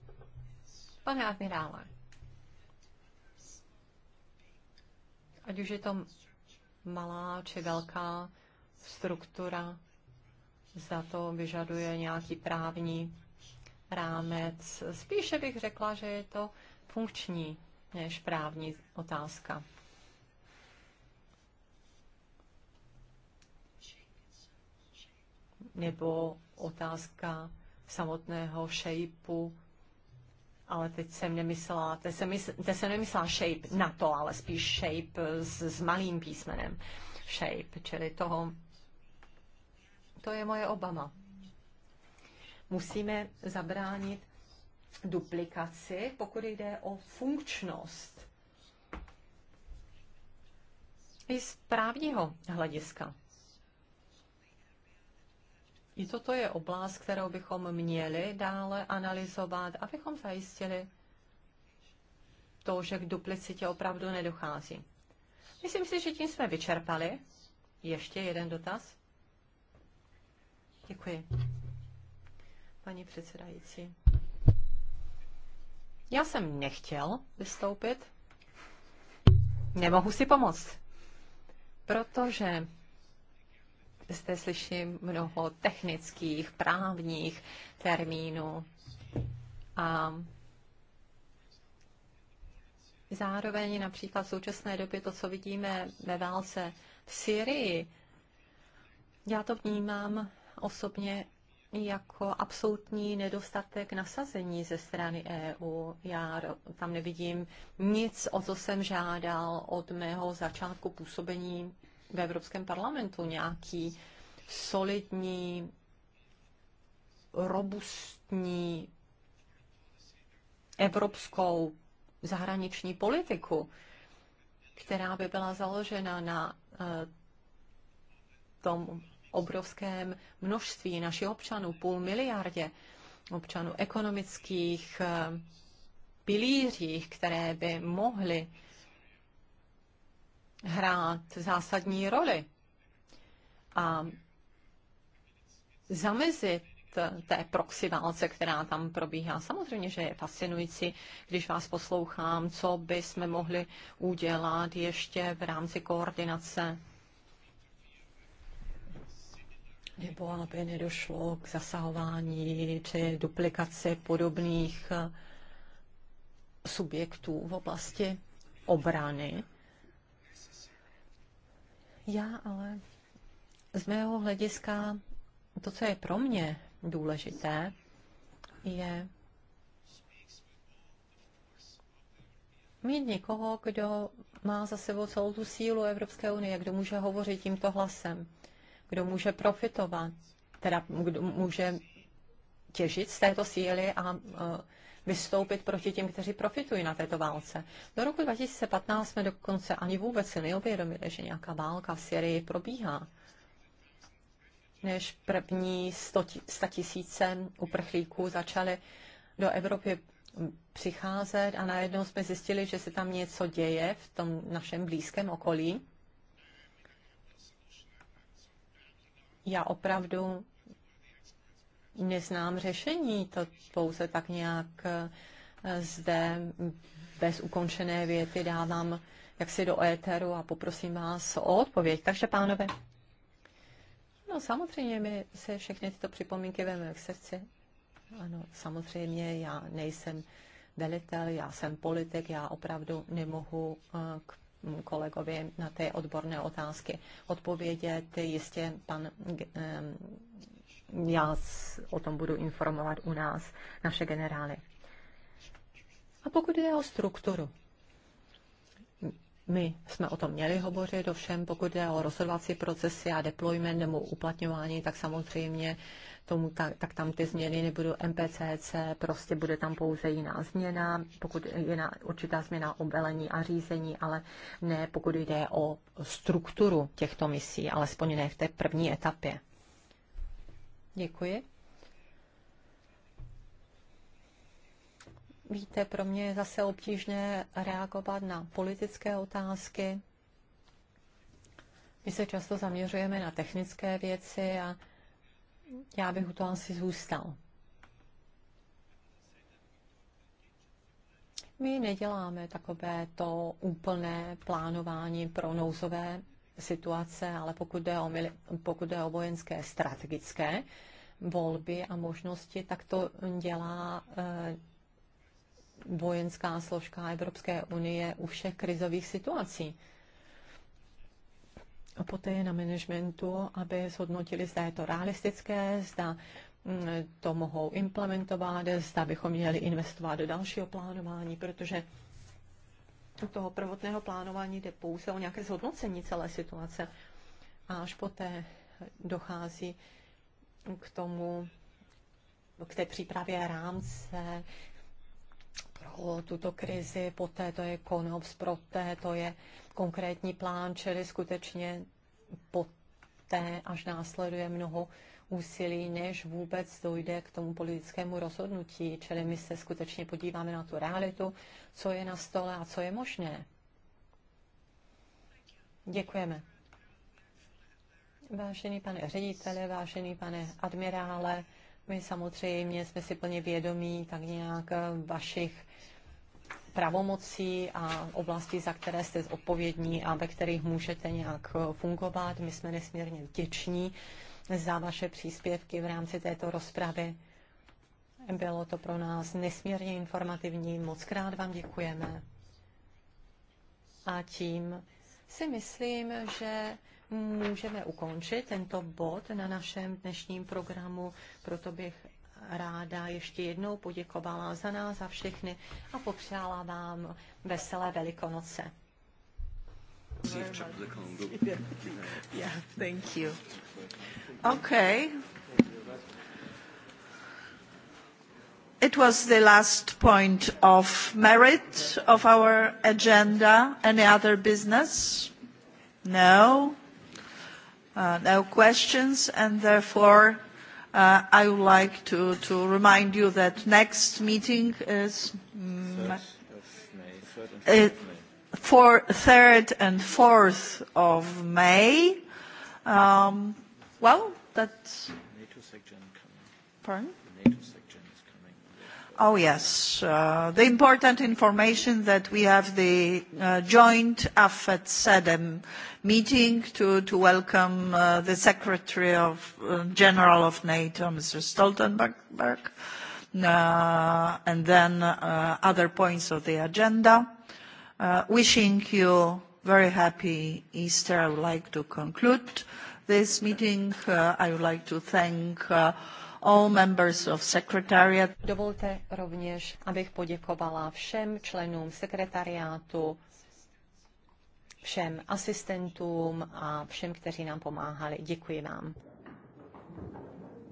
C: Pane admirále, ať už je to malá či velká struktura, za to vyžaduje nějaký právní rámec. Spíše bych řekla, že je to funkční než právní otázka. Nebo otázka samotného šejpu ale teď jsem nemyslela, teď jsem, mysl, teď jsem nemyslela shape na to, ale spíš shape s, s malým písmenem. Shape, čili toho, to je moje obama. Musíme zabránit duplikaci, pokud jde o funkčnost. I z právního hlediska. I toto je oblast, kterou bychom měli dále analyzovat, abychom zajistili to, že k duplicitě opravdu nedochází. Myslím si, že tím jsme vyčerpali. Ještě jeden dotaz. Děkuji. Paní předsedající. Já jsem nechtěl vystoupit. Nemohu si pomoct, protože zde slyším mnoho technických, právních termínů. A zároveň například v současné době to, co vidíme ve válce v Syrii, já to vnímám osobně jako absolutní nedostatek nasazení ze strany EU. Já tam nevidím nic, o co jsem žádal od mého začátku působení v Evropském parlamentu nějaký solidní, robustní evropskou zahraniční politiku, která by byla založena na eh, tom obrovském množství našich občanů, půl miliardě občanů, ekonomických eh, pilířích, které by mohly hrát zásadní roli a zamezit té proxy válce, která tam probíhá. Samozřejmě, že je fascinující, když vás poslouchám, co by jsme mohli udělat ještě v rámci koordinace nebo aby nedošlo k zasahování či duplikaci podobných subjektů v oblasti obrany. Já ale z mého hlediska to, co je pro mě důležité, je mít někoho, kdo má za sebou celou tu sílu Evropské unie, kdo může hovořit tímto hlasem, kdo může profitovat, teda kdo může těžit z této síly a vystoupit proti těm, kteří profitují na této válce. Do roku 2015 jsme dokonce ani vůbec si neuvědomili, že nějaká válka v Syrii probíhá než první 100 tisíce uprchlíků začaly do Evropy přicházet a najednou jsme zjistili, že se tam něco děje v tom našem blízkém okolí. Já opravdu neznám řešení, to pouze tak nějak eh, zde bez ukončené věty dávám jaksi do éteru a poprosím vás o odpověď. Takže, pánové, no samozřejmě my se všechny tyto připomínky veme k srdci. Ano, samozřejmě já nejsem velitel, já jsem politik, já opravdu nemohu eh, k kolegovi na té odborné otázky odpovědět. Jistě pan já o tom budu informovat u nás naše generály. A pokud jde o strukturu, my jsme o tom měli hovořit, ovšem pokud jde o rozhodovací procesy a deployment nebo uplatňování, tak samozřejmě tomu tak, tak tam ty změny nebudou MPCC, prostě bude tam pouze jiná změna, pokud je na, určitá změna obelení a řízení, ale ne pokud jde o strukturu těchto misí, alespoň ne v té první etapě. Děkuji. Víte, pro mě je zase obtížné reagovat na politické otázky. My se často zaměřujeme na technické věci a já bych u toho asi zůstal. My neděláme takové to úplné plánování pro nouzové situace, ale pokud jde o, pokud jde o vojenské strategické volby a možnosti, tak to dělá eh, vojenská složka Evropské unie u všech krizových situací. A poté je na managementu, aby zhodnotili, zda je to realistické, zda hm, to mohou implementovat, zda bychom měli investovat do dalšího plánování, protože toho prvotného plánování jde pouze o nějaké zhodnocení celé situace. A až poté dochází k tomu, k té přípravě rámce pro tuto krizi, poté to je konops, poté to je konkrétní plán, čili skutečně poté až následuje mnoho úsilí, než vůbec dojde k tomu politickému rozhodnutí. Čili my se skutečně podíváme na tu realitu, co je na stole a co je možné. Děkujeme. Vážený pane řediteli, vážený pane admirále, my samozřejmě jsme si plně vědomí tak nějak eh, vašich pravomocí a oblasti, za které jste odpovědní a ve kterých můžete nějak eh, fungovat. My jsme nesmírně vděční za vaše příspěvky v rámci této rozpravy. Bylo to pro nás nesmírně informativní. Moc krát vám děkujeme. A tím si myslím, že můžeme ukončit tento bod na našem dnešním programu. Proto bych ráda ještě jednou poděkovala za nás, za všechny a popřála vám veselé Velikonoce.
A: Yeah, thank you. Okay. It was the last point of merit of our agenda. Any other business? No. Uh, no questions, and therefore, uh, I would like to, to remind you that next meeting is- Third mm, and for 3rd and 4th of May. Um, well, that's...
E: NATO section coming.
A: Pardon? NATO section is coming. Oh, yes. Uh, the important information that we have the uh, joint AFET-SEDEM meeting to, to welcome uh, the Secretary of uh, General of NATO, Mr. Stoltenberg, uh, and then uh, other points of the agenda. Uh, wishing you very happy Easter, I would like to conclude this meeting. Uh, I would like to thank uh, all members of secretariat. Dovolte rovněž, abych poděkovala všem členům
C: sekretariátu, všem asistentům a všem, kteří nám pomáhali. Děkuji vám.